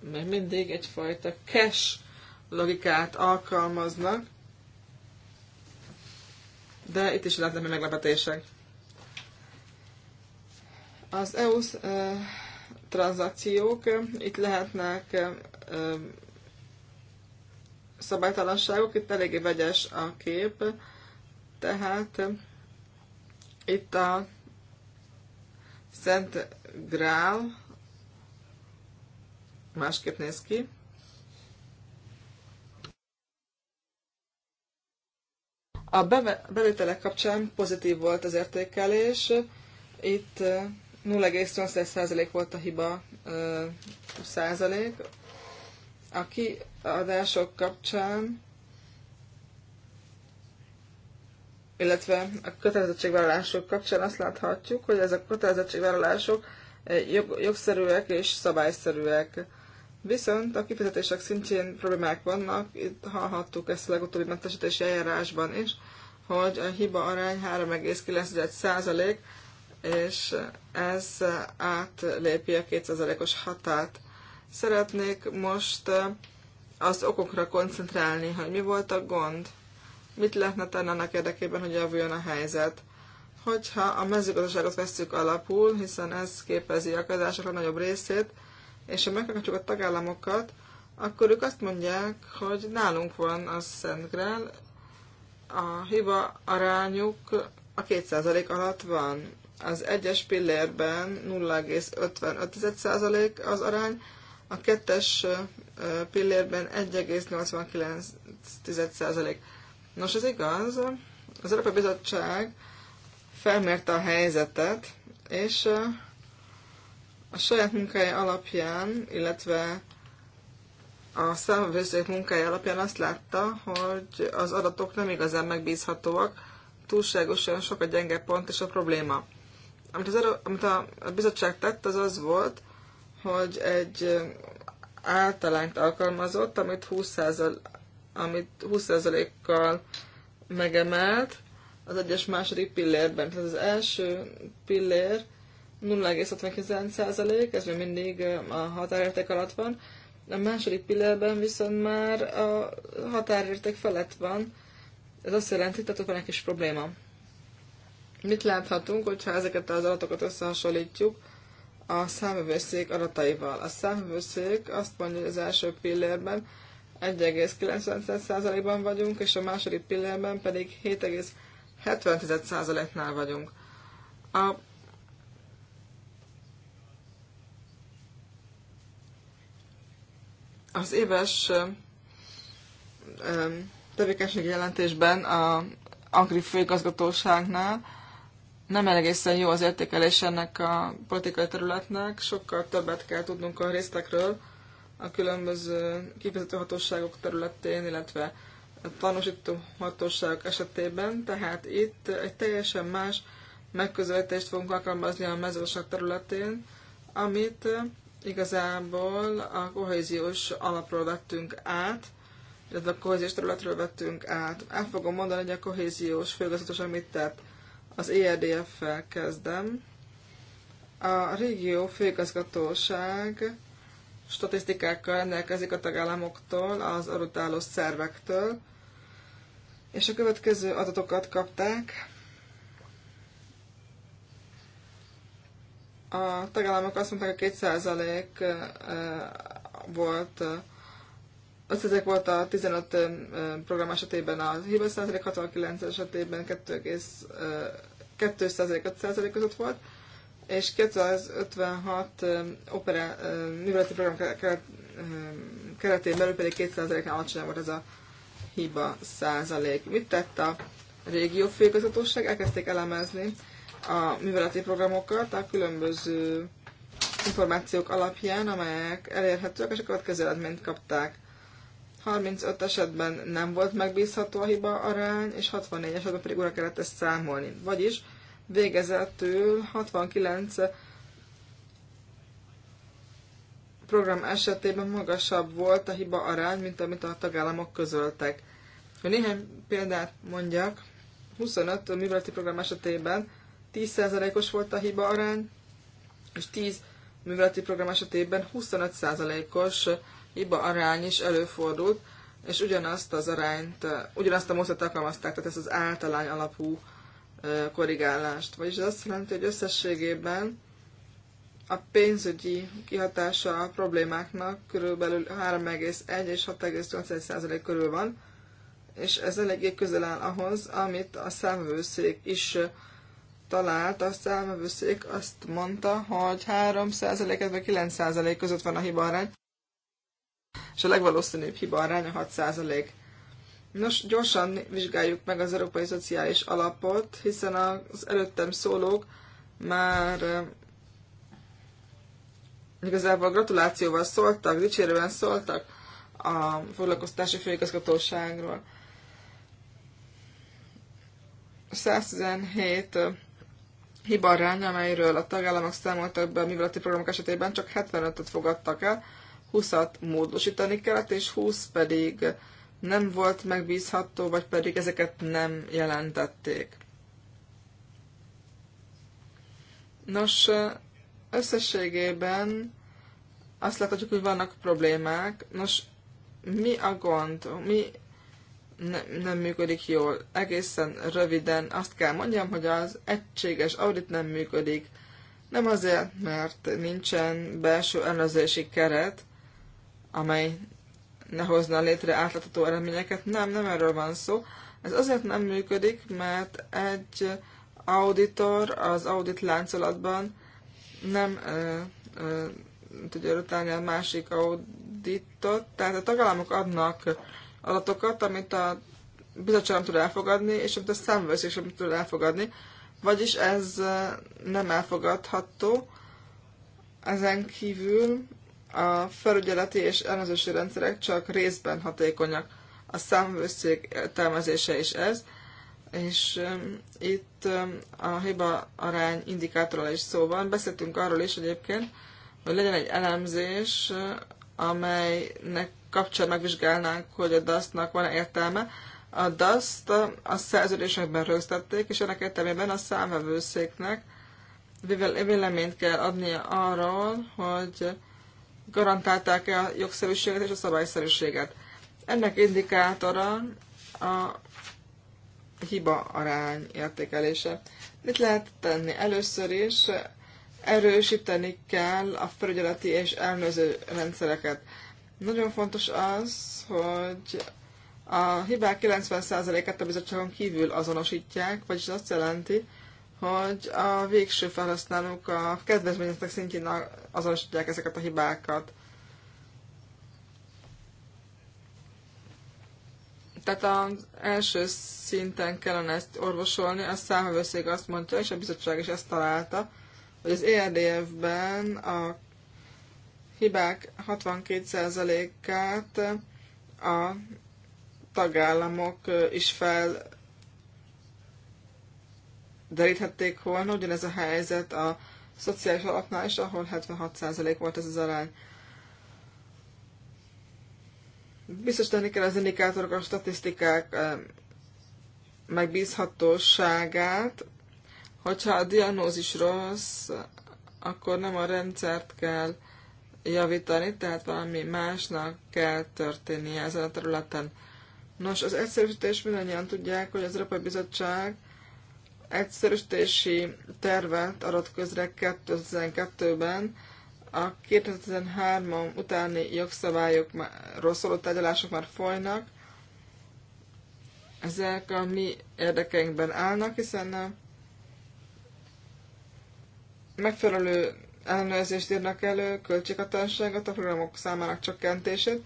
még mindig egyfajta cash logikát alkalmaznak, de itt is lehetne meglepetések. Az EU tranzakciók. Itt lehetnek szabálytalanságok, itt eléggé vegyes a kép, tehát itt a Szent Grál másképp néz ki. A bevételek kapcsán pozitív volt az értékelés. Itt 0,8% volt a hiba uh, százalék. A kiadások kapcsán, illetve a kötelezettségvállalások kapcsán azt láthatjuk, hogy ezek a kötelezettségvállalások jog, jogszerűek és szabályszerűek. Viszont a kifizetések szintjén problémák vannak, itt hallhattuk ezt a legutóbbi mentesítési eljárásban is, hogy a hiba arány 3,9 százalék, és ez átlépi a 2000 os határt. Szeretnék most az okokra koncentrálni, hogy mi volt a gond, mit lehetne tenni annak érdekében, hogy javuljon a helyzet. Hogyha a mezőgazdaságot veszük alapul, hiszen ez képezi a közások nagyobb részét, és ha megkapcsoljuk a tagállamokat, akkor ők azt mondják, hogy nálunk van a Szentgrál, a hiba arányuk a 2% alatt van. Az egyes pillérben 0,55% az arány, a kettes pillérben 1,89%. Nos, ez igaz, az Európai Bizottság felmérte a helyzetet, és a saját munkája alapján, illetve a számvevőszék munkája alapján azt látta, hogy az adatok nem igazán megbízhatóak, túlságosan sok a gyenge pont és a probléma. Amit, az, amit a bizottság tett, az az volt, hogy egy általányt alkalmazott, amit 20%, amit 20%-kal megemelt az egyes második pillérben. Tehát az első pillér 0,69%, ez még mindig a határérték alatt van. A második pillérben viszont már a határérték felett van. Ez azt jelenti, hogy ott van egy kis probléma. Mit láthatunk, hogyha ezeket az adatokat összehasonlítjuk a számövőszék adataival? A számövőszék azt mondja, hogy az első pillérben 1,9%-ban vagyunk, és a második pillérben pedig 7,7%-nál vagyunk. A az éves tevékenységi jelentésben a Angri főigazgatóságnál nem egészen jó az értékelés ennek a politikai területnek, sokkal többet kell tudnunk a résztekről a különböző kifizető hatóságok területén, illetve a tanúsító hatóságok esetében, tehát itt egy teljesen más megközelítést fogunk alkalmazni a mezőgazdaság területén, amit igazából a kohéziós alapról vettünk át, illetve a kohéziós területről vettünk át. El fogom mondani, hogy a kohéziós főgazdaság mit tett. Az ERDF-fel kezdem. A régió főigazgatóság statisztikákkal rendelkezik a tagállamoktól, az arutáló szervektől, és a következő adatokat kapták. A tagállamok azt mondták, hogy 2% volt Összezek volt a 15 program esetében a hiba százalék, 69 esetében 2,5% között volt, és 256 opera, műveleti program keretében belül pedig 2%-nál alacsonyabb volt ez a hiba százalék. Mit tett a régió főigazgatóság? Elkezdték elemezni a műveleti programokat a különböző információk alapján, amelyek elérhetőek, és a következő eredményt kapták. 35 esetben nem volt megbízható a hiba arány, és 64 esetben pedig újra kellett ezt számolni. Vagyis végezetül 69 program esetében magasabb volt a hiba arány, mint amit a tagállamok közöltek. Hogy néhány példát mondjak, 25 műveleti program esetében 10%-os volt a hiba arány, és 10 műveleti program esetében 25%-os hiba arány is előfordult, és ugyanazt az arányt, ugyanazt a módszert alkalmazták, tehát ez az általány alapú korrigálást. Vagyis ez azt jelenti, hogy összességében a pénzügyi kihatása a problémáknak körülbelül 3,1 és 6,8% körül van, és ez eléggé közel áll ahhoz, amit a számvevőszék is talált. A számvevőszék azt mondta, hogy 3%-et vagy 9% között van a hibarány és a legvalószínűbb hiba aránya 6%. Nos, gyorsan vizsgáljuk meg az Európai Szociális Alapot, hiszen az előttem szólók már eh, igazából gratulációval szóltak, dicsérően szóltak a foglalkoztási főigazgatóságról. 117 eh, hibarány, amelyről a tagállamok számoltak be a műveleti programok esetében, csak 75-öt fogadtak el, 20-at módosítani kellett, és 20 pedig nem volt megbízható, vagy pedig ezeket nem jelentették. Nos, összességében azt láthatjuk, hogy vannak problémák. Nos, mi a gond? Mi ne, nem működik jól? Egészen röviden azt kell mondjam, hogy az egységes audit nem működik. Nem azért, mert nincsen belső ellenőrzési keret, amely ne hozna létre átlátható eredményeket. Nem, nem erről van szó. Ez azért nem működik, mert egy auditor az audit láncolatban nem tudja rotálni a másik auditot. Tehát a tagállamok adnak adatokat, amit a bizottság nem tud elfogadni, és amit a számvőszék sem tud elfogadni. Vagyis ez nem elfogadható. Ezen kívül a felügyeleti és ellenőrzési rendszerek csak részben hatékonyak. A számvőszék értelmezése is ez, és um, itt um, a hiba arány indikátorral is szó van. Beszéltünk arról is egyébként, hogy legyen egy elemzés, uh, amelynek kapcsán megvizsgálnánk, hogy a DASZ-nak van-e értelme. A DASZ-t uh, a szerződésekben rögzítették, és ennek értelmében a számvevőszéknek véleményt kell adnia arról, hogy garantálták-e a jogszerűséget és a szabályszerűséget. Ennek indikátora a hiba arány értékelése. Mit lehet tenni? Először is erősíteni kell a felügyeleti és elnöző rendszereket. Nagyon fontos az, hogy a hibák 90%-át a bizottságon kívül azonosítják, vagyis azt jelenti, hogy a végső felhasználók a kedvezményezetek szintjén azonosítják ezeket a hibákat. Tehát az első szinten kellene ezt orvosolni, a számövőszég azt mondja, és a bizottság is ezt találta, hogy az ERDF-ben a hibák 62%-át a tagállamok is fel deríthették volna. Ugyanez a helyzet a szociális alapnál is, ahol 76% volt ez az arány. Biztos tenni kell az indikátorok, a statisztikák eh, megbízhatóságát. Hogyha a diagnózis rossz, akkor nem a rendszert kell javítani, tehát valami másnak kell történnie ezen a területen. Nos, az egyszerűsítés mindannyian tudják, hogy az Európai Bizottság egyszerűsítési tervet adott közre 2012-ben, a 2013 utáni jogszabályok, rosszul tárgyalások már folynak, ezek a mi érdekeinkben állnak, hiszen a megfelelő ellenőrzést írnak elő, költséghatárságot, a programok számának csökkentését,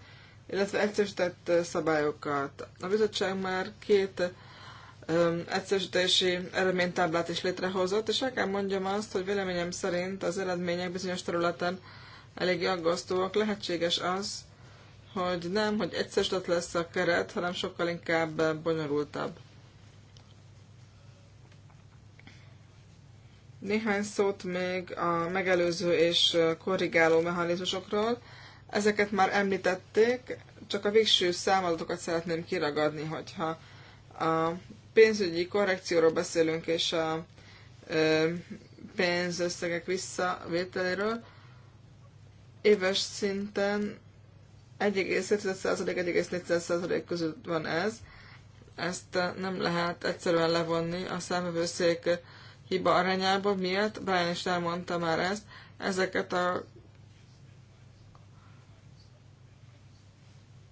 illetve egyszerűsített szabályokat. A bizottság már két egyszerűsítési eredménytáblát is létrehozott, és el kell mondjam azt, hogy véleményem szerint az eredmények bizonyos területen eléggé aggasztóak. Lehetséges az, hogy nem, hogy egyszerűsített lesz a keret, hanem sokkal inkább bonyolultabb. Néhány szót még a megelőző és korrigáló mechanizmusokról. Ezeket már említették, csak a végső számadatokat szeretném kiragadni, hogyha a pénzügyi korrekcióról beszélünk, és a pénzösszegek visszavételéről, éves szinten 1,7%-1,4% között van ez. Ezt nem lehet egyszerűen levonni a számövőszék hiba arányába. Miért? Brian is elmondta már ezt. Ezeket a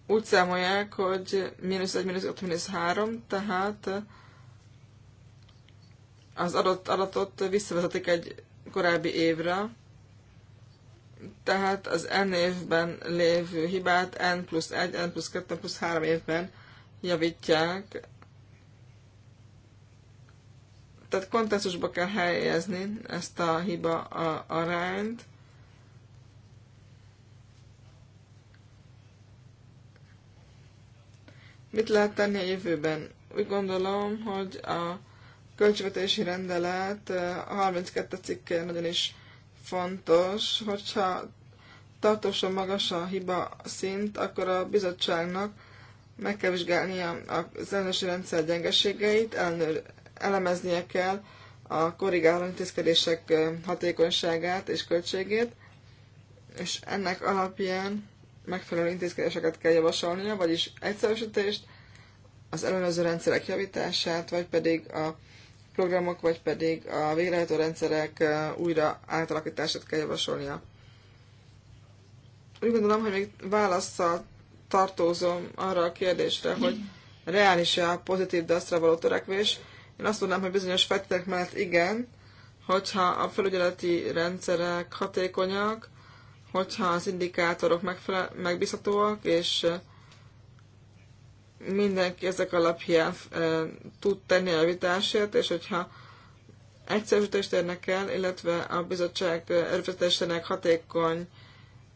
úgy számolják, hogy mínusz 1, mínusz 5, mínusz 3, tehát az adott adatot visszavezetik egy korábbi évre, tehát az n évben lévő hibát n plusz 1, n plusz 2, n plusz 3 évben javítják. Tehát kontextusba kell helyezni ezt a hiba arányt. Mit lehet tenni a jövőben? Úgy gondolom, hogy a költségvetési rendelet eh, a 32. cikke nagyon is fontos, hogyha tartósan magas a hiba szint, akkor a bizottságnak meg kell vizsgálnia az ellenőrzési rendszer gyengeségeit, ellenőr, elemeznie kell a korrigáló intézkedések eh, hatékonyságát és költségét, és ennek alapján megfelelő intézkedéseket kell javasolnia, vagyis egyszerűsítést, az előnöző rendszerek javítását, vagy pedig a programok, vagy pedig a végrehajtó rendszerek újra átalakítását kell javasolnia. Úgy gondolom, hogy még válaszsal tartózom arra a kérdésre, hogy reális-e a pozitív dasztra való törekvés. Én azt mondanám, hogy bizonyos feltételek mellett igen, hogyha a felügyeleti rendszerek hatékonyak, hogyha az indikátorok megfele- megbízhatóak, és mindenki ezek alapján e, tud tenni a vitásért, és hogyha egyszerűsítést érnek el, illetve a bizottság erőfeszítésének hatékony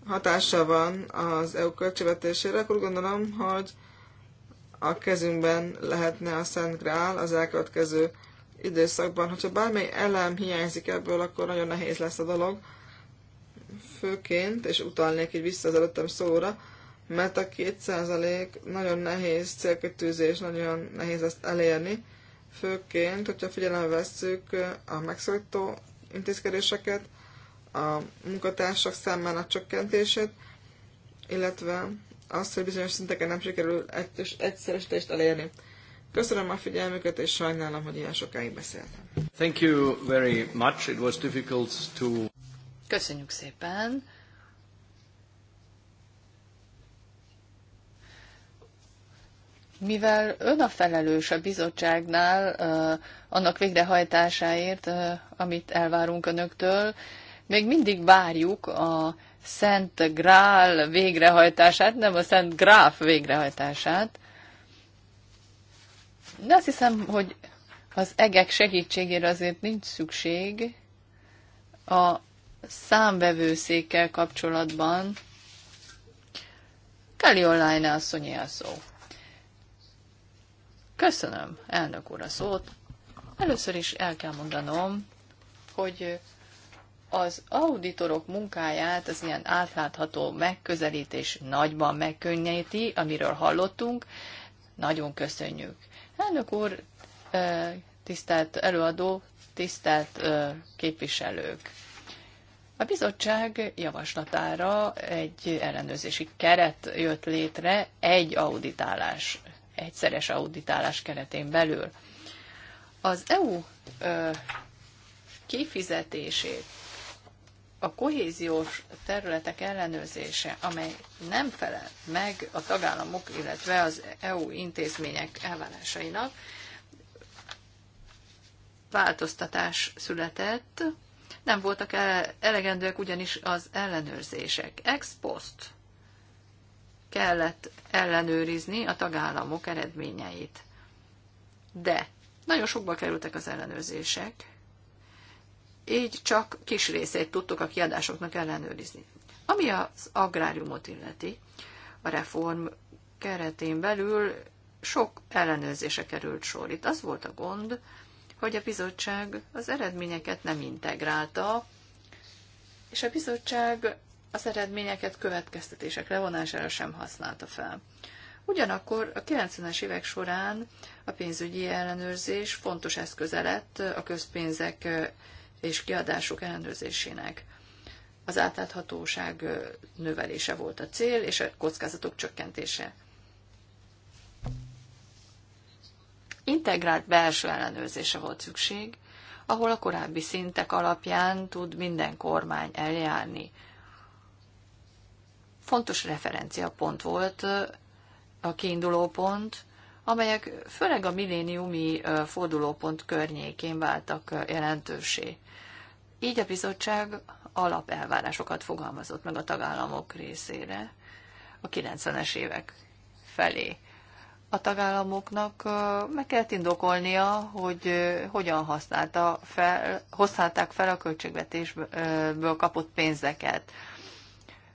hatása van az EU költségvetésére, akkor gondolom, hogy a kezünkben lehetne a Szent Grál az elkövetkező időszakban. Hogyha bármely elem hiányzik ebből, akkor nagyon nehéz lesz a dolog főként, és utalnék így vissza az előttem szóra, mert a 2% nagyon nehéz célkötőzés, nagyon nehéz ezt elérni, főként, hogyha figyelembe vesszük a megszorító intézkedéseket, a munkatársak számának csökkentését, illetve azt, hogy bizonyos szinteken nem sikerül egyszerűsítést elérni. Köszönöm a figyelmüket, és sajnálom, hogy ilyen sokáig beszéltem. Thank you very much. It was difficult to... Köszönjük szépen! Mivel ön a felelős a bizottságnál annak végrehajtásáért, amit elvárunk önöktől, még mindig várjuk a Szent Grál végrehajtását, nem a Szent Gráf végrehajtását. De azt hiszem, hogy az egek segítségére azért nincs szükség. A számvevőszékkel kapcsolatban. Kelly Online asszonyé a szó. Köszönöm, elnök úr, a szót. Először is el kell mondanom, hogy az auditorok munkáját az ilyen átlátható megközelítés nagyban megkönnyíti, amiről hallottunk. Nagyon köszönjük. Elnök úr, tisztelt előadó, tisztelt képviselők! A bizottság javaslatára egy ellenőrzési keret jött létre egy auditálás, egyszeres auditálás keretén belül. Az EU ö, kifizetését a kohéziós területek ellenőrzése, amely nem felel meg a tagállamok, illetve az EU intézmények elvárásainak, változtatás született nem voltak elegendőek ugyanis az ellenőrzések. Ex post kellett ellenőrizni a tagállamok eredményeit. De nagyon sokba kerültek az ellenőrzések, így csak kis részét tudtuk a kiadásoknak ellenőrizni. Ami az agráriumot illeti, a reform keretén belül sok ellenőrzése került sor. Itt az volt a gond, hogy a bizottság az eredményeket nem integrálta, és a bizottság az eredményeket következtetések levonására sem használta fel. Ugyanakkor a 90-es évek során a pénzügyi ellenőrzés fontos eszköze lett a közpénzek és kiadások ellenőrzésének. Az átláthatóság növelése volt a cél, és a kockázatok csökkentése. integrált belső ellenőrzése volt szükség, ahol a korábbi szintek alapján tud minden kormány eljárni. Fontos referenciapont volt a kiinduló pont, amelyek főleg a milléniumi fordulópont környékén váltak jelentősé. Így a bizottság alapelvárásokat fogalmazott meg a tagállamok részére a 90-es évek felé a tagállamoknak meg kellett indokolnia, hogy hogyan használta fel, használták fel a költségvetésből kapott pénzeket.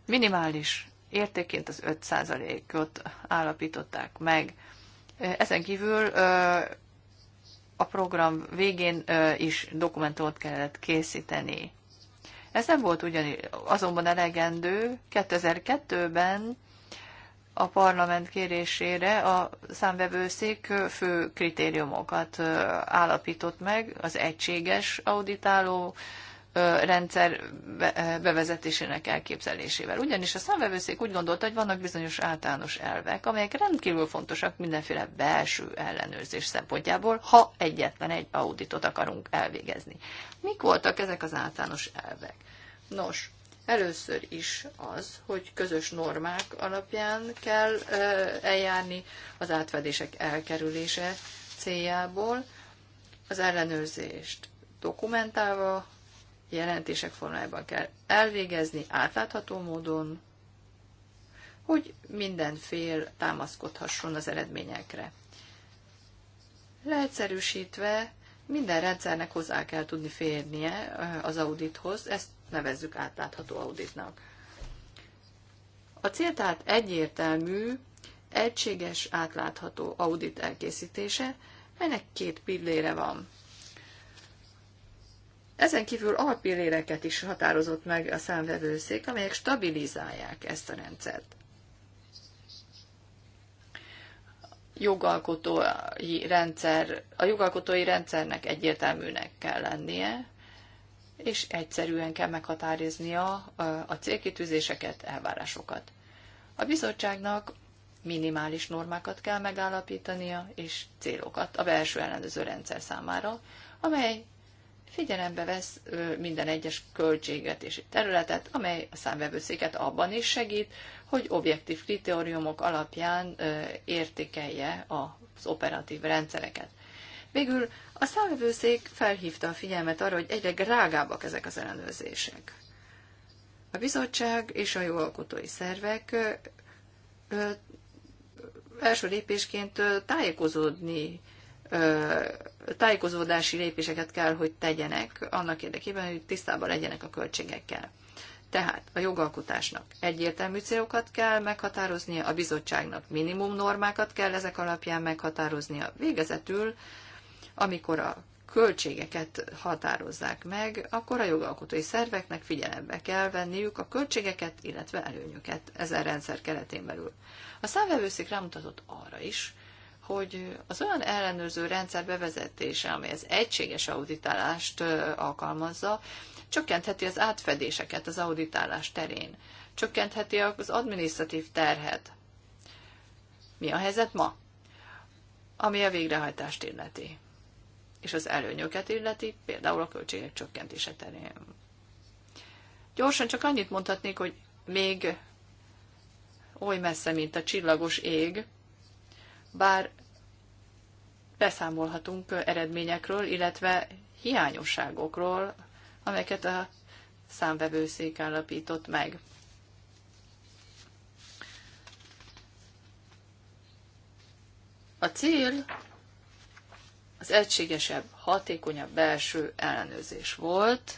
Minimális értékként az 5%-ot állapították meg. Ezen kívül a program végén is dokumentumot kellett készíteni. Ez nem volt ugyan azonban elegendő. 2002-ben a parlament kérésére a számvevőszék fő kritériumokat állapított meg az egységes auditáló rendszer bevezetésének elképzelésével. Ugyanis a számvevőszék úgy gondolta, hogy vannak bizonyos általános elvek, amelyek rendkívül fontosak mindenféle belső ellenőrzés szempontjából, ha egyetlen egy auditot akarunk elvégezni. Mik voltak ezek az általános elvek? Nos, Először is az, hogy közös normák alapján kell eljárni az átfedések elkerülése céljából, az ellenőrzést dokumentálva, jelentések formájában kell elvégezni, átlátható módon, hogy minden fél támaszkodhasson az eredményekre. Leegyszerűsítve minden rendszernek hozzá kell tudni férnie az audithoz, ezt nevezzük átlátható auditnak. A cél tehát egyértelmű, egységes, átlátható audit elkészítése, melynek két pillére van. Ezen kívül alpilléreket is határozott meg a számvevőszék, amelyek stabilizálják ezt a rendszert. Jogalkotói rendszer, a jogalkotói rendszernek egyértelműnek kell lennie, és egyszerűen kell meghatároznia a célkitűzéseket, elvárásokat. A bizottságnak minimális normákat kell megállapítania, és célokat a belső ellenőrző rendszer számára, amely figyelembe vesz minden egyes költségvetési területet, amely a számvevőszéket abban is segít, hogy objektív kritériumok alapján értékelje az operatív rendszereket. Végül a számvevőszék felhívta a figyelmet arra, hogy egyre drágábbak ezek az ellenőrzések. A bizottság és a jogalkotói szervek első lépésként tájékozódni, tájékozódási lépéseket kell, hogy tegyenek annak érdekében, hogy tisztában legyenek a költségekkel. Tehát a jogalkotásnak egyértelmű célokat kell meghatároznia, a bizottságnak minimum normákat kell ezek alapján meghatároznia, végezetül amikor a költségeket határozzák meg, akkor a jogalkotói szerveknek figyelembe kell venniük a költségeket, illetve előnyöket ezen rendszer keretén belül. A számvevőszék rámutatott arra is, hogy az olyan ellenőrző rendszer bevezetése, amely az egységes auditálást alkalmazza, csökkentheti az átfedéseket az auditálás terén, csökkentheti az adminisztratív terhet. Mi a helyzet ma? Ami a végrehajtást illeti és az előnyöket illeti, például a költségek csökkentése terén. Gyorsan csak annyit mondhatnék, hogy még oly messze, mint a csillagos ég, bár beszámolhatunk eredményekről, illetve hiányosságokról, amelyeket a számvevőszék állapított meg. A cél az egységesebb, hatékonyabb belső ellenőrzés volt,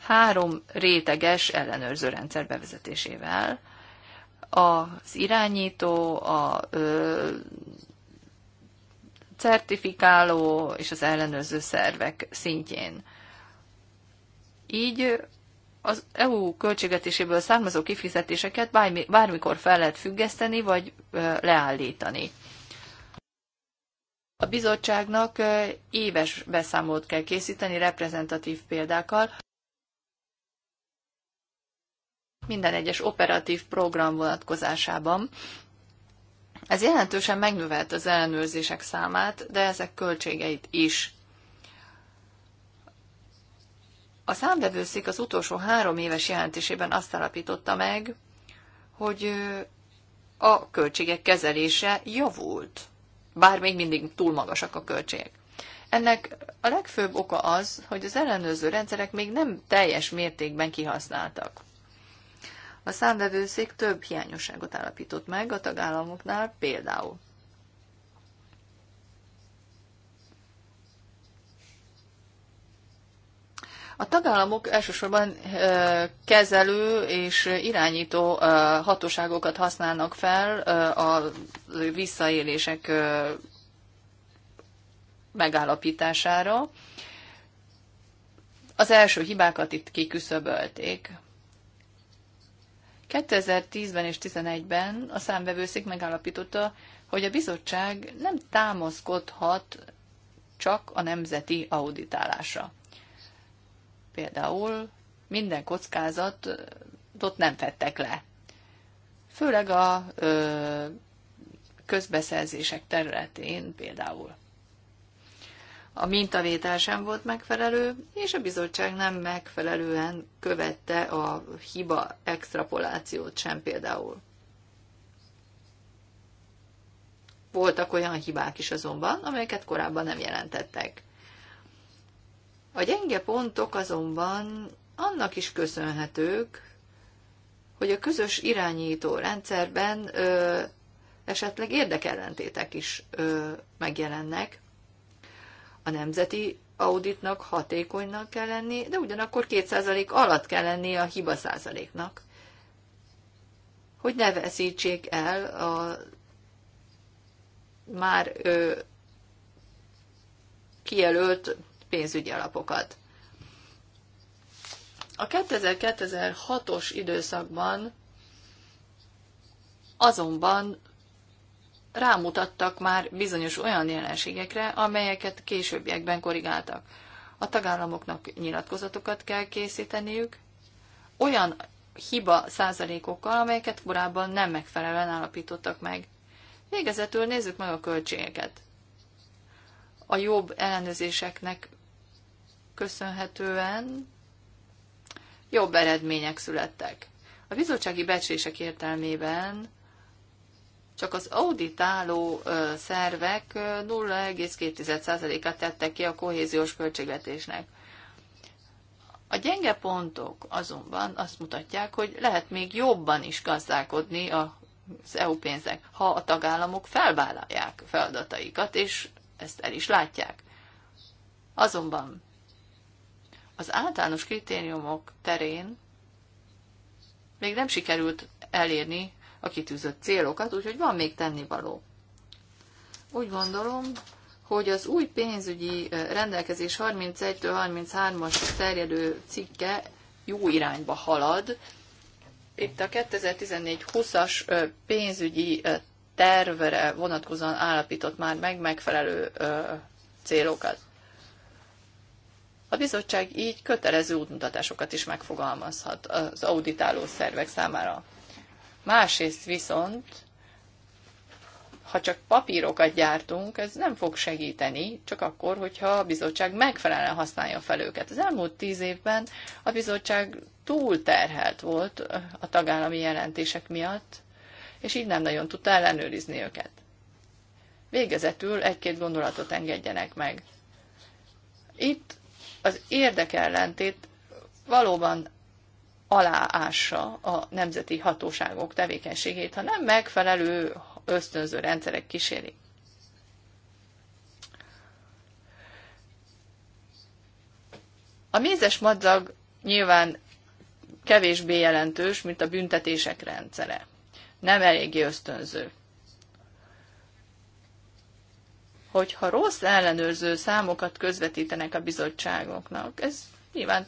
három réteges ellenőrző rendszer bevezetésével. Az irányító, a ö, certifikáló és az ellenőrző szervek szintjén. Így az EU költségvetéséből származó kifizetéseket bármi, bármikor fel lehet függeszteni vagy leállítani. A bizottságnak éves beszámolót kell készíteni reprezentatív példákkal, minden egyes operatív program vonatkozásában. Ez jelentősen megnövelt az ellenőrzések számát, de ezek költségeit is. A számvevőszék az utolsó három éves jelentésében azt alapította meg, hogy a költségek kezelése javult bár még mindig túl magasak a költségek. Ennek a legfőbb oka az, hogy az ellenőrző rendszerek még nem teljes mértékben kihasználtak. A számvevőszék több hiányosságot állapított meg a tagállamoknál például. A tagállamok elsősorban kezelő és irányító hatóságokat használnak fel a visszaélések megállapítására. Az első hibákat itt kiküszöbölték. 2010-ben és 2011-ben a számvevőszék megállapította, hogy a bizottság nem támaszkodhat csak a nemzeti auditálásra például minden kockázatot nem fettek le. Főleg a ö, közbeszerzések területén például. A mintavétel sem volt megfelelő, és a bizottság nem megfelelően követte a hiba extrapolációt sem például. Voltak olyan hibák is azonban, amelyeket korábban nem jelentettek. A gyenge pontok azonban annak is köszönhetők, hogy a közös irányító rendszerben ö, esetleg érdekellentétek is ö, megjelennek. A nemzeti auditnak hatékonynak kell lenni, de ugyanakkor 2% alatt kell lenni a hiba százaléknak, hogy ne veszítsék el a már ö, kijelölt pénzügyi alapokat. A 2006 os időszakban azonban rámutattak már bizonyos olyan jelenségekre, amelyeket későbbiekben korrigáltak. A tagállamoknak nyilatkozatokat kell készíteniük, olyan hiba százalékokkal, amelyeket korábban nem megfelelően állapítottak meg. Végezetül nézzük meg a költségeket. A jobb ellenőrzéseknek köszönhetően jobb eredmények születtek. A bizottsági becsések értelmében csak az auditáló szervek 0,2%-át tettek ki a kohéziós költségvetésnek. A gyenge pontok azonban azt mutatják, hogy lehet még jobban is gazdálkodni az EU pénzek, ha a tagállamok felvállalják feladataikat, és ezt el is látják. Azonban az általános kritériumok terén még nem sikerült elérni a kitűzött célokat, úgyhogy van még tennivaló. Úgy gondolom, hogy az új pénzügyi rendelkezés 31 33-as terjedő cikke jó irányba halad. Itt a 2014-20-as pénzügyi tervre vonatkozóan állapított már meg megfelelő célokat. A bizottság így kötelező útmutatásokat is megfogalmazhat az auditáló szervek számára. Másrészt viszont, ha csak papírokat gyártunk, ez nem fog segíteni, csak akkor, hogyha a bizottság megfelelően használja fel őket. Az elmúlt tíz évben a bizottság túl terhelt volt a tagállami jelentések miatt, és így nem nagyon tudta ellenőrizni őket. Végezetül egy-két gondolatot engedjenek meg. Itt az érdekellentét valóban aláássa a nemzeti hatóságok tevékenységét, ha nem megfelelő ösztönző rendszerek kíséri. A mézes madzag nyilván kevésbé jelentős, mint a büntetések rendszere. Nem eléggé ösztönző. Hogy ha rossz ellenőrző számokat közvetítenek a bizottságoknak, ez nyilván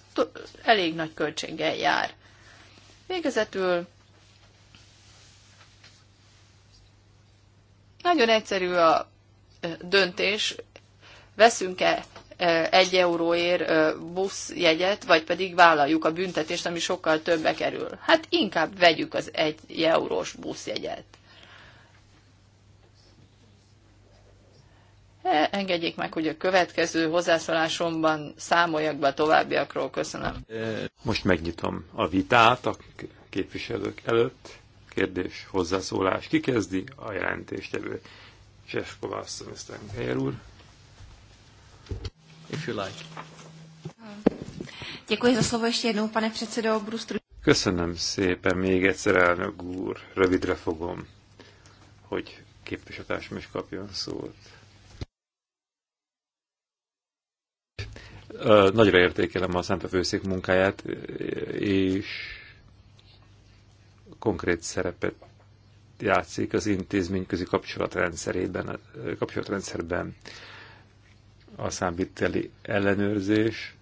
elég nagy költséggel jár. Végezetül nagyon egyszerű a döntés, veszünk-e egy euróért buszjegyet, vagy pedig vállaljuk a büntetést, ami sokkal többe kerül. Hát inkább vegyük az egy eurós buszjegyet. E, engedjék meg, hogy a következő hozzászólásomban számoljak be a továbbiakról. Köszönöm. E, most megnyitom a vitát a képviselők előtt. Kérdés, hozzászólás. Ki kezdi? A jelentéstevő. Cseskova asszony, aztán Helyer úr. If you like. Děkuji za slovo ještě jednou, pane předsedo. Budu Köszönöm szépen még egyszer, elnök úr. Rövidre fogom, hogy képviselőtársam is kapjon szót. Nagyra értékelem a Főszék munkáját, és konkrét szerepet játszik az intézményközi kapcsolatrendszerében, kapcsolatrendszerben a számviteli ellenőrzés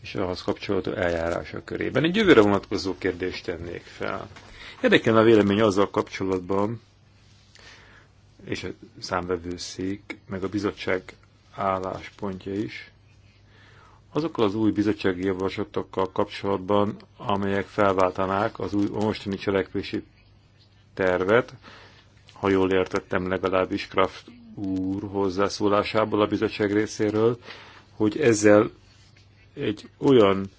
és ahhoz kapcsolódó eljárása körében. Egy jövőre vonatkozó kérdést tennék fel. Érdekelne a vélemény azzal kapcsolatban, és a számvevőszék, meg a bizottság álláspontja is. Azokkal az új bizottsági javaslatokkal kapcsolatban, amelyek felváltanák az új mostani cselekvési tervet, ha jól értettem legalábbis Kraft úr hozzászólásából a bizottság részéről, hogy ezzel egy olyan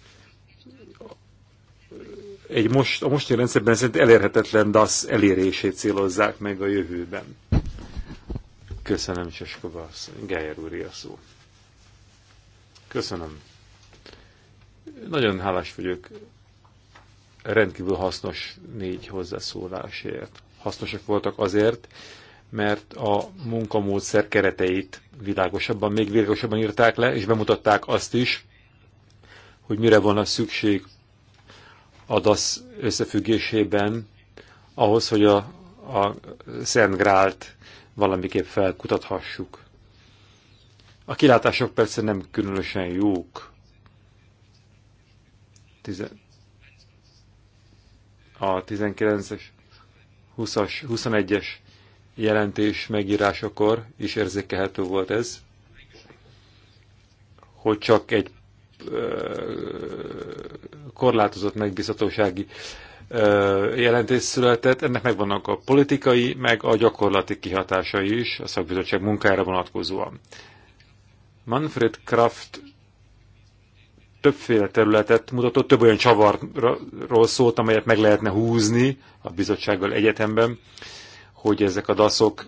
egy most, a mostani rendszerben szerint elérhetetlen DASZ elérését célozzák meg a jövőben. Köszönöm, Seskova, Geyer úr, a szó. Köszönöm. Nagyon hálás vagyok rendkívül hasznos négy hozzászólásért. Hasznosak voltak azért, mert a munkamódszer kereteit világosabban, még világosabban írták le, és bemutatták azt is, hogy mire van a szükség a DASZ összefüggésében ahhoz, hogy a, a Szent Grált valamiképp felkutathassuk. A kilátások persze nem különösen jók. Tizen... A 19-es, 20-as, 21-es jelentés megírásakor is érzékelhető volt ez, hogy csak egy korlátozott megbízhatósági jelentés született, ennek megvannak a politikai, meg a gyakorlati kihatásai is a szakbizottság munkára vonatkozóan. Manfred Kraft többféle területet mutatott, több olyan csavarról szólt, amelyet meg lehetne húzni a bizottsággal egyetemben, hogy ezek a daszok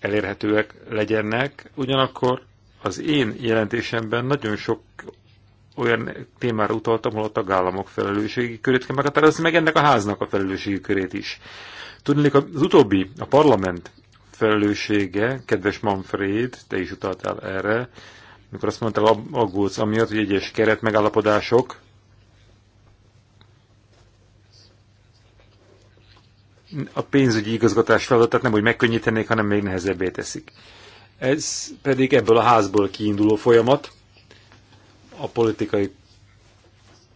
elérhetőek legyenek. Ugyanakkor az én jelentésemben nagyon sok olyan témára utaltam, ahol a tagállamok felelősségi körét kell meghatározni, meg ennek a háznak a felelősségi körét is. Tudnék, az utóbbi, a parlament felelőssége, kedves Manfred, te is utaltál erre, mikor azt mondtál aggódsz amiatt, hogy egyes keret megállapodások a pénzügyi igazgatás feladatát nem, úgy megkönnyítenék, hanem még nehezebbé teszik. Ez pedig ebből a házból kiinduló folyamat, a politikai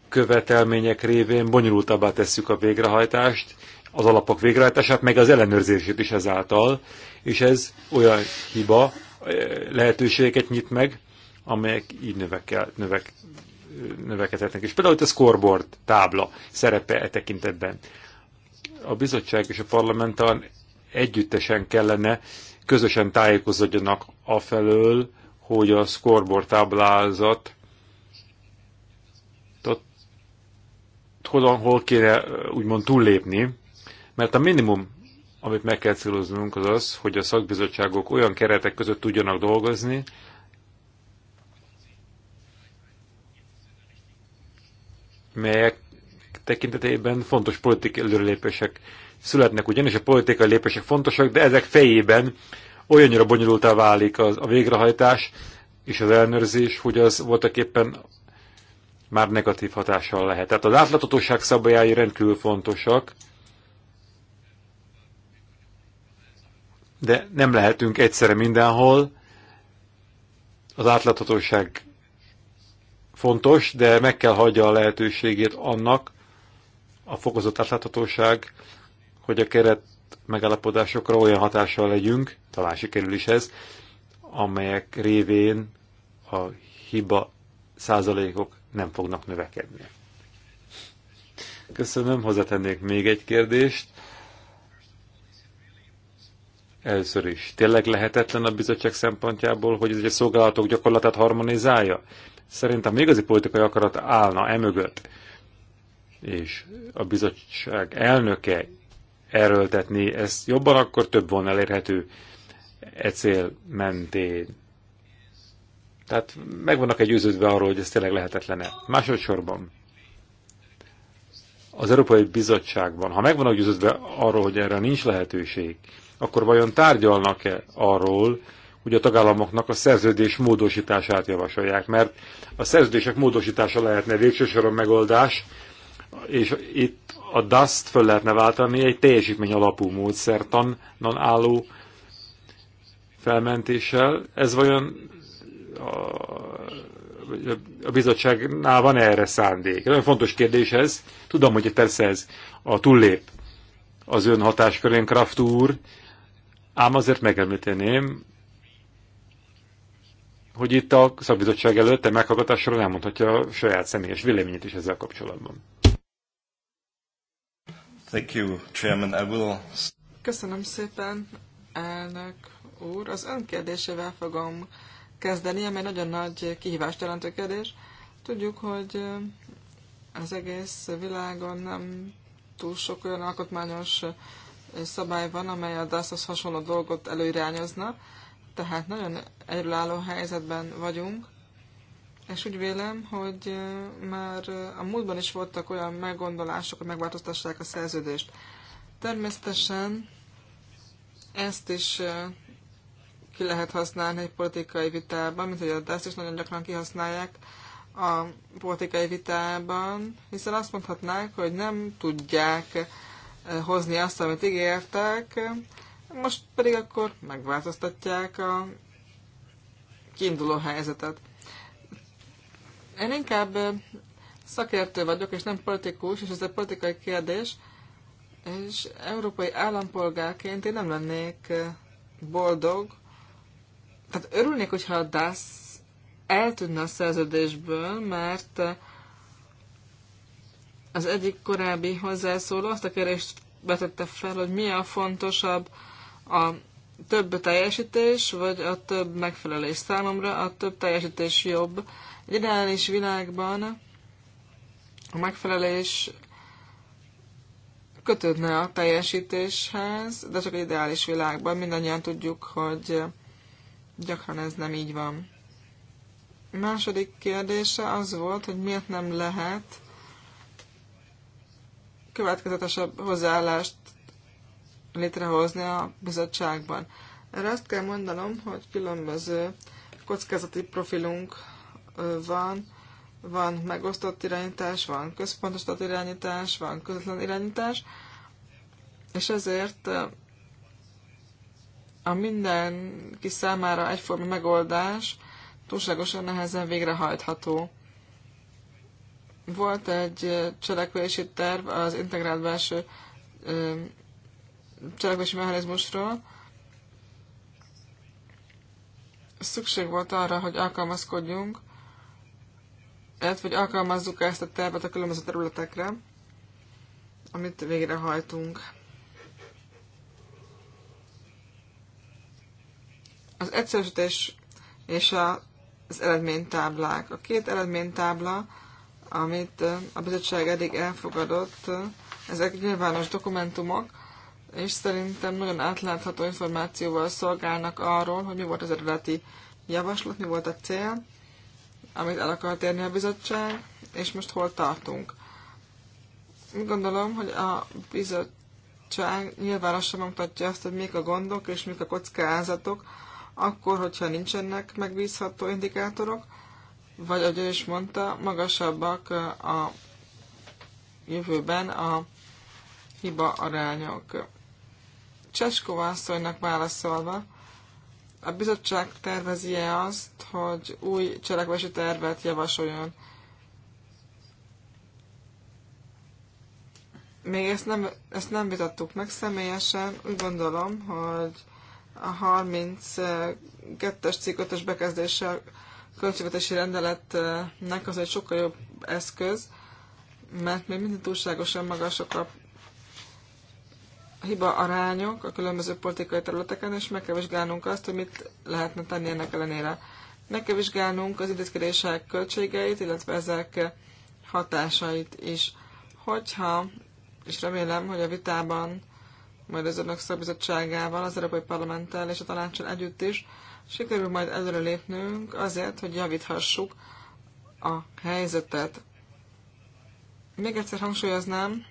követelmények révén bonyolultabbá tesszük a végrehajtást, az alapok végrehajtását, meg az ellenőrzését is ezáltal, és ez olyan hiba, eh, lehetőségeket nyit meg, amelyek így növekel, növek, növekedhetnek. És például itt a scoreboard tábla szerepe e tekintetben. A bizottság és a parlament talán együttesen kellene közösen tájékozódjanak afelől, hogy a scoreboard táblázat hol, hol kéne úgymond túllépni, mert a minimum, amit meg kell céloznunk, az az, hogy a szakbizottságok olyan keretek között tudjanak dolgozni, melyek tekintetében fontos politikai előrelépések születnek, ugyanis a politikai lépések fontosak, de ezek fejében olyannyira bonyolultá válik az, a végrehajtás és az ellenőrzés, hogy az voltak éppen már negatív hatással lehet. Tehát az átlatotóság szabályai rendkívül fontosak, de nem lehetünk egyszerre mindenhol. Az átláthatóság fontos, de meg kell hagyja a lehetőségét annak, a fokozott átláthatóság, hogy a keret megállapodásokra olyan hatással legyünk, talán sikerül is ez, amelyek révén a hiba százalékok nem fognak növekedni. Köszönöm, hozzátennék még egy kérdést. Először is, tényleg lehetetlen a bizottság szempontjából, hogy ez egy szolgálatok gyakorlatát harmonizálja? Szerintem még igazi politikai akarat állna emögött, és a bizottság elnöke erőltetni, ezt jobban akkor több volna elérhető e cél mentén tehát meg vannak egy győződve arról, hogy ez tényleg lehetetlen-e. Másodszorban az Európai Bizottságban, ha meg vannak győződve arról, hogy erre nincs lehetőség, akkor vajon tárgyalnak-e arról, hogy a tagállamoknak a szerződés módosítását javasolják, mert a szerződések módosítása lehetne végső soron megoldás, és itt a DAS-t föl lehetne váltani egy teljesítmény alapú módszertan álló felmentéssel. Ez vajon a bizottságnál van -e erre szándék? Nagyon fontos kérdés ez. Tudom, hogy persze ez a túllép az ön hatáskörén, Kraft úr, ám azért megemlíteném, hogy itt a szakbizottság előtte a meghallgatásról elmondhatja a saját személyes véleményét is ezzel kapcsolatban. Thank you, Chairman. I will... Köszönöm szépen, elnök úr. Az Ön kérdésével fogom kezdeni, ami nagyon nagy kihívást jelentő kérdés. Tudjuk, hogy eh, az egész világon nem túl sok olyan alkotmányos eh, szabály van, amely a DASZ-hoz hasonló dolgot előirányozna, tehát nagyon egyedülálló helyzetben vagyunk, és úgy vélem, hogy eh, már a múltban is voltak olyan meggondolások, hogy megváltoztassák a szerződést. Természetesen ezt is ki lehet használni egy politikai vitában, mint hogy a ezt is nagyon gyakran kihasználják a politikai vitában, hiszen azt mondhatnák, hogy nem tudják eh, hozni azt, amit ígértek, most pedig akkor megváltoztatják a kiinduló helyzetet. Én inkább eh, szakértő vagyok, és nem politikus, és ez egy politikai kérdés, és európai állampolgárként én nem lennék eh, boldog, tehát örülnék, hogyha a DASZ eltűnne a szerződésből, mert az egyik korábbi hozzászóló azt a kérdést betette fel, hogy mi a fontosabb a több teljesítés, vagy a több megfelelés számomra, a több teljesítés jobb. Egy ideális világban a megfelelés kötődne a teljesítéshez, de csak egy ideális világban mindannyian tudjuk, hogy Gyakran ez nem így van. Második kérdése az volt, hogy miért nem lehet következetesebb hozzáállást létrehozni a bizottságban. Erre azt kell mondanom, hogy különböző kockázati profilunk van, van megosztott irányítás, van központosított irányítás, van közvetlen irányítás, és ezért a mindenki számára egyforma megoldás túlságosan nehezen végrehajtható. Volt egy cselekvési terv az integrált belső cselekvési mechanizmusról. Szükség volt arra, hogy alkalmazkodjunk, illetve hogy alkalmazzuk ezt a tervet a különböző területekre, amit végrehajtunk. Az egyszerűsítés és a, az eredménytáblák. A két eredménytábla, amit a bizottság eddig elfogadott, ezek nyilvános dokumentumok, és szerintem nagyon átlátható információval szolgálnak arról, hogy mi volt az eredeti javaslat, mi volt a cél, amit el akart érni a bizottság, és most hol tartunk. Gondolom, hogy a bizottság nyilvánosan mutatja azt, hogy mik a gondok és mik a kockázatok, akkor, hogyha nincsenek megbízható indikátorok, vagy ahogy ő is mondta, magasabbak uh, a jövőben a hiba arányok. Cseskó asszonynak válaszolva, a bizottság tervezi-e azt, hogy új cselekvési tervet javasoljon? Még ezt nem, ezt nem vitattuk meg személyesen, úgy gondolom, hogy a 32-es cikk 5-ös bekezdése a költségvetési rendeletnek az egy sokkal jobb eszköz, mert még mindig túlságosan magasok a hiba arányok a különböző politikai területeken, és meg kell vizsgálnunk azt, hogy mit lehetne tenni ennek ellenére. Meg kell vizsgálnunk az intézkedések költségeit, illetve ezek hatásait is. Hogyha, és remélem, hogy a vitában majd az önök szakbizottságával, az Európai Parlamenttel és a tanácsal együtt is sikerül majd előre lépnünk azért, hogy javíthassuk a helyzetet. Még egyszer hangsúlyoznám,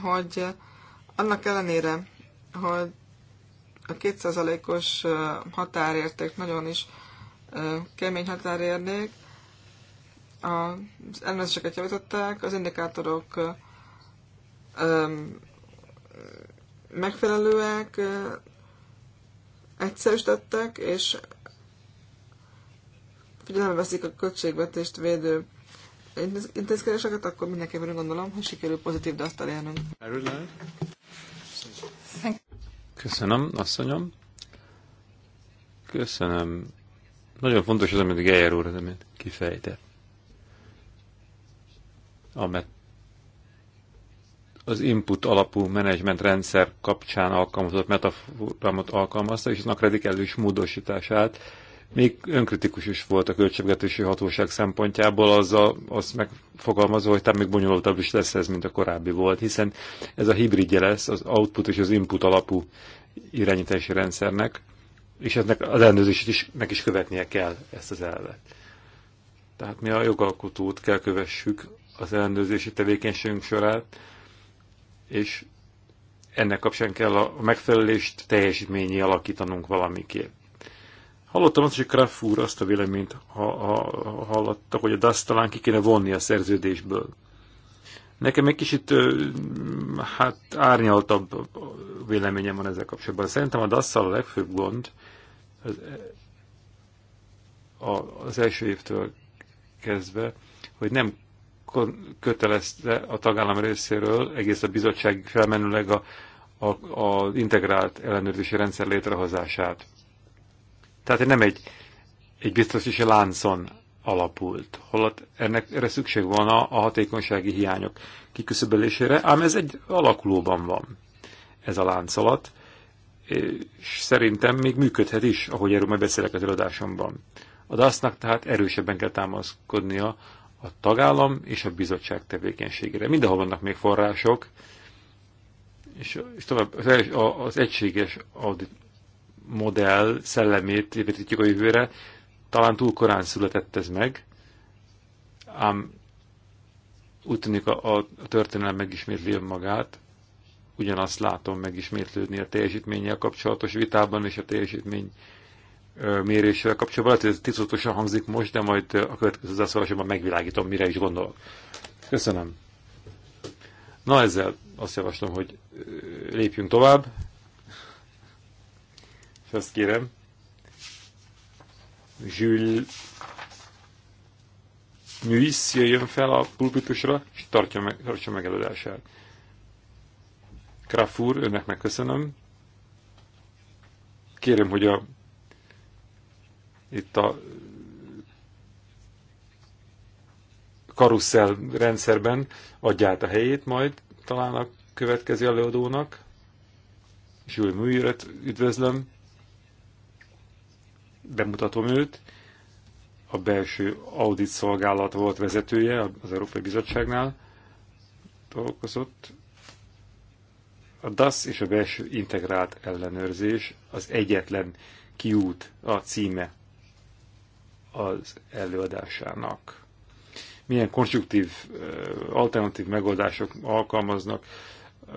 hogy annak ellenére, hogy a 2 határérték nagyon is kemény határérnék, az ellenőrzéseket javították, az indikátorok megfelelőek, egyszerűsítettek, és figyelembe veszik a költségvetést védő intézkedéseket, akkor mindenképpen gondolom, hogy sikerül pozitív dalt elérnünk. Köszönöm, asszonyom. Köszönöm. Nagyon fontos az, amit Geyer úr amit kifejtett. Amit az input alapú menedzsment rendszer kapcsán alkalmazott metaforamot alkalmazta, és aznak radikális módosítását még önkritikus is volt a költségvetési hatóság szempontjából, a, azt megfogalmazva, hogy talán még bonyolultabb is lesz ez, mint a korábbi volt, hiszen ez a hibridje lesz az output és az input alapú irányítási rendszernek, és ennek az ellenőrzését is, meg is követnie kell ezt az elvet. Tehát mi a jogalkotót kell kövessük az ellenőrzési tevékenységünk során, és ennek kapcsán kell a megfelelést teljesítményé alakítanunk valamiképp. Hallottam azt, hogy Kraft úr azt a véleményt ha, ha, ha hallotta, hogy a DASZ talán ki kéne vonni a szerződésből. Nekem egy kicsit hát árnyaltabb véleményem van ezzel kapcsolatban. Szerintem a dasz a legfőbb gond az, e- az első évtől kezdve, hogy nem kötelezte a tagállam részéről egész a bizottság felmenőleg a, a, a integrált ellenőrzési rendszer létrehozását. Tehát nem egy, egy biztosítási láncon alapult, holott ennek erre szükség volna a hatékonysági hiányok kiküszöbölésére, ám ez egy alakulóban van, ez a láncolat, és szerintem még működhet is, ahogy erről majd beszélek az előadásomban. A DASZ-nak tehát erősebben kell támaszkodnia a tagállam és a bizottság tevékenységére. Mindenhol vannak még források, és, és tovább az, az egységes audit modell szellemét építjük a jövőre. Talán túl korán született ez meg, ám úgy tűnik a, a történelem megismétli önmagát, ugyanazt látom megismétlődni a teljesítménnyel kapcsolatos vitában és a teljesítmény mérésével kapcsolatban. Lehet, hogy ez titokosan hangzik most, de majd a következő zászlásomban megvilágítom, mire is gondolok. Köszönöm. Na ezzel azt javaslom, hogy lépjünk tovább. És azt kérem. Jules Nuis jöjjön fel a pulpitusra, és tartja meg, tartja meg előadását. Krafur, önnek megköszönöm. Kérem, hogy a itt a karusszel rendszerben adja át a helyét majd talán a következő előadónak. Jules Műjöret üdvözlöm, bemutatom őt. A belső audit szolgálat volt vezetője az Európai Bizottságnál, dolgozott. A DAS és a belső integrált ellenőrzés az egyetlen kiút a címe az előadásának. Milyen konstruktív, alternatív megoldások alkalmaznak,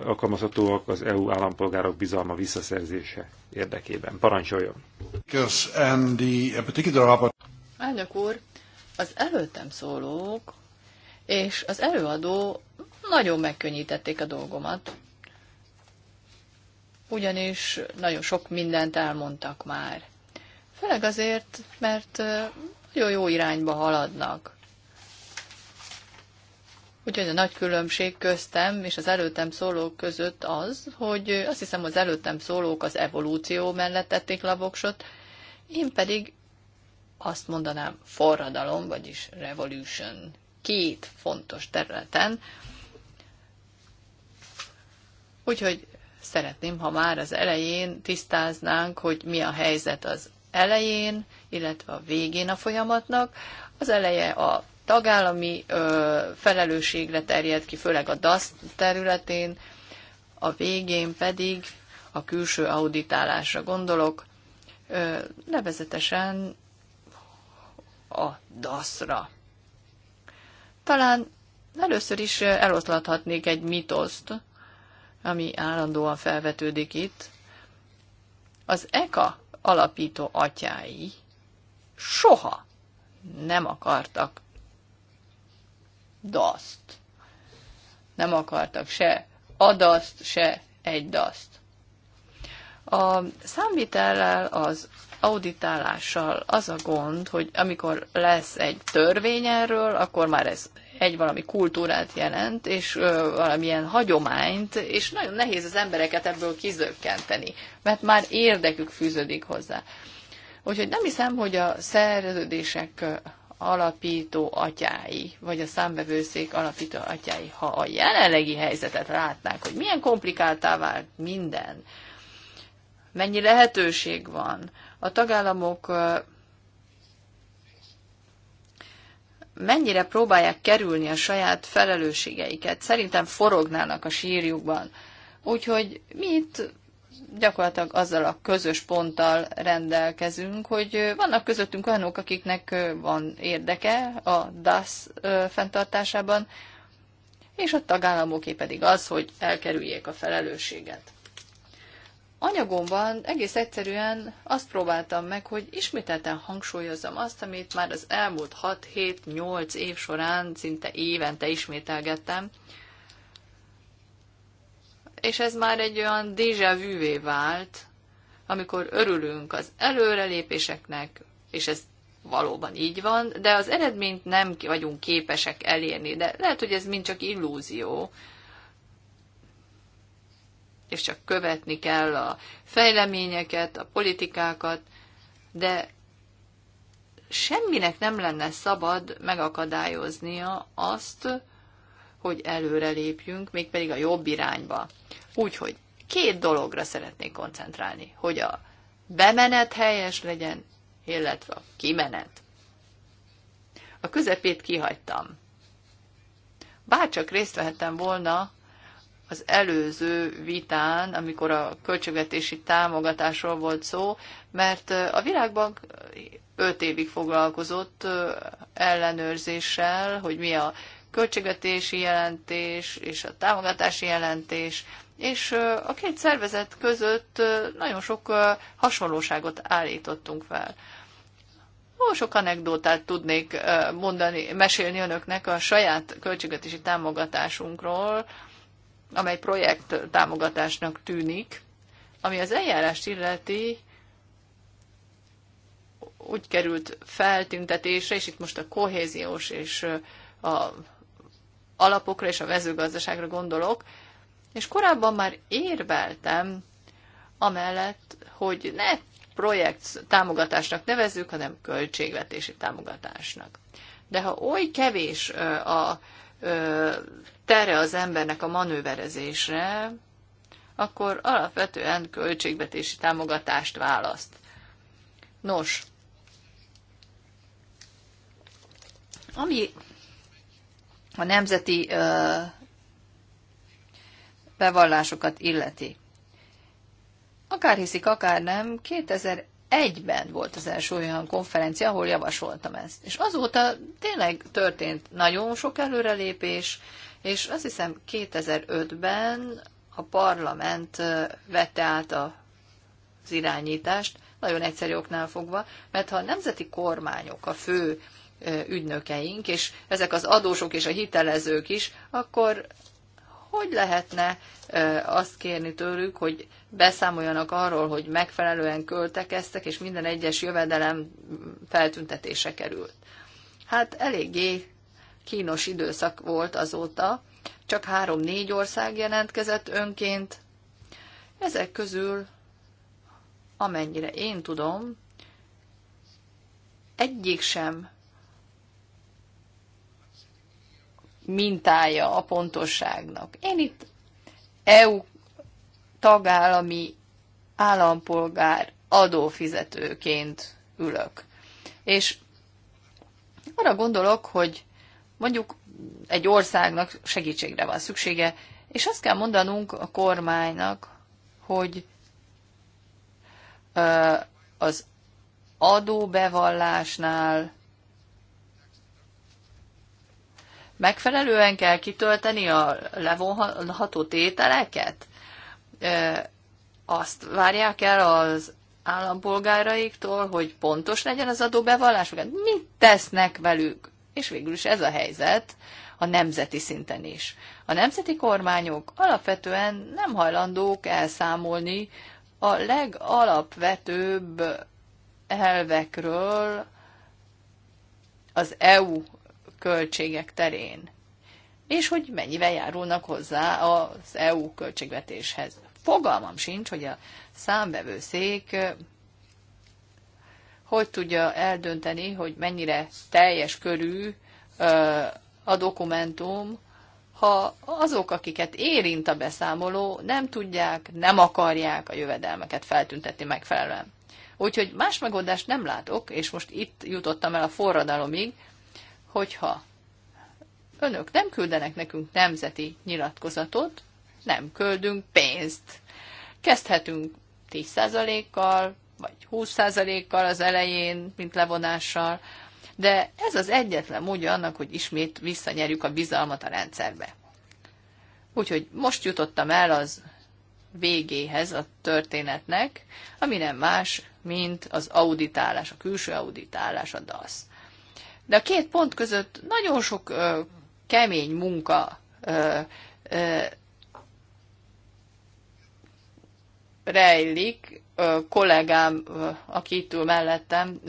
alkalmazhatóak az EU állampolgárok bizalma visszaszerzése érdekében. Parancsoljon! Elnök úr, az előttem szólók és az előadó nagyon megkönnyítették a dolgomat, ugyanis nagyon sok mindent elmondtak már. Főleg azért, mert nagyon jó irányba haladnak. Úgyhogy a nagy különbség köztem és az előttem szólók között az, hogy azt hiszem az előttem szólók az evolúció mellett tették lavoksot, én pedig azt mondanám forradalom, vagyis revolution két fontos területen. Úgyhogy szeretném, ha már az elején tisztáznánk, hogy mi a helyzet az elején, illetve a végén a folyamatnak. Az eleje a tagállami ö, felelősségre terjed ki, főleg a das területén, a végén pedig a külső auditálásra gondolok, ö, nevezetesen a DASZ-ra. Talán először is eloszlathatnék egy mitoszt, ami állandóan felvetődik itt. Az ECA alapító atyái soha nem akartak daszt. Nem akartak se adaszt, se egy daszt. A számvitellel, az auditálással az a gond, hogy amikor lesz egy törvény erről, akkor már ez egy valami kultúrát jelent, és ö, valamilyen hagyományt, és nagyon nehéz az embereket ebből kizökkenteni, mert már érdekük fűződik hozzá. Úgyhogy nem hiszem, hogy a szerződések alapító atyái, vagy a számbevőszék alapító atyái, ha a jelenlegi helyzetet látnák, hogy milyen komplikáltá vált minden, mennyi lehetőség van, a tagállamok mennyire próbálják kerülni a saját felelősségeiket. Szerintem forognának a sírjukban. Úgyhogy mi itt gyakorlatilag azzal a közös ponttal rendelkezünk, hogy vannak közöttünk olyanok, akiknek van érdeke a DAS fenntartásában, és a tagállamoké pedig az, hogy elkerüljék a felelősséget anyagomban egész egyszerűen azt próbáltam meg, hogy ismételten hangsúlyozzam azt, amit már az elmúlt 6-7-8 év során szinte évente ismételgettem, és ez már egy olyan déjà vu vált, amikor örülünk az előrelépéseknek, és ez valóban így van, de az eredményt nem vagyunk képesek elérni, de lehet, hogy ez mind csak illúzió, és csak követni kell a fejleményeket, a politikákat, de semminek nem lenne szabad megakadályoznia azt, hogy előrelépjünk, mégpedig a jobb irányba. Úgyhogy két dologra szeretnék koncentrálni, hogy a bemenet helyes legyen, illetve a kimenet. A közepét kihagytam. Bárcsak részt vehettem volna az előző vitán, amikor a költségvetési támogatásról volt szó, mert a világban öt évig foglalkozott ellenőrzéssel, hogy mi a költségvetési jelentés és a támogatási jelentés, és a két szervezet között nagyon sok hasonlóságot állítottunk fel. Nagyon sok anekdótát tudnék mondani, mesélni önöknek a saját költségvetési támogatásunkról, amely projekt támogatásnak tűnik, ami az eljárást illeti, úgy került feltüntetésre, és itt most a kohéziós és a alapokra és a mezőgazdaságra gondolok, és korábban már érveltem amellett, hogy ne projekt támogatásnak nevezzük, hanem költségvetési támogatásnak. De ha oly kevés a tere az embernek a manőverezésre, akkor alapvetően költségvetési támogatást választ. Nos, ami a nemzeti bevallásokat illeti. Akár hiszik, akár nem, 2000 egyben volt az első olyan konferencia, ahol javasoltam ezt. És azóta tényleg történt nagyon sok előrelépés, és azt hiszem 2005-ben a parlament vette át az irányítást, nagyon egyszerű oknál fogva, mert ha a nemzeti kormányok a fő ügynökeink, és ezek az adósok és a hitelezők is, akkor hogy lehetne azt kérni tőlük, hogy beszámoljanak arról, hogy megfelelően költekeztek, és minden egyes jövedelem feltüntetése került. Hát eléggé kínos időszak volt azóta, csak három-négy ország jelentkezett önként. Ezek közül, amennyire én tudom, egyik sem mintája a pontosságnak. Én itt EU tagállami állampolgár adófizetőként ülök. És arra gondolok, hogy mondjuk egy országnak segítségre van szüksége, és azt kell mondanunk a kormánynak, hogy az adóbevallásnál megfelelően kell kitölteni a levonható tételeket? azt várják el az állampolgáraiktól, hogy pontos legyen az adóbevallás, hát mit tesznek velük. És végül is ez a helyzet a nemzeti szinten is. A nemzeti kormányok alapvetően nem hajlandók elszámolni a legalapvetőbb elvekről az EU költségek terén, és hogy mennyivel járulnak hozzá az EU költségvetéshez fogalmam sincs, hogy a szék, hogy tudja eldönteni, hogy mennyire teljes körű a dokumentum, ha azok, akiket érint a beszámoló, nem tudják, nem akarják a jövedelmeket feltüntetni megfelelően. Úgyhogy más megoldást nem látok, és most itt jutottam el a forradalomig, hogyha önök nem küldenek nekünk nemzeti nyilatkozatot, nem köldünk pénzt. Kezdhetünk 10%-kal, vagy 20%-kal az elején, mint levonással, de ez az egyetlen módja annak, hogy ismét visszanyerjük a bizalmat a rendszerbe. Úgyhogy most jutottam el az végéhez a történetnek, ami nem más, mint az auditálás, a külső auditálás, a DASZ. De a két pont között nagyon sok ö, kemény munka ö, ö, rejlik, kollégám, aki itt ül mellettem,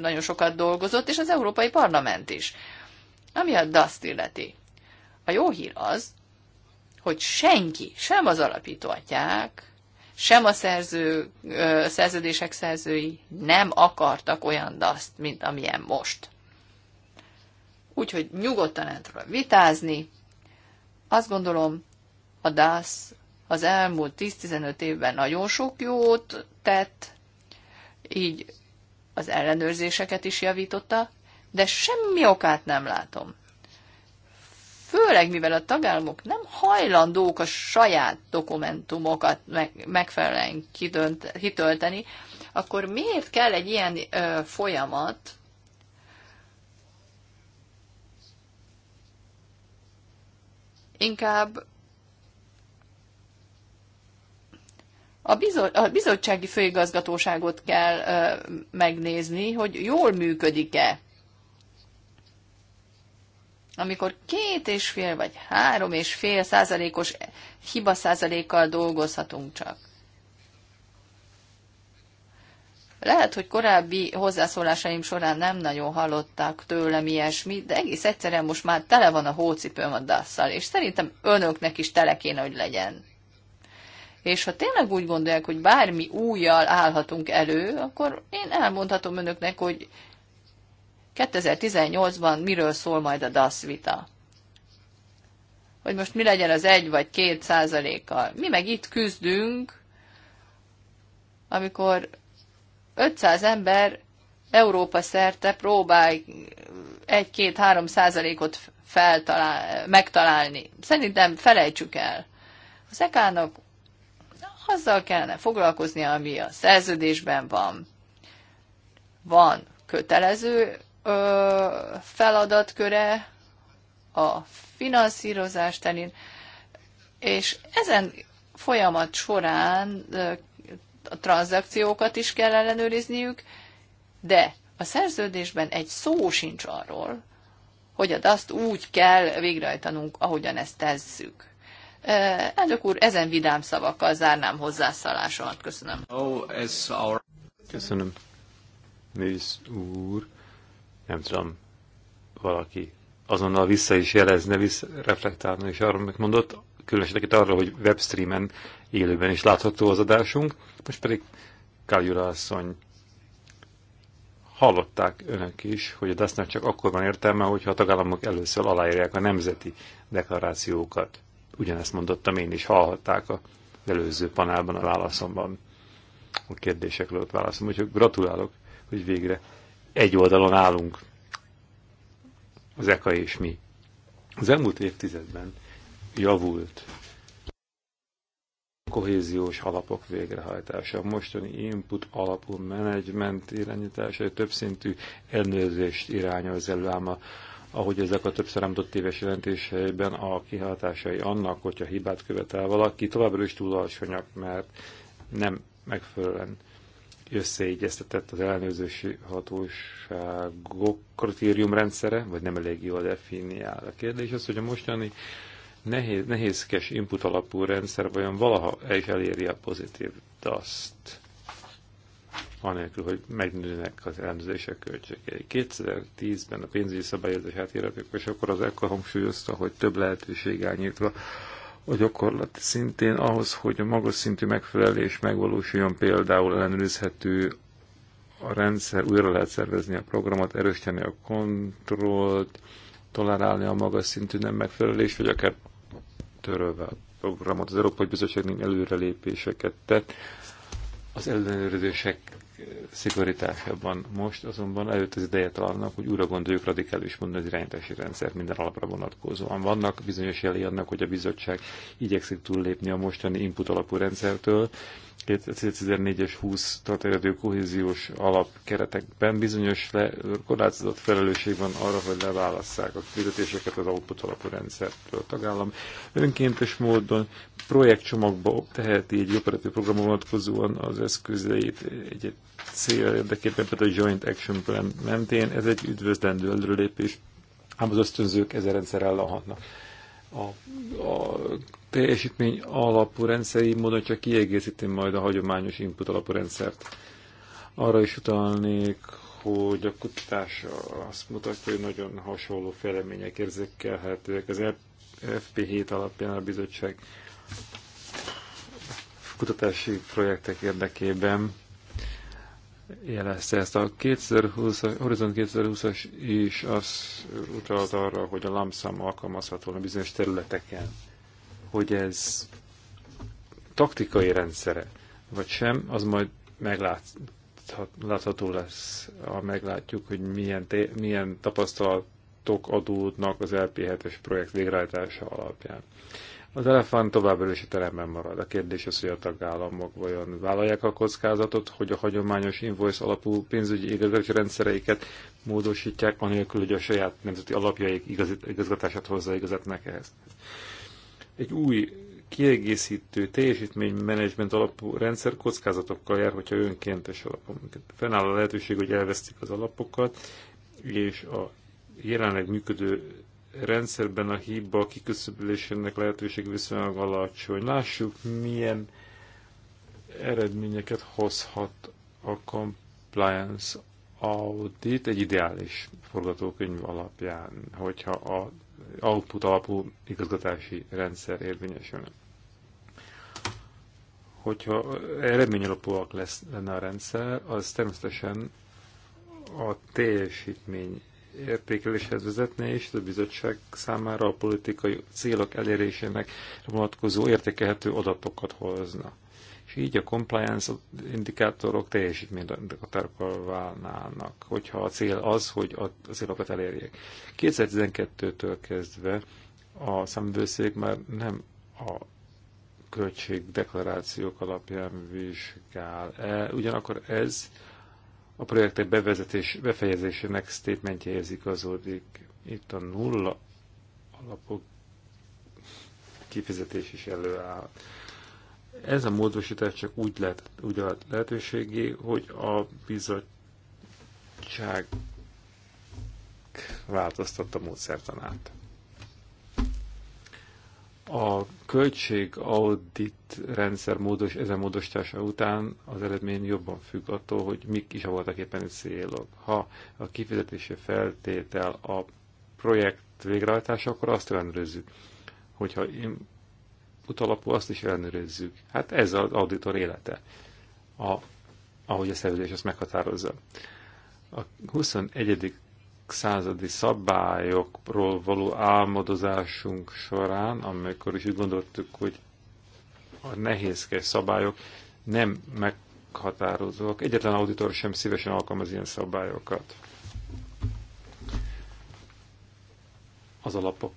nagyon sokat dolgozott, és az Európai Parlament is, ami a DASZ-t illeti. A jó hír az, hogy senki, sem az alapítóatyák, sem a szerző, szerződések szerzői nem akartak olyan DASZ-t, mint amilyen most. Úgyhogy nyugodtan el tudok vitázni. Azt gondolom, a DASZ az elmúlt 10-15 évben nagyon sok jót tett, így az ellenőrzéseket is javította, de semmi okát nem látom. Főleg, mivel a tagállamok nem hajlandók a saját dokumentumokat megfelelően kidönt, hitölteni, akkor miért kell egy ilyen ö, folyamat, inkább a, bizot, a bizottsági főigazgatóságot kell ö, megnézni, hogy jól működik-e. Amikor két és fél vagy három és fél százalékos hiba százalékkal dolgozhatunk csak. Lehet, hogy korábbi hozzászólásaim során nem nagyon hallottak tőlem ilyesmit, de egész egyszerűen most már tele van a hócipőm a dasszal, és szerintem önöknek is tele kéne, hogy legyen és ha tényleg úgy gondolják, hogy bármi újjal állhatunk elő, akkor én elmondhatom önöknek, hogy 2018-ban miről szól majd a DASZ vita. Hogy most mi legyen az egy vagy két százalékkal. Mi meg itt küzdünk, amikor 500 ember Európa szerte próbál 1-2-3 százalékot megtalálni. Szerintem felejtsük el. Az ekának azzal kellene foglalkozni, ami a szerződésben van. Van kötelező ö, feladatköre a finanszírozás terén, és ezen folyamat során ö, a tranzakciókat is kell ellenőrizniük, de a szerződésben egy szó sincs arról, hogy a DAST úgy kell végrehajtanunk, ahogyan ezt tesszük. Elnök úr, ezen vidám szavakkal zárnám hozzászállásomat. Köszönöm. Köszönöm. Mész úr, nem tudom, valaki azonnal vissza is jelezne, vissza, reflektálna is arra mondott, különösen arra, hogy webstreamen élőben is látható az adásunk. Most pedig Kaljura asszony hallották önök is, hogy a dasz csak akkor van értelme, hogyha a tagállamok először aláírják a nemzeti deklarációkat ugyanezt mondottam én is, hallhatták a előző panelban a válaszomban a kérdésekről ott válaszom. Úgyhogy gratulálok, hogy végre egy oldalon állunk az EKA és mi. Az elmúlt évtizedben javult kohéziós alapok végrehajtása, mostani input alapú menedzsment irányítása, többszintű ellenőrzést irányoz elő, ám a ahogy ezek a többször említett éves jelentéseiben a kihatásai annak, hogyha hibát követel valaki, továbbra is túl alacsonyak, mert nem megfelelően összeegyeztetett az ellenőrzési hatóságok kritériumrendszere, vagy nem elég jól definiál. A kérdés az, hogy a mostani nehéz, nehézkes input alapú rendszer vajon valaha el is eléri a pozitív DAST anélkül, hogy megnőnek az ellenőrzések költségei. 2010-ben a pénzügyi szabályozás írtuk, és akkor az ekkor hangsúlyozta, hogy több lehetőség áll a gyakorlat szintén ahhoz, hogy a magas szintű megfelelés megvalósuljon, például ellenőrizhető a rendszer, újra lehet szervezni a programot, erősíteni a kontrollt, tolerálni a magas szintű nem megfelelés, vagy akár törölve a programot. Az Európai Bizottság előrelépéseket tett, az ellenőrzések szigorításában most, azonban előtt az ideje annak, hogy újra gondoljuk radikális módon az irányítási rendszer minden alapra vonatkozóan. Vannak bizonyos jelé annak, hogy a bizottság igyekszik túllépni a mostani input alapú rendszertől, 2014-es 20 tartalmazó kohéziós alapkeretekben bizonyos le, korlátozott felelősség van arra, hogy leválasszák a fizetéseket az output alapú rendszertől. A tagállam önkéntes módon projektcsomagba teheti egy operatív programon vonatkozóan az eszközeit egy, egy cél érdekében, például a Joint Action Plan mentén. Ez egy üdvözlendő előrelépés, ám az ösztönzők ezen rendszer ellen a, a teljesítmény alapú rendszeri módon csak kiegészíti majd a hagyományos input alapú rendszert. Arra is utalnék, hogy a kutatás azt mutatja, hogy nagyon hasonló fejlemények érzékelhetőek. Az FP7 alapján a bizottság kutatási projektek érdekében jelezte ezt a 2020, Horizon 2020-as is az utalt arra, hogy a lamszam alkalmazható a bizonyos területeken, hogy ez taktikai rendszere, vagy sem, az majd meglátható lesz, ha meglátjuk, hogy milyen, milyen tapasztalatok adódnak az LP7-es projekt végrehajtása alapján. Az elefánt továbbra is a teremben marad. A kérdés az, hogy a tagállamok vajon vállalják a kockázatot, hogy a hagyományos invoice alapú pénzügyi igazgatási rendszereiket módosítják, anélkül, hogy a saját nemzeti alapjaik igazgatását hozzáigazatnak ehhez. Egy új kiegészítő teljesítménymenedzsment alapú rendszer kockázatokkal jár, hogyha önkéntes alapon. Fennáll a lehetőség, hogy elvesztik az alapokat, és a jelenleg működő rendszerben a hiba kiküszöbölésének lehetőség viszonylag alacsony. Lássuk, milyen eredményeket hozhat a compliance audit egy ideális forgatókönyv alapján, hogyha a output alapú igazgatási rendszer érvényesülne. Hogyha eredmény alapúak lesz, lenne a rendszer, az természetesen a teljesítmény értékeléshez vezetné és a bizottság számára a politikai célok elérésének vonatkozó értékelhető adatokat hozna. És így a compliance indikátorok teljesítményindikátorokkal válnának, hogyha a cél az, hogy a célokat elérjék. 2012-től kezdve a számvőszék már nem a költségdeklarációk alapján vizsgál. E, ugyanakkor ez a projektek bevezetés, befejezésének statementjehez igazódik. Itt a nulla alapok kifizetés is előáll. Ez a módosítás csak úgy lehet, úgy lehet lehetőségé, hogy a bizottság változtatta módszertanát. A költség audit rendszer módos, ezen módosítása után az eredmény jobban függ attól, hogy mik is voltak éppen a célok. Ha a kifizetési feltétel a projekt végrehajtása, akkor azt ellenőrizzük. Hogyha én utalapú, azt is ellenőrizzük. Hát ez az auditor élete, a, ahogy a szerződés azt meghatározza. A 21 századi szabályokról való álmodozásunk során, amikor is úgy gondoltuk, hogy a nehézkes szabályok nem meghatározóak. Egyetlen auditor sem szívesen alkalmaz ilyen szabályokat. Az alapok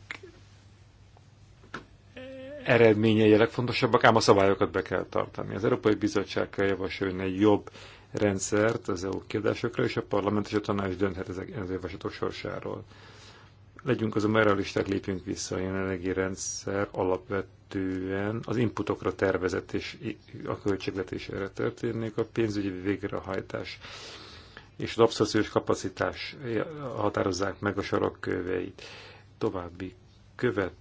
eredményei a legfontosabbak, ám a szabályokat be kell tartani. Az Európai Bizottság kell javasolni egy jobb rendszert az EU kiadásokra, és a parlament és a tanács dönthet ezek az javaslatok sorsáról. Legyünk azonban realisták, lépjünk vissza a jelenlegi rendszer alapvetően az inputokra tervezett és a költségvetésére történik, a pénzügyi végrehajtás és az abszorciós kapacitás határozzák meg a sarokköveit. További követ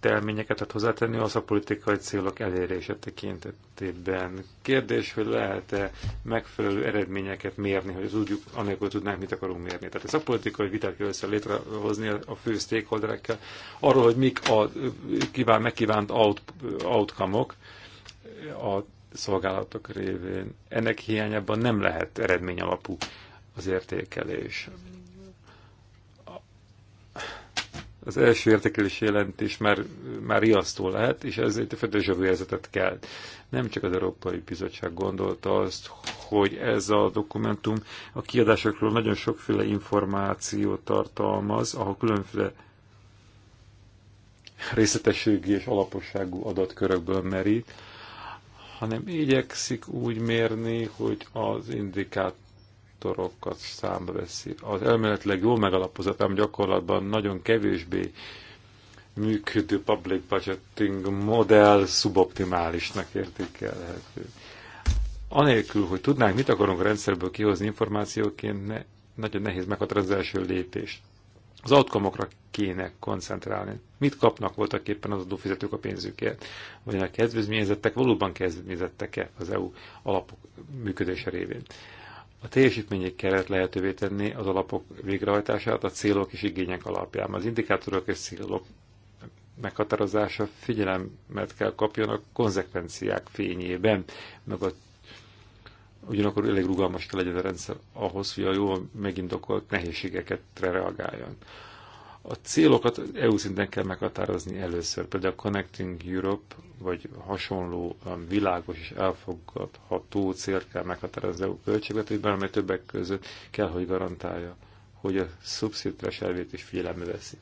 követelményeket tehát hozzátenni a politikai célok elérése tekintetében. Kérdés, hogy lehet-e megfelelő eredményeket mérni, hogy úgy, anélkül tudnánk, mit akarunk mérni. Tehát ez a politikai vitát kell össze létrehozni a fő stakeholderekkel, arról, hogy mik a kíván, megkívánt out, outcome -ok a szolgálatok révén. Ennek hiányában nem lehet eredmény alapú az értékelés az első értékelési jelentés már, már riasztó lehet, és ez egy fedezsavú érzetet kell. Nem csak az Európai Bizottság gondolta azt, hogy ez a dokumentum a kiadásokról nagyon sokféle információt tartalmaz, ahol különféle részletességi és alaposságú adatkörökből merít, hanem igyekszik úgy mérni, hogy az indikátor faktorokat számba veszi. Az elméletileg jól megalapozott, ám gyakorlatban nagyon kevésbé működő public budgeting modell szuboptimálisnak értékelhető. Anélkül, hogy tudnánk, mit akarunk a rendszerből kihozni információként, ne, nagyon nehéz meghatározni az első lépést. Az outcome-okra kéne koncentrálni. Mit kapnak voltak éppen az adófizetők a pénzükért? Vagy a kedvezményezettek valóban kedvezményezettek-e az EU alapok működése révén? a teljesítmények keret lehetővé tenni az alapok végrehajtását a célok és igények alapján. Az indikátorok és célok meghatározása figyelemet kell kapjon a konzekvenciák fényében, meg a ugyanakkor elég rugalmas kell legyen a rendszer ahhoz, hogy a jól megindokolt nehézségeket reagáljon. A célokat EU szinten kell meghatározni először, például a Connecting Europe, vagy hasonló um, világos és elfogadható célt kell meghatározni az EU költségvetésben, amely többek között kell, hogy garantálja, hogy a szubszidiás elvét is figyelembe veszi.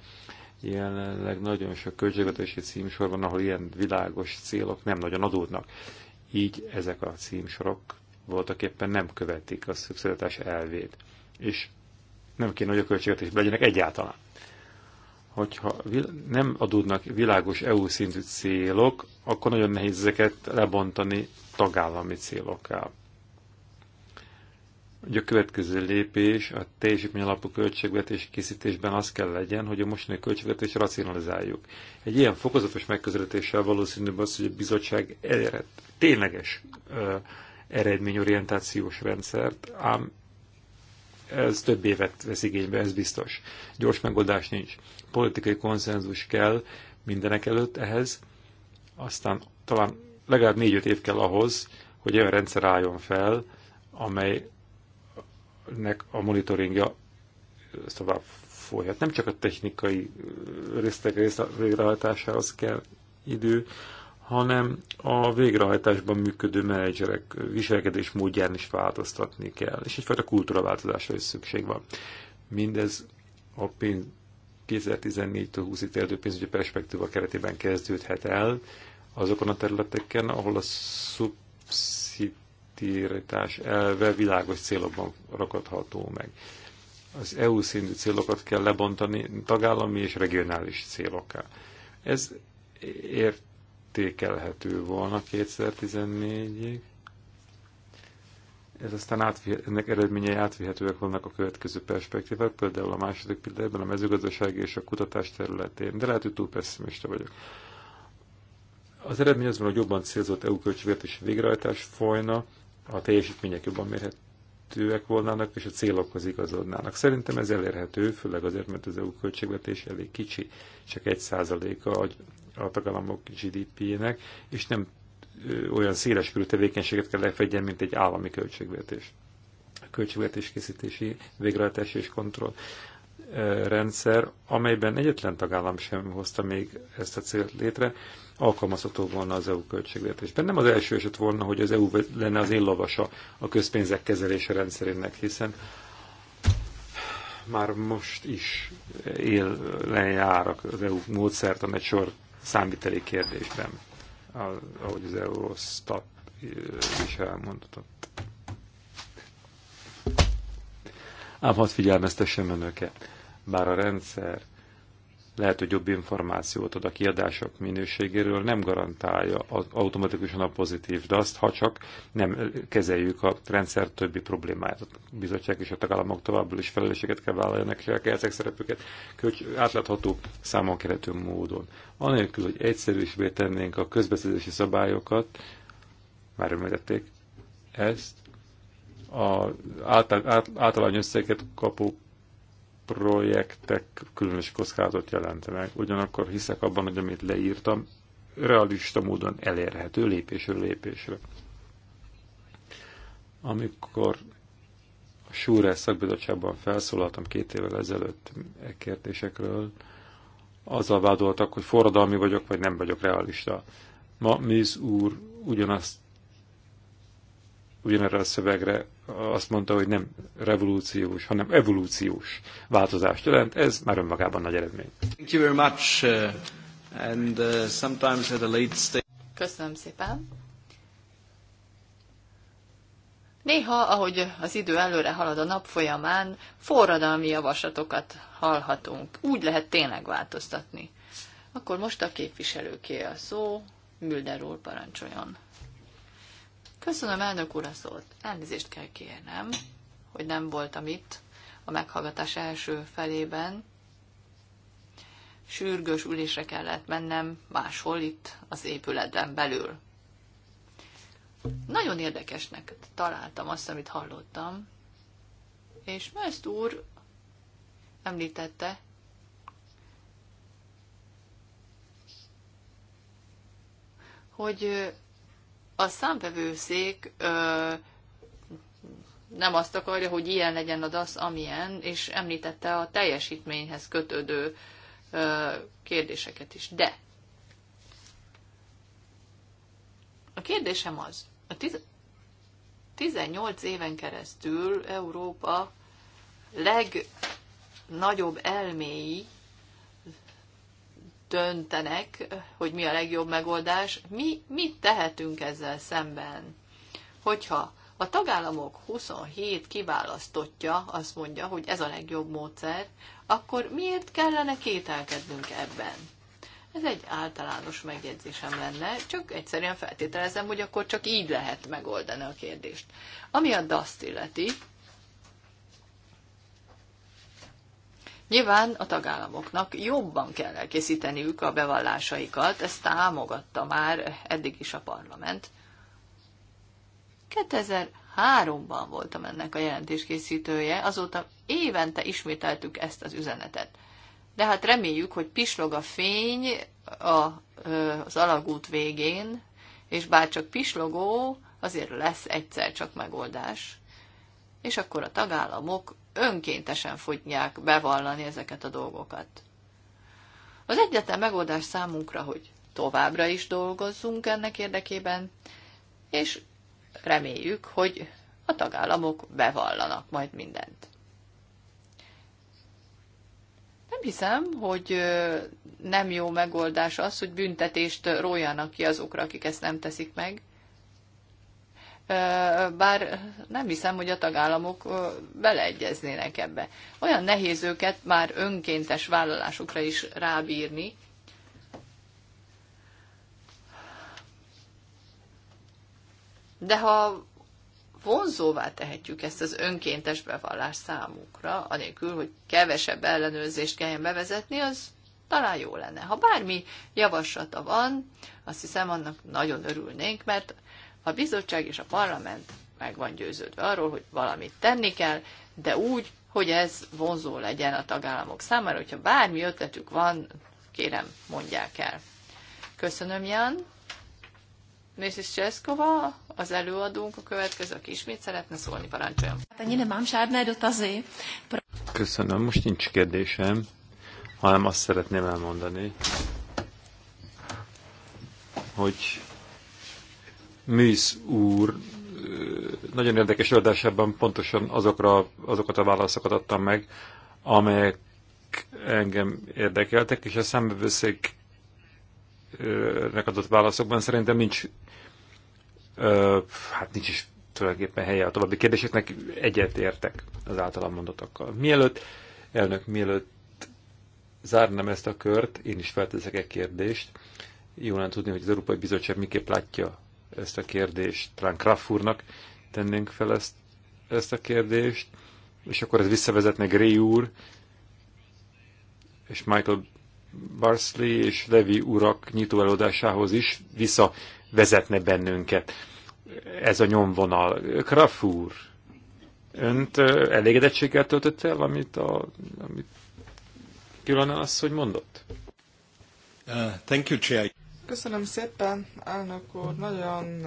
Jelenleg nagyon sok költségvetési címsor van, ahol ilyen világos célok nem nagyon adódnak. Így ezek a címsorok voltak éppen nem követik a szubszidiás elvét. És nem kéne, hogy a költségvetésben legyenek egyáltalán hogyha nem adódnak világos EU szintű célok, akkor nagyon nehéz ezeket lebontani tagállami célokká. Ugye a következő lépés a teljesítmény alapú költségvetés készítésben az kell legyen, hogy a mostani költségvetés racionalizáljuk. Egy ilyen fokozatos megközelítéssel valószínűbb az, hogy a bizottság elérhet tényleges ö, eredményorientációs rendszert, ám ez több évet vesz igénybe, ez biztos. Gyors megoldás nincs politikai konszenzus kell mindenek előtt ehhez, aztán talán legalább négy-öt év kell ahhoz, hogy olyan rendszer álljon fel, amelynek a monitoringja tovább folyhat. Nem csak a technikai részletek végrehajtásához kell idő, hanem a végrehajtásban működő menedzserek viselkedés módján is változtatni kell, és egyfajta kultúraváltozásra is szükség van. Mindez a pénz, 2014-től 20-ig terjedő pénzügyi perspektíva keretében kezdődhet el azokon a területeken, ahol a szubszidiaritás elve világos célokban rakadható meg. Az EU szintű célokat kell lebontani tagállami és regionális célokká. Ez értékelhető volna 2014-ig. Ez aztán átvihet, ennek eredményei átvihetőek vannak a következő perspektívák, például a második pillanatban a mezőgazdaság és a kutatás területén, de lehet, hogy túl pessimista vagyok. Az eredmény az van, hogy jobban célzott EU költségvetési végrehajtás folyna, a teljesítmények jobban mérhetőek volnának, és a célokhoz igazodnának. Szerintem ez elérhető, főleg azért, mert az EU költségvetés elég kicsi, csak egy százaléka a tagállamok GDP-nek, és nem olyan széleskörű tevékenységet kell lefedjen, mint egy állami költségvetés. A költségvetés készítési végrehajtás és kontroll rendszer, amelyben egyetlen tagállam sem hozta még ezt a célt létre, alkalmazható volna az EU költségvetésben. Nem az első eset volna, hogy az EU lenne az éllovasa a közpénzek kezelése rendszerének, hiszen már most is él jár az EU módszert, egy sor számviteli kérdésben ahogy az Eurostat is elmondott. Ám hadd figyelmeztessem önöket, bár a rendszer lehet, hogy jobb információt ad a kiadások minőségéről, nem garantálja automatikusan a pozitív, de azt, ha csak nem kezeljük a rendszer többi problémáját. A bizottság és a tagállamok továbbra is felelősséget kell vállaljanak, és elkezdek szerepüket kölcs, átlátható számon kerető módon. Anélkül, hogy egyszerűsbé tennénk a közbeszédési szabályokat, már említették ezt, az által, általány összeget kapók projektek különös kockázatot jelentenek. Ugyanakkor hiszek abban, hogy amit leírtam, realista módon elérhető lépésről lépésre. Amikor a Súre szakbizottságban felszólaltam két évvel ezelőtt e kérdésekről, azzal vádoltak, hogy forradalmi vagyok, vagy nem vagyok realista. Ma Miz úr ugyanazt ugyanerre a szövegre azt mondta, hogy nem revolúciós, hanem evolúciós változást jelent. Ez már önmagában nagy eredmény. Thank you very much. Uh, and uh, sometimes at a late stage... Köszönöm szépen. Néha, ahogy az idő előre halad a nap folyamán, forradalmi javaslatokat hallhatunk. Úgy lehet tényleg változtatni. Akkor most a képviselőké a szó, Mülder úr parancsoljon. Köszönöm, elnök úr, a szót. Elnézést kell kérnem, hogy nem voltam itt a meghallgatás első felében. Sürgős ülésre kellett mennem máshol itt az épületben belül. Nagyon érdekesnek találtam azt, amit hallottam, és Meszt úr említette, hogy a számvevőszék ö, nem azt akarja, hogy ilyen legyen a DASZ, amilyen, és említette a teljesítményhez kötődő ö, kérdéseket is. De a kérdésem az, a tiz- 18 éven keresztül Európa legnagyobb elméi döntenek, hogy mi a legjobb megoldás. Mi mit tehetünk ezzel szemben? Hogyha a tagállamok 27 kiválasztottja azt mondja, hogy ez a legjobb módszer, akkor miért kellene kételkednünk ebben? Ez egy általános megjegyzésem lenne, csak egyszerűen feltételezem, hogy akkor csak így lehet megoldani a kérdést. Ami a DASZ illeti, Nyilván a tagállamoknak jobban kell elkészíteniük a bevallásaikat, ezt támogatta már eddig is a parlament. 2003-ban voltam ennek a jelentéskészítője, azóta évente ismételtük ezt az üzenetet. De hát reméljük, hogy pislog a fény a, az alagút végén, és bár csak pislogó, azért lesz egyszer csak megoldás, és akkor a tagállamok önkéntesen fogják bevallani ezeket a dolgokat. Az egyetlen megoldás számunkra, hogy továbbra is dolgozzunk ennek érdekében, és reméljük, hogy a tagállamok bevallanak majd mindent. Nem hiszem, hogy nem jó megoldás az, hogy büntetést róljanak ki azokra, akik ezt nem teszik meg, bár nem hiszem, hogy a tagállamok beleegyeznének ebbe. Olyan nehéz őket már önkéntes vállalásukra is rábírni, De ha vonzóvá tehetjük ezt az önkéntes bevallás számukra, anélkül, hogy kevesebb ellenőrzést kelljen bevezetni, az talán jó lenne. Ha bármi javaslata van, azt hiszem, annak nagyon örülnénk, mert a bizottság és a parlament meg van győződve arról, hogy valamit tenni kell, de úgy, hogy ez vonzó legyen a tagállamok számára, hogyha bármi ötletük van, kérem, mondják el. Köszönöm, Jan. Mrs. Cseszkova, az előadónk a következő, aki ismét szeretne szólni, parancsoljon. Hát Köszönöm, most nincs kérdésem, hanem azt szeretném elmondani, hogy Műsz úr nagyon érdekes előadásában pontosan azokra, azokat a válaszokat adtam meg, amelyek engem érdekeltek, és a számbevőszéknek adott válaszokban szerintem nincs, hát nincs is tulajdonképpen helye a további kérdéseknek, egyet értek az általam mondatokkal. Mielőtt, elnök, mielőtt zárnám ezt a kört, én is felteszek egy kérdést. Jó lenne tudni, hogy az Európai Bizottság miképp látja ezt a kérdést, talán Kraft úrnak tennénk fel ezt, ezt a kérdést, és akkor ez visszavezetne Gray úr, és Michael Barsley és Levi urak nyitóelőadásához is visszavezetne bennünket. Ez a nyomvonal. Kraft úr, önt elégedettséggel töltött el, amit, a, amit Kilana asszony mondott? Uh, thank you, Chair. Köszönöm szépen, elnök úr. Nagyon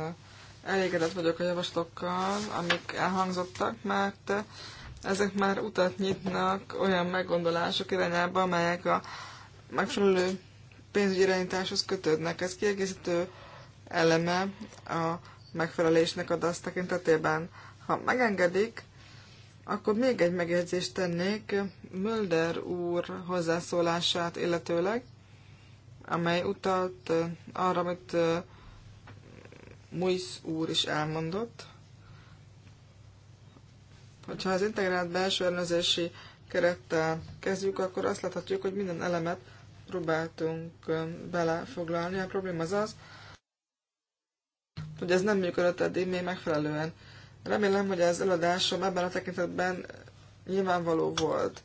elégedett vagyok a javaslatokkal, amik elhangzottak, mert ezek már utat nyitnak olyan meggondolások irányába, amelyek a megfelelő pénzügyi irányításhoz kötődnek. Ez kiegészítő eleme a megfelelésnek a DASZ tekintetében. Ha megengedik, akkor még egy megjegyzést tennék Mölder úr hozzászólását illetőleg amely utalt arra, amit Mois úr is elmondott, hogyha az integrált belső ellenőrzési kerettel kezdjük, akkor azt láthatjuk, hogy minden elemet próbáltunk belefoglalni. A probléma az az, hogy ez nem működött eddig még megfelelően. Remélem, hogy az eladásom ebben a tekintetben nyilvánvaló volt.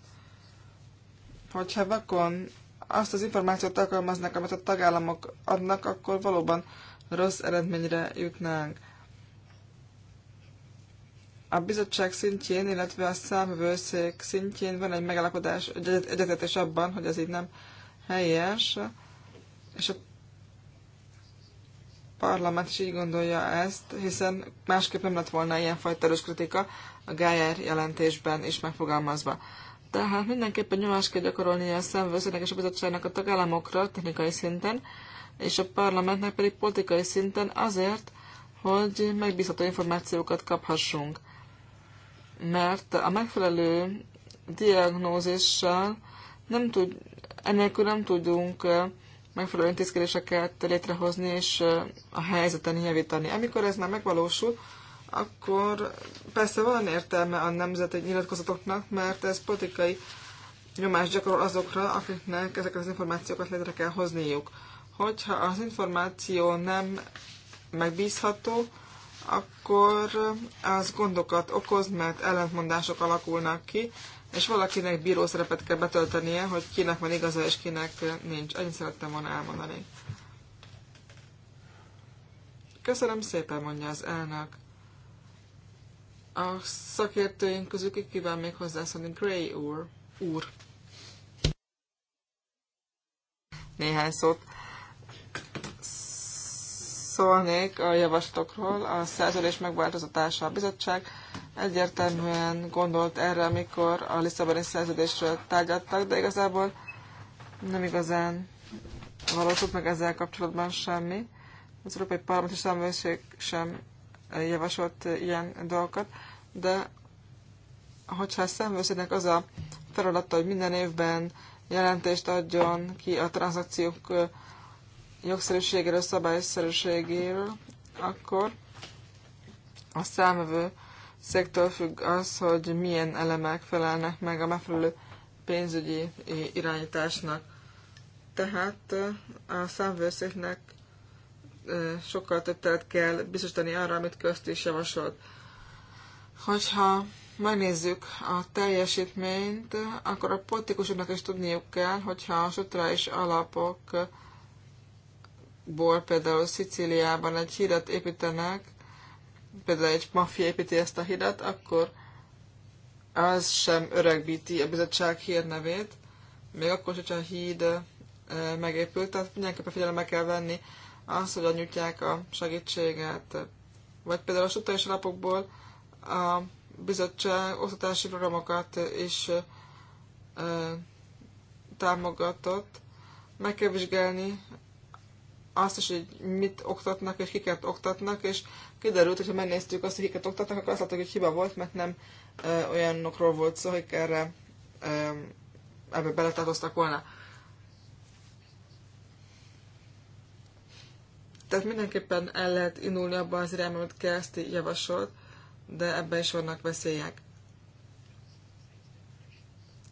Hogyha vakon azt az információt alkalmaznak, amit a tagállamok adnak, akkor valóban rossz eredményre jutnánk. A bizottság szintjén, illetve a számvőszék szintjén van egy megállapodás, egy egyetetés abban, hogy ez így nem helyes, és a parlament is így gondolja ezt, hiszen másképp nem lett volna ilyenfajta erős kritika a Gájer jelentésben is megfogalmazva. Tehát mindenképpen nyomást kell gyakorolni a szemvőszének és a bizottságnak a tagállamokra technikai szinten, és a parlamentnek pedig politikai szinten azért, hogy megbízható információkat kaphassunk. Mert a megfelelő diagnózissal nem tud, enélkül nem tudunk megfelelő intézkedéseket létrehozni és a helyzeten javítani. Amikor ez már megvalósul, akkor persze van értelme a nemzeti nyilatkozatoknak, mert ez politikai nyomás gyakorol azokra, akiknek ezeket az információkat létre kell hozniuk. Hogyha az információ nem megbízható, akkor az gondokat okoz, mert ellentmondások alakulnak ki, és valakinek bíró szerepet kell betöltenie, hogy kinek van igaza és kinek nincs. Ennyit szerettem volna elmondani. Köszönöm szépen, mondja az elnök. A szakértőink közül ki kíván még hozzászólni? Gray úr. úr. Néhány szót szólnék a javaslatokról. A szerződés megváltozatása a bizottság egyértelműen gondolt erre, amikor a Lisszaboni szerződésről tárgyaltak, de igazából nem igazán valósult meg ezzel kapcsolatban semmi. Az Európai Parlamenti Számvőszék sem javasolt ilyen dolgokat, de hogyha szemvőszének az a feladata, hogy minden évben jelentést adjon ki a tranzakciók jogszerűségéről, szabályszerűségéről, akkor a számövő szektől függ az, hogy milyen elemek felelnek meg a megfelelő pénzügyi irányításnak. Tehát a számvőszéknek sokkal több teret kell biztosítani arra, amit közt is javasolt. Hogyha megnézzük a teljesítményt, akkor a politikusoknak is tudniuk kell, hogyha a strukturális alapokból például Szicíliában egy hidat építenek, például egy maffia építi ezt a hidat, akkor az sem öregbíti a bizottság hírnevét, még akkor, hogyha a híd megépült, tehát mindenképpen figyelembe kell venni az, hogy nyújtják a segítséget. Vagy például a struktúrális alapokból a bizottság oktatási programokat is támogatott. Meg kell vizsgálni azt is, hogy mit oktatnak, és kiket oktatnak, és kiderült, hogyha megnéztük azt, hogy kiket oktatnak, akkor azt láttuk, hogy hiba volt, mert nem e, olyanokról volt szó, hogy erre e, ebbe beletartoztak volna. Tehát mindenképpen el lehet indulni abban az irányban, amit Kerszti javasolt, de ebben is vannak veszélyek.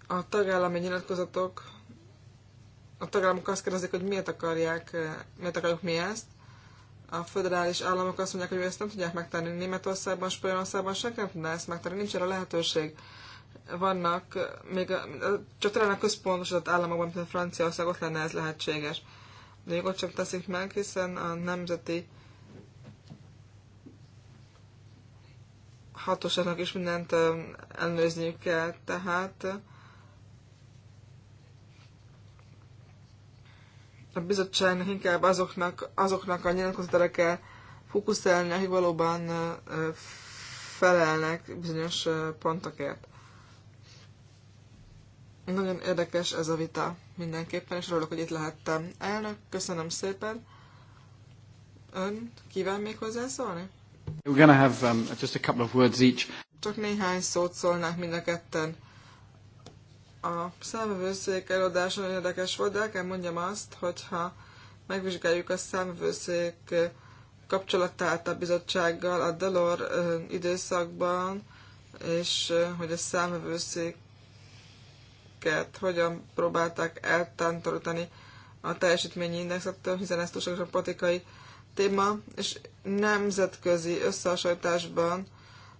A tagállami nyilatkozatok, a tagállamok azt kérdezik, hogy miért akarják, eh, miért akarjuk mi ezt. A föderális államok azt mondják, hogy ezt nem tudják megtenni Németországban, Spanyolországban, senki nem tudná ezt megtenni, nincs erre lehetőség. Vannak, eh, még a, csak talán a központosodott államokban, mint a Franciaország, ott lenne ez lehetséges ott sem teszik meg, hiszen a nemzeti hatóságnak is mindent ellenőrizniük kell, tehát a bizottságnak inkább azoknak, azoknak a nyilatkozatára kell fókuszálni, akik valóban felelnek bizonyos pontokért. Nagyon érdekes ez a vita mindenképpen, és örülök, hogy itt lehettem. Elnök, köszönöm szépen. Ön kíván még hozzászólni? We're gonna have um, just a couple of words each. Csak néhány szót szólnák mind a ketten. A számvevőszék előadása nagyon érdekes volt, de el kell mondjam azt, hogyha megvizsgáljuk a számvevőszék kapcsolatát a bizottsággal a Delor időszakban, és hogy a számvevőszék őket, hogyan próbálták eltántorítani a teljesítményi indexettől, hiszen ez túlságosan politikai téma, és nemzetközi összehasonlításban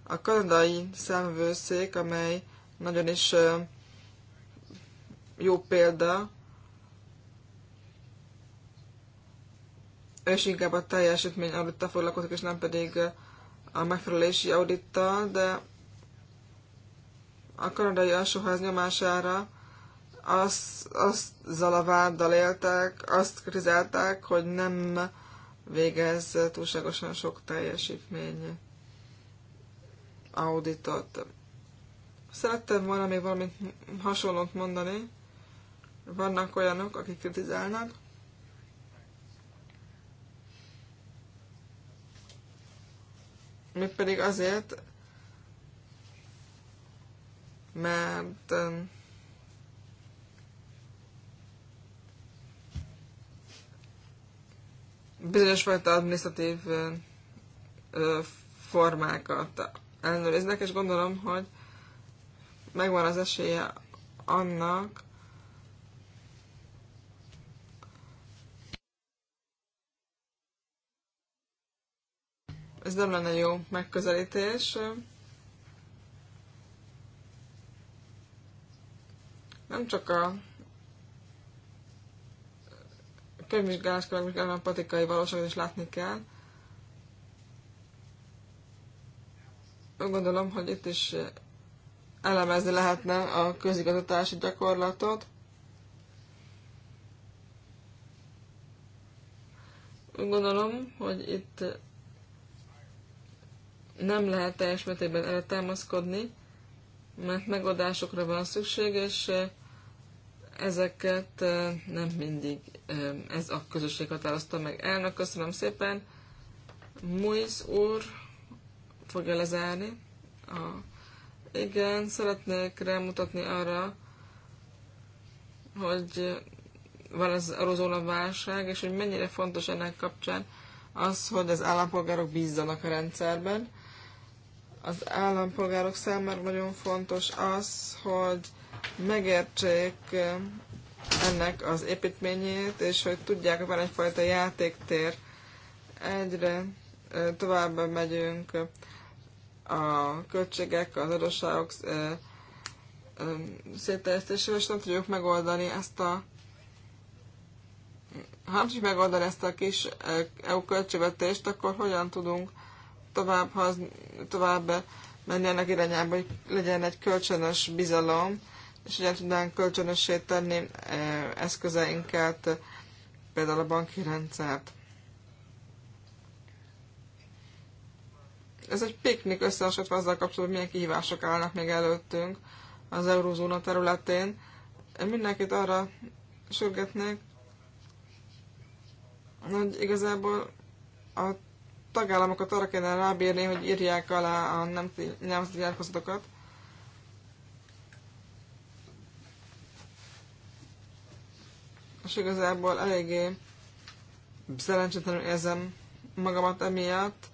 a kanadai szemvőszék, amely nagyon is jó példa, és inkább a teljesítmény audittal foglalkozik, és nem pedig a megfelelési audittal, de a kanadai alsóház nyomására az, azt zalaváddal éltek, azt kritizálták, hogy nem végez túlságosan sok teljesítmény auditot. Szerettem volna még valamit hasonlót mondani. Vannak olyanok, akik kritizálnak. Mi pedig azért, mert bizonyos fajta administratív formákat ellenőriznek, és gondolom, hogy megvan az esélye annak, ez nem lenne jó megközelítés. Nem csak a könyvvizsgáláskor megvizsgálva a patikai valóságot is látni kell. Gondolom, hogy itt is elemezni lehetne a közigazgatási gyakorlatot. Gondolom, hogy itt nem lehet teljes mértékben erre támaszkodni, mert megoldásokra van szükség, és ezeket nem mindig ez a közösség határozta meg. Elnök, köszönöm szépen. Muiz úr fogja lezárni. A... Igen, szeretnék rámutatni arra, hogy van az eurozóna válság, és hogy mennyire fontos ennek kapcsán az, hogy az állampolgárok bízzanak a rendszerben. Az állampolgárok számára nagyon fontos az, hogy megértsék eh, ennek az építményét, és hogy tudják, hogy van egyfajta játéktér. Egyre eh, tovább megyünk eh, a költségek, az adósságok szétterjesztésével, és nem tudjuk megoldani ezt a ha nem megoldani ezt a kis EU költségvetést, akkor hogyan tudunk tovább, tovább menni ennek irányába, hogy legyen egy kölcsönös bizalom, és ugye tudnánk kölcsönössé tenni eh, eszközeinket, például a banki rendszert. Ez egy piknik összehasonlítva azzal kapcsolatban, milyen kihívások állnak még előttünk az eurózóna területén. Én mindenkit arra sürgetnék, hogy igazából a tagállamokat arra kéne rábírni, hogy írják alá a nemzeti nyilatkozatokat, és igazából eléggé szerencsétlenül érzem magamat emiatt.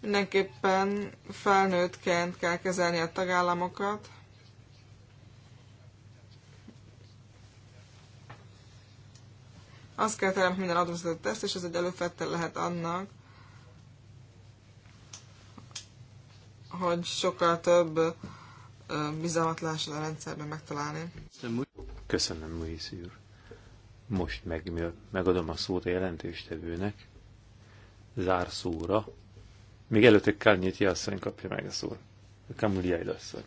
Mindenképpen felnőttként kell kezelni a tagállamokat, azt kell teremteni minden adózatot teszt és ez egy előfettel lehet annak, hogy sokkal több bizalmatlás a rendszerben megtalálni. Köszönöm, Moiszi úr. Most meg, megadom a szót a jelentéstevőnek, zárszóra. Még előtte Kányéti asszony kapja meg a szót. Kamuliai asszony.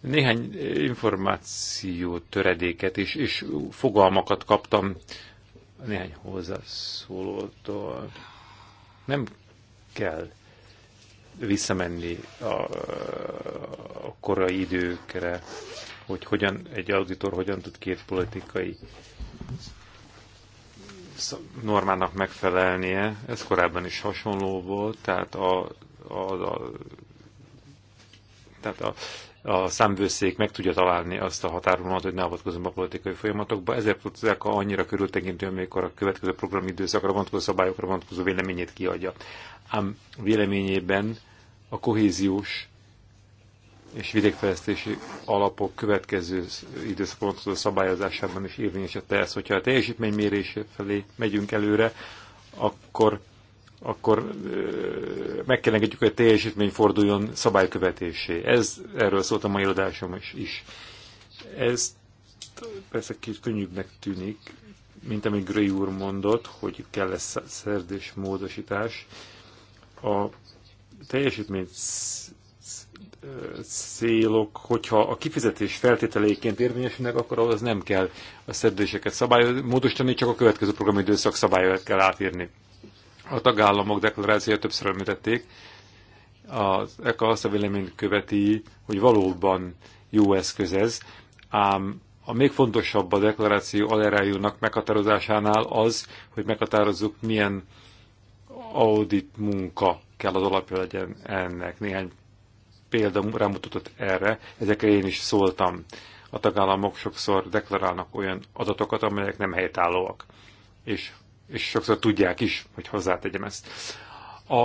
Néhány eh, információ töredéket és, és fogalmakat kaptam néhány hozzászólótól. Nem kell visszamenni a, a korai időkre, hogy hogyan egy auditor hogyan tud két politikai normának megfelelnie, ez korábban is hasonló volt, tehát a, a, a tehát a, a számvőszék meg tudja találni azt a határvonalat, hogy ne avatkozom a politikai folyamatokba. Ezért tudták annyira körültekintő, amikor a következő programidőszakra vonatkozó szabályokra vonatkozó véleményét kiadja. Ám véleményében a kohéziós és vidékfejlesztési alapok következő időszakon szabályozásában is érvényes a ezt. Hogyha a teljesítménymérés felé megyünk előre, akkor, akkor meg kell engedjük, hogy a teljesítmény forduljon szabálykövetésé. Ez, erről szólt a mai adásom is. is. Ez persze kicsit könnyűbbnek tűnik, mint amit Gray úr mondott, hogy kell lesz szerdés módosítás. A teljesítmény célok, hogyha a kifizetés feltételeiként érvényesülnek, akkor ahhoz nem kell a szerződéseket szabályozni, módosítani, csak a következő programidőszak szabályait kell átírni. A tagállamok deklarációja többször említették, az ECA azt a véleményt követi, hogy valóban jó eszköz ez, ám a még fontosabb a deklaráció alerájúnak meghatározásánál az, hogy meghatározzuk, milyen audit munka kell az alapja legyen ennek. Néhány példa rámutatott erre, ezekre én is szóltam. A tagállamok sokszor deklarálnak olyan adatokat, amelyek nem helytállóak, és, és sokszor tudják is, hogy hozzátegyem ezt. A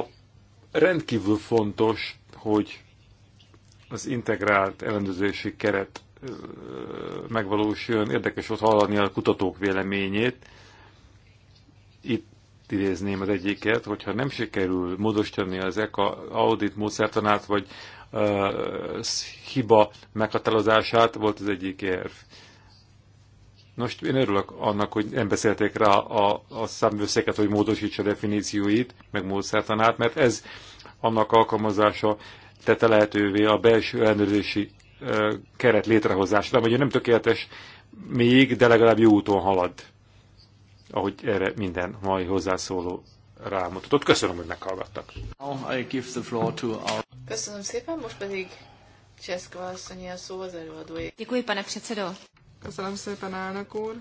rendkívül fontos, hogy az integrált ellenőrzési keret megvalósuljon. Érdekes volt hallani a kutatók véleményét. Itt idézném az egyiket, hogyha nem sikerül módosítani az ECA audit módszertanát, vagy hiba meghatározását volt az egyik érv. Most én örülök annak, hogy nem beszélték rá a, a számvőszéket, hogy módosítsa definícióit, meg módszertanát, mert ez annak alkalmazása tette lehetővé a belső ellenőrzési keret létrehozására, vagy nem tökéletes még, de legalább jó úton halad, ahogy erre minden mai hozzászóló rámutatott. Köszönöm, hogy meghallgattak. Köszönöm szépen, most pedig Cseszka asszonyi a szó az előadói. Děkuji, pane předsedo. Köszönöm szépen, elnök úr.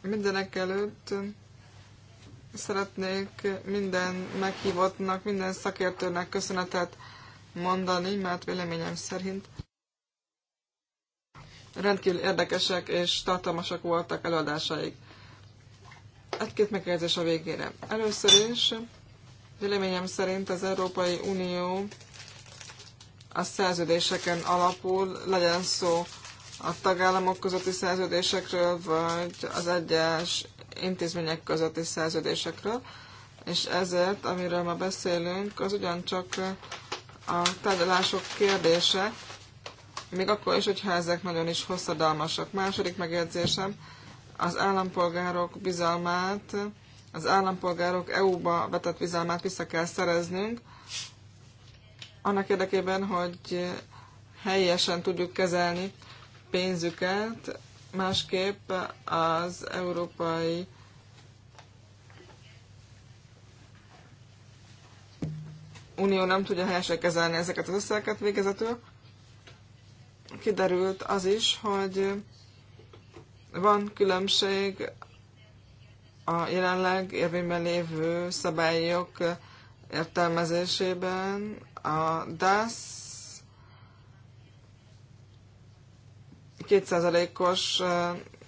Mindenek előtt szeretnék minden meghívottnak, minden szakértőnek köszönetet mondani, mert véleményem szerint rendkívül érdekesek és tartalmasak voltak előadásaik. Egy-két megjegyzés a végére. Először is véleményem szerint az Európai Unió a szerződéseken alapul, legyen szó a tagállamok közötti szerződésekről, vagy az egyes intézmények közötti szerződésekről, és ezért, amiről ma beszélünk, az ugyancsak a tárgyalások kérdése, még akkor is, hogyha ezek nagyon is hosszadalmasak. Második megjegyzésem, az állampolgárok bizalmát, az állampolgárok EU-ba vetett bizalmát vissza kell szereznünk, annak érdekében, hogy helyesen tudjuk kezelni pénzüket, másképp az európai Unió nem tudja helyesen kezelni ezeket az összegeket végezetül kiderült az is, hogy van különbség a jelenleg érvényben lévő szabályok értelmezésében. A DASZ 2%-os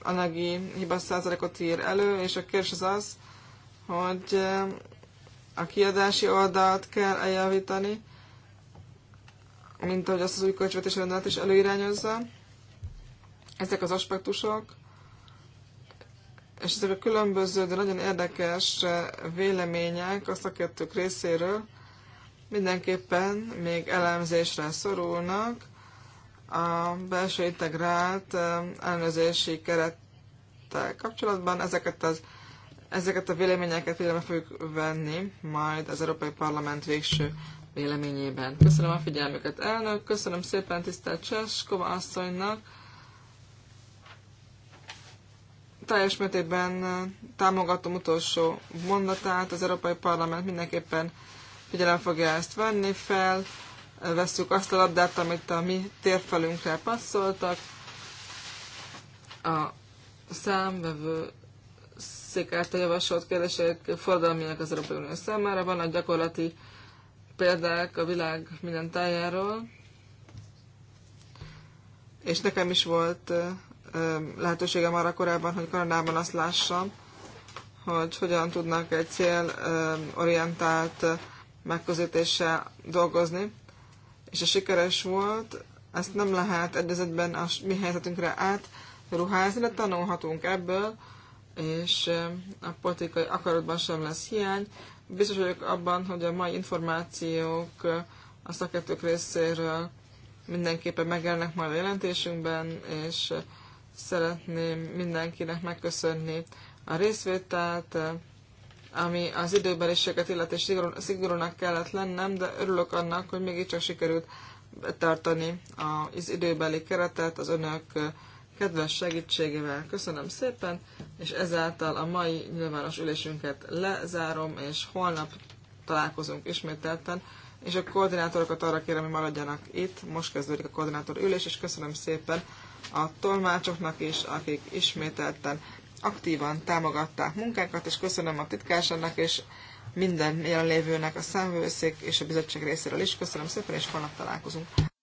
anyagi hiba százalékot ír elő, és a kérdés az az, hogy a kiadási oldalt kell eljavítani, mint ahogy azt az új költségvetési rendelet is előirányozza. Ezek az aspektusok, és ezek a különböző, de nagyon érdekes vélemények a szakértők részéről mindenképpen még elemzésre szorulnak a belső integrált ellenőrzési kerettel kapcsolatban. Ezeket, az, ezeket a véleményeket figyelembe fogjuk venni majd az Európai Parlament végső véleményében. Köszönöm a figyelmüket, elnök, köszönöm szépen tisztelt Cseskova asszonynak. Teljes mértékben támogatom utolsó mondatát, az Európai Parlament mindenképpen figyelem fogja ezt venni fel, veszük azt a labdát, amit a mi térfelünkre passzoltak. A számvevő szék által javasolt kérdések fordalmiak az Európai Unió számára, a gyakorlati példák a világ minden tájáról, és nekem is volt lehetőségem arra korábban, hogy Kanadában azt lássam, hogy hogyan tudnak egy célorientált megközelítéssel dolgozni, és a sikeres volt, ezt nem lehet egyezetben a mi helyzetünkre át ruházni, de tanulhatunk ebből, és a politikai akaratban sem lesz hiány, Biztos vagyok abban, hogy a mai információk a szakértők részéről mindenképpen megjelennek majd a jelentésünkben, és szeretném mindenkinek megköszönni a részvételt, ami az időbeliséget illeti szigorúnak kellett lennem, de örülök annak, hogy mégiscsak sikerült betartani az időbeli keretet, az önök kedves segítségével. Köszönöm szépen, és ezáltal a mai nyilvános ülésünket lezárom, és holnap találkozunk ismételten, és a koordinátorokat arra kérem, hogy maradjanak itt. Most kezdődik a koordinátor ülés, és köszönöm szépen a tolmácsoknak is, akik ismételten aktívan támogatták munkákat, és köszönöm a titkársának és minden jelenlévőnek a számvőszék és a bizottság részéről is. Köszönöm szépen, és holnap találkozunk.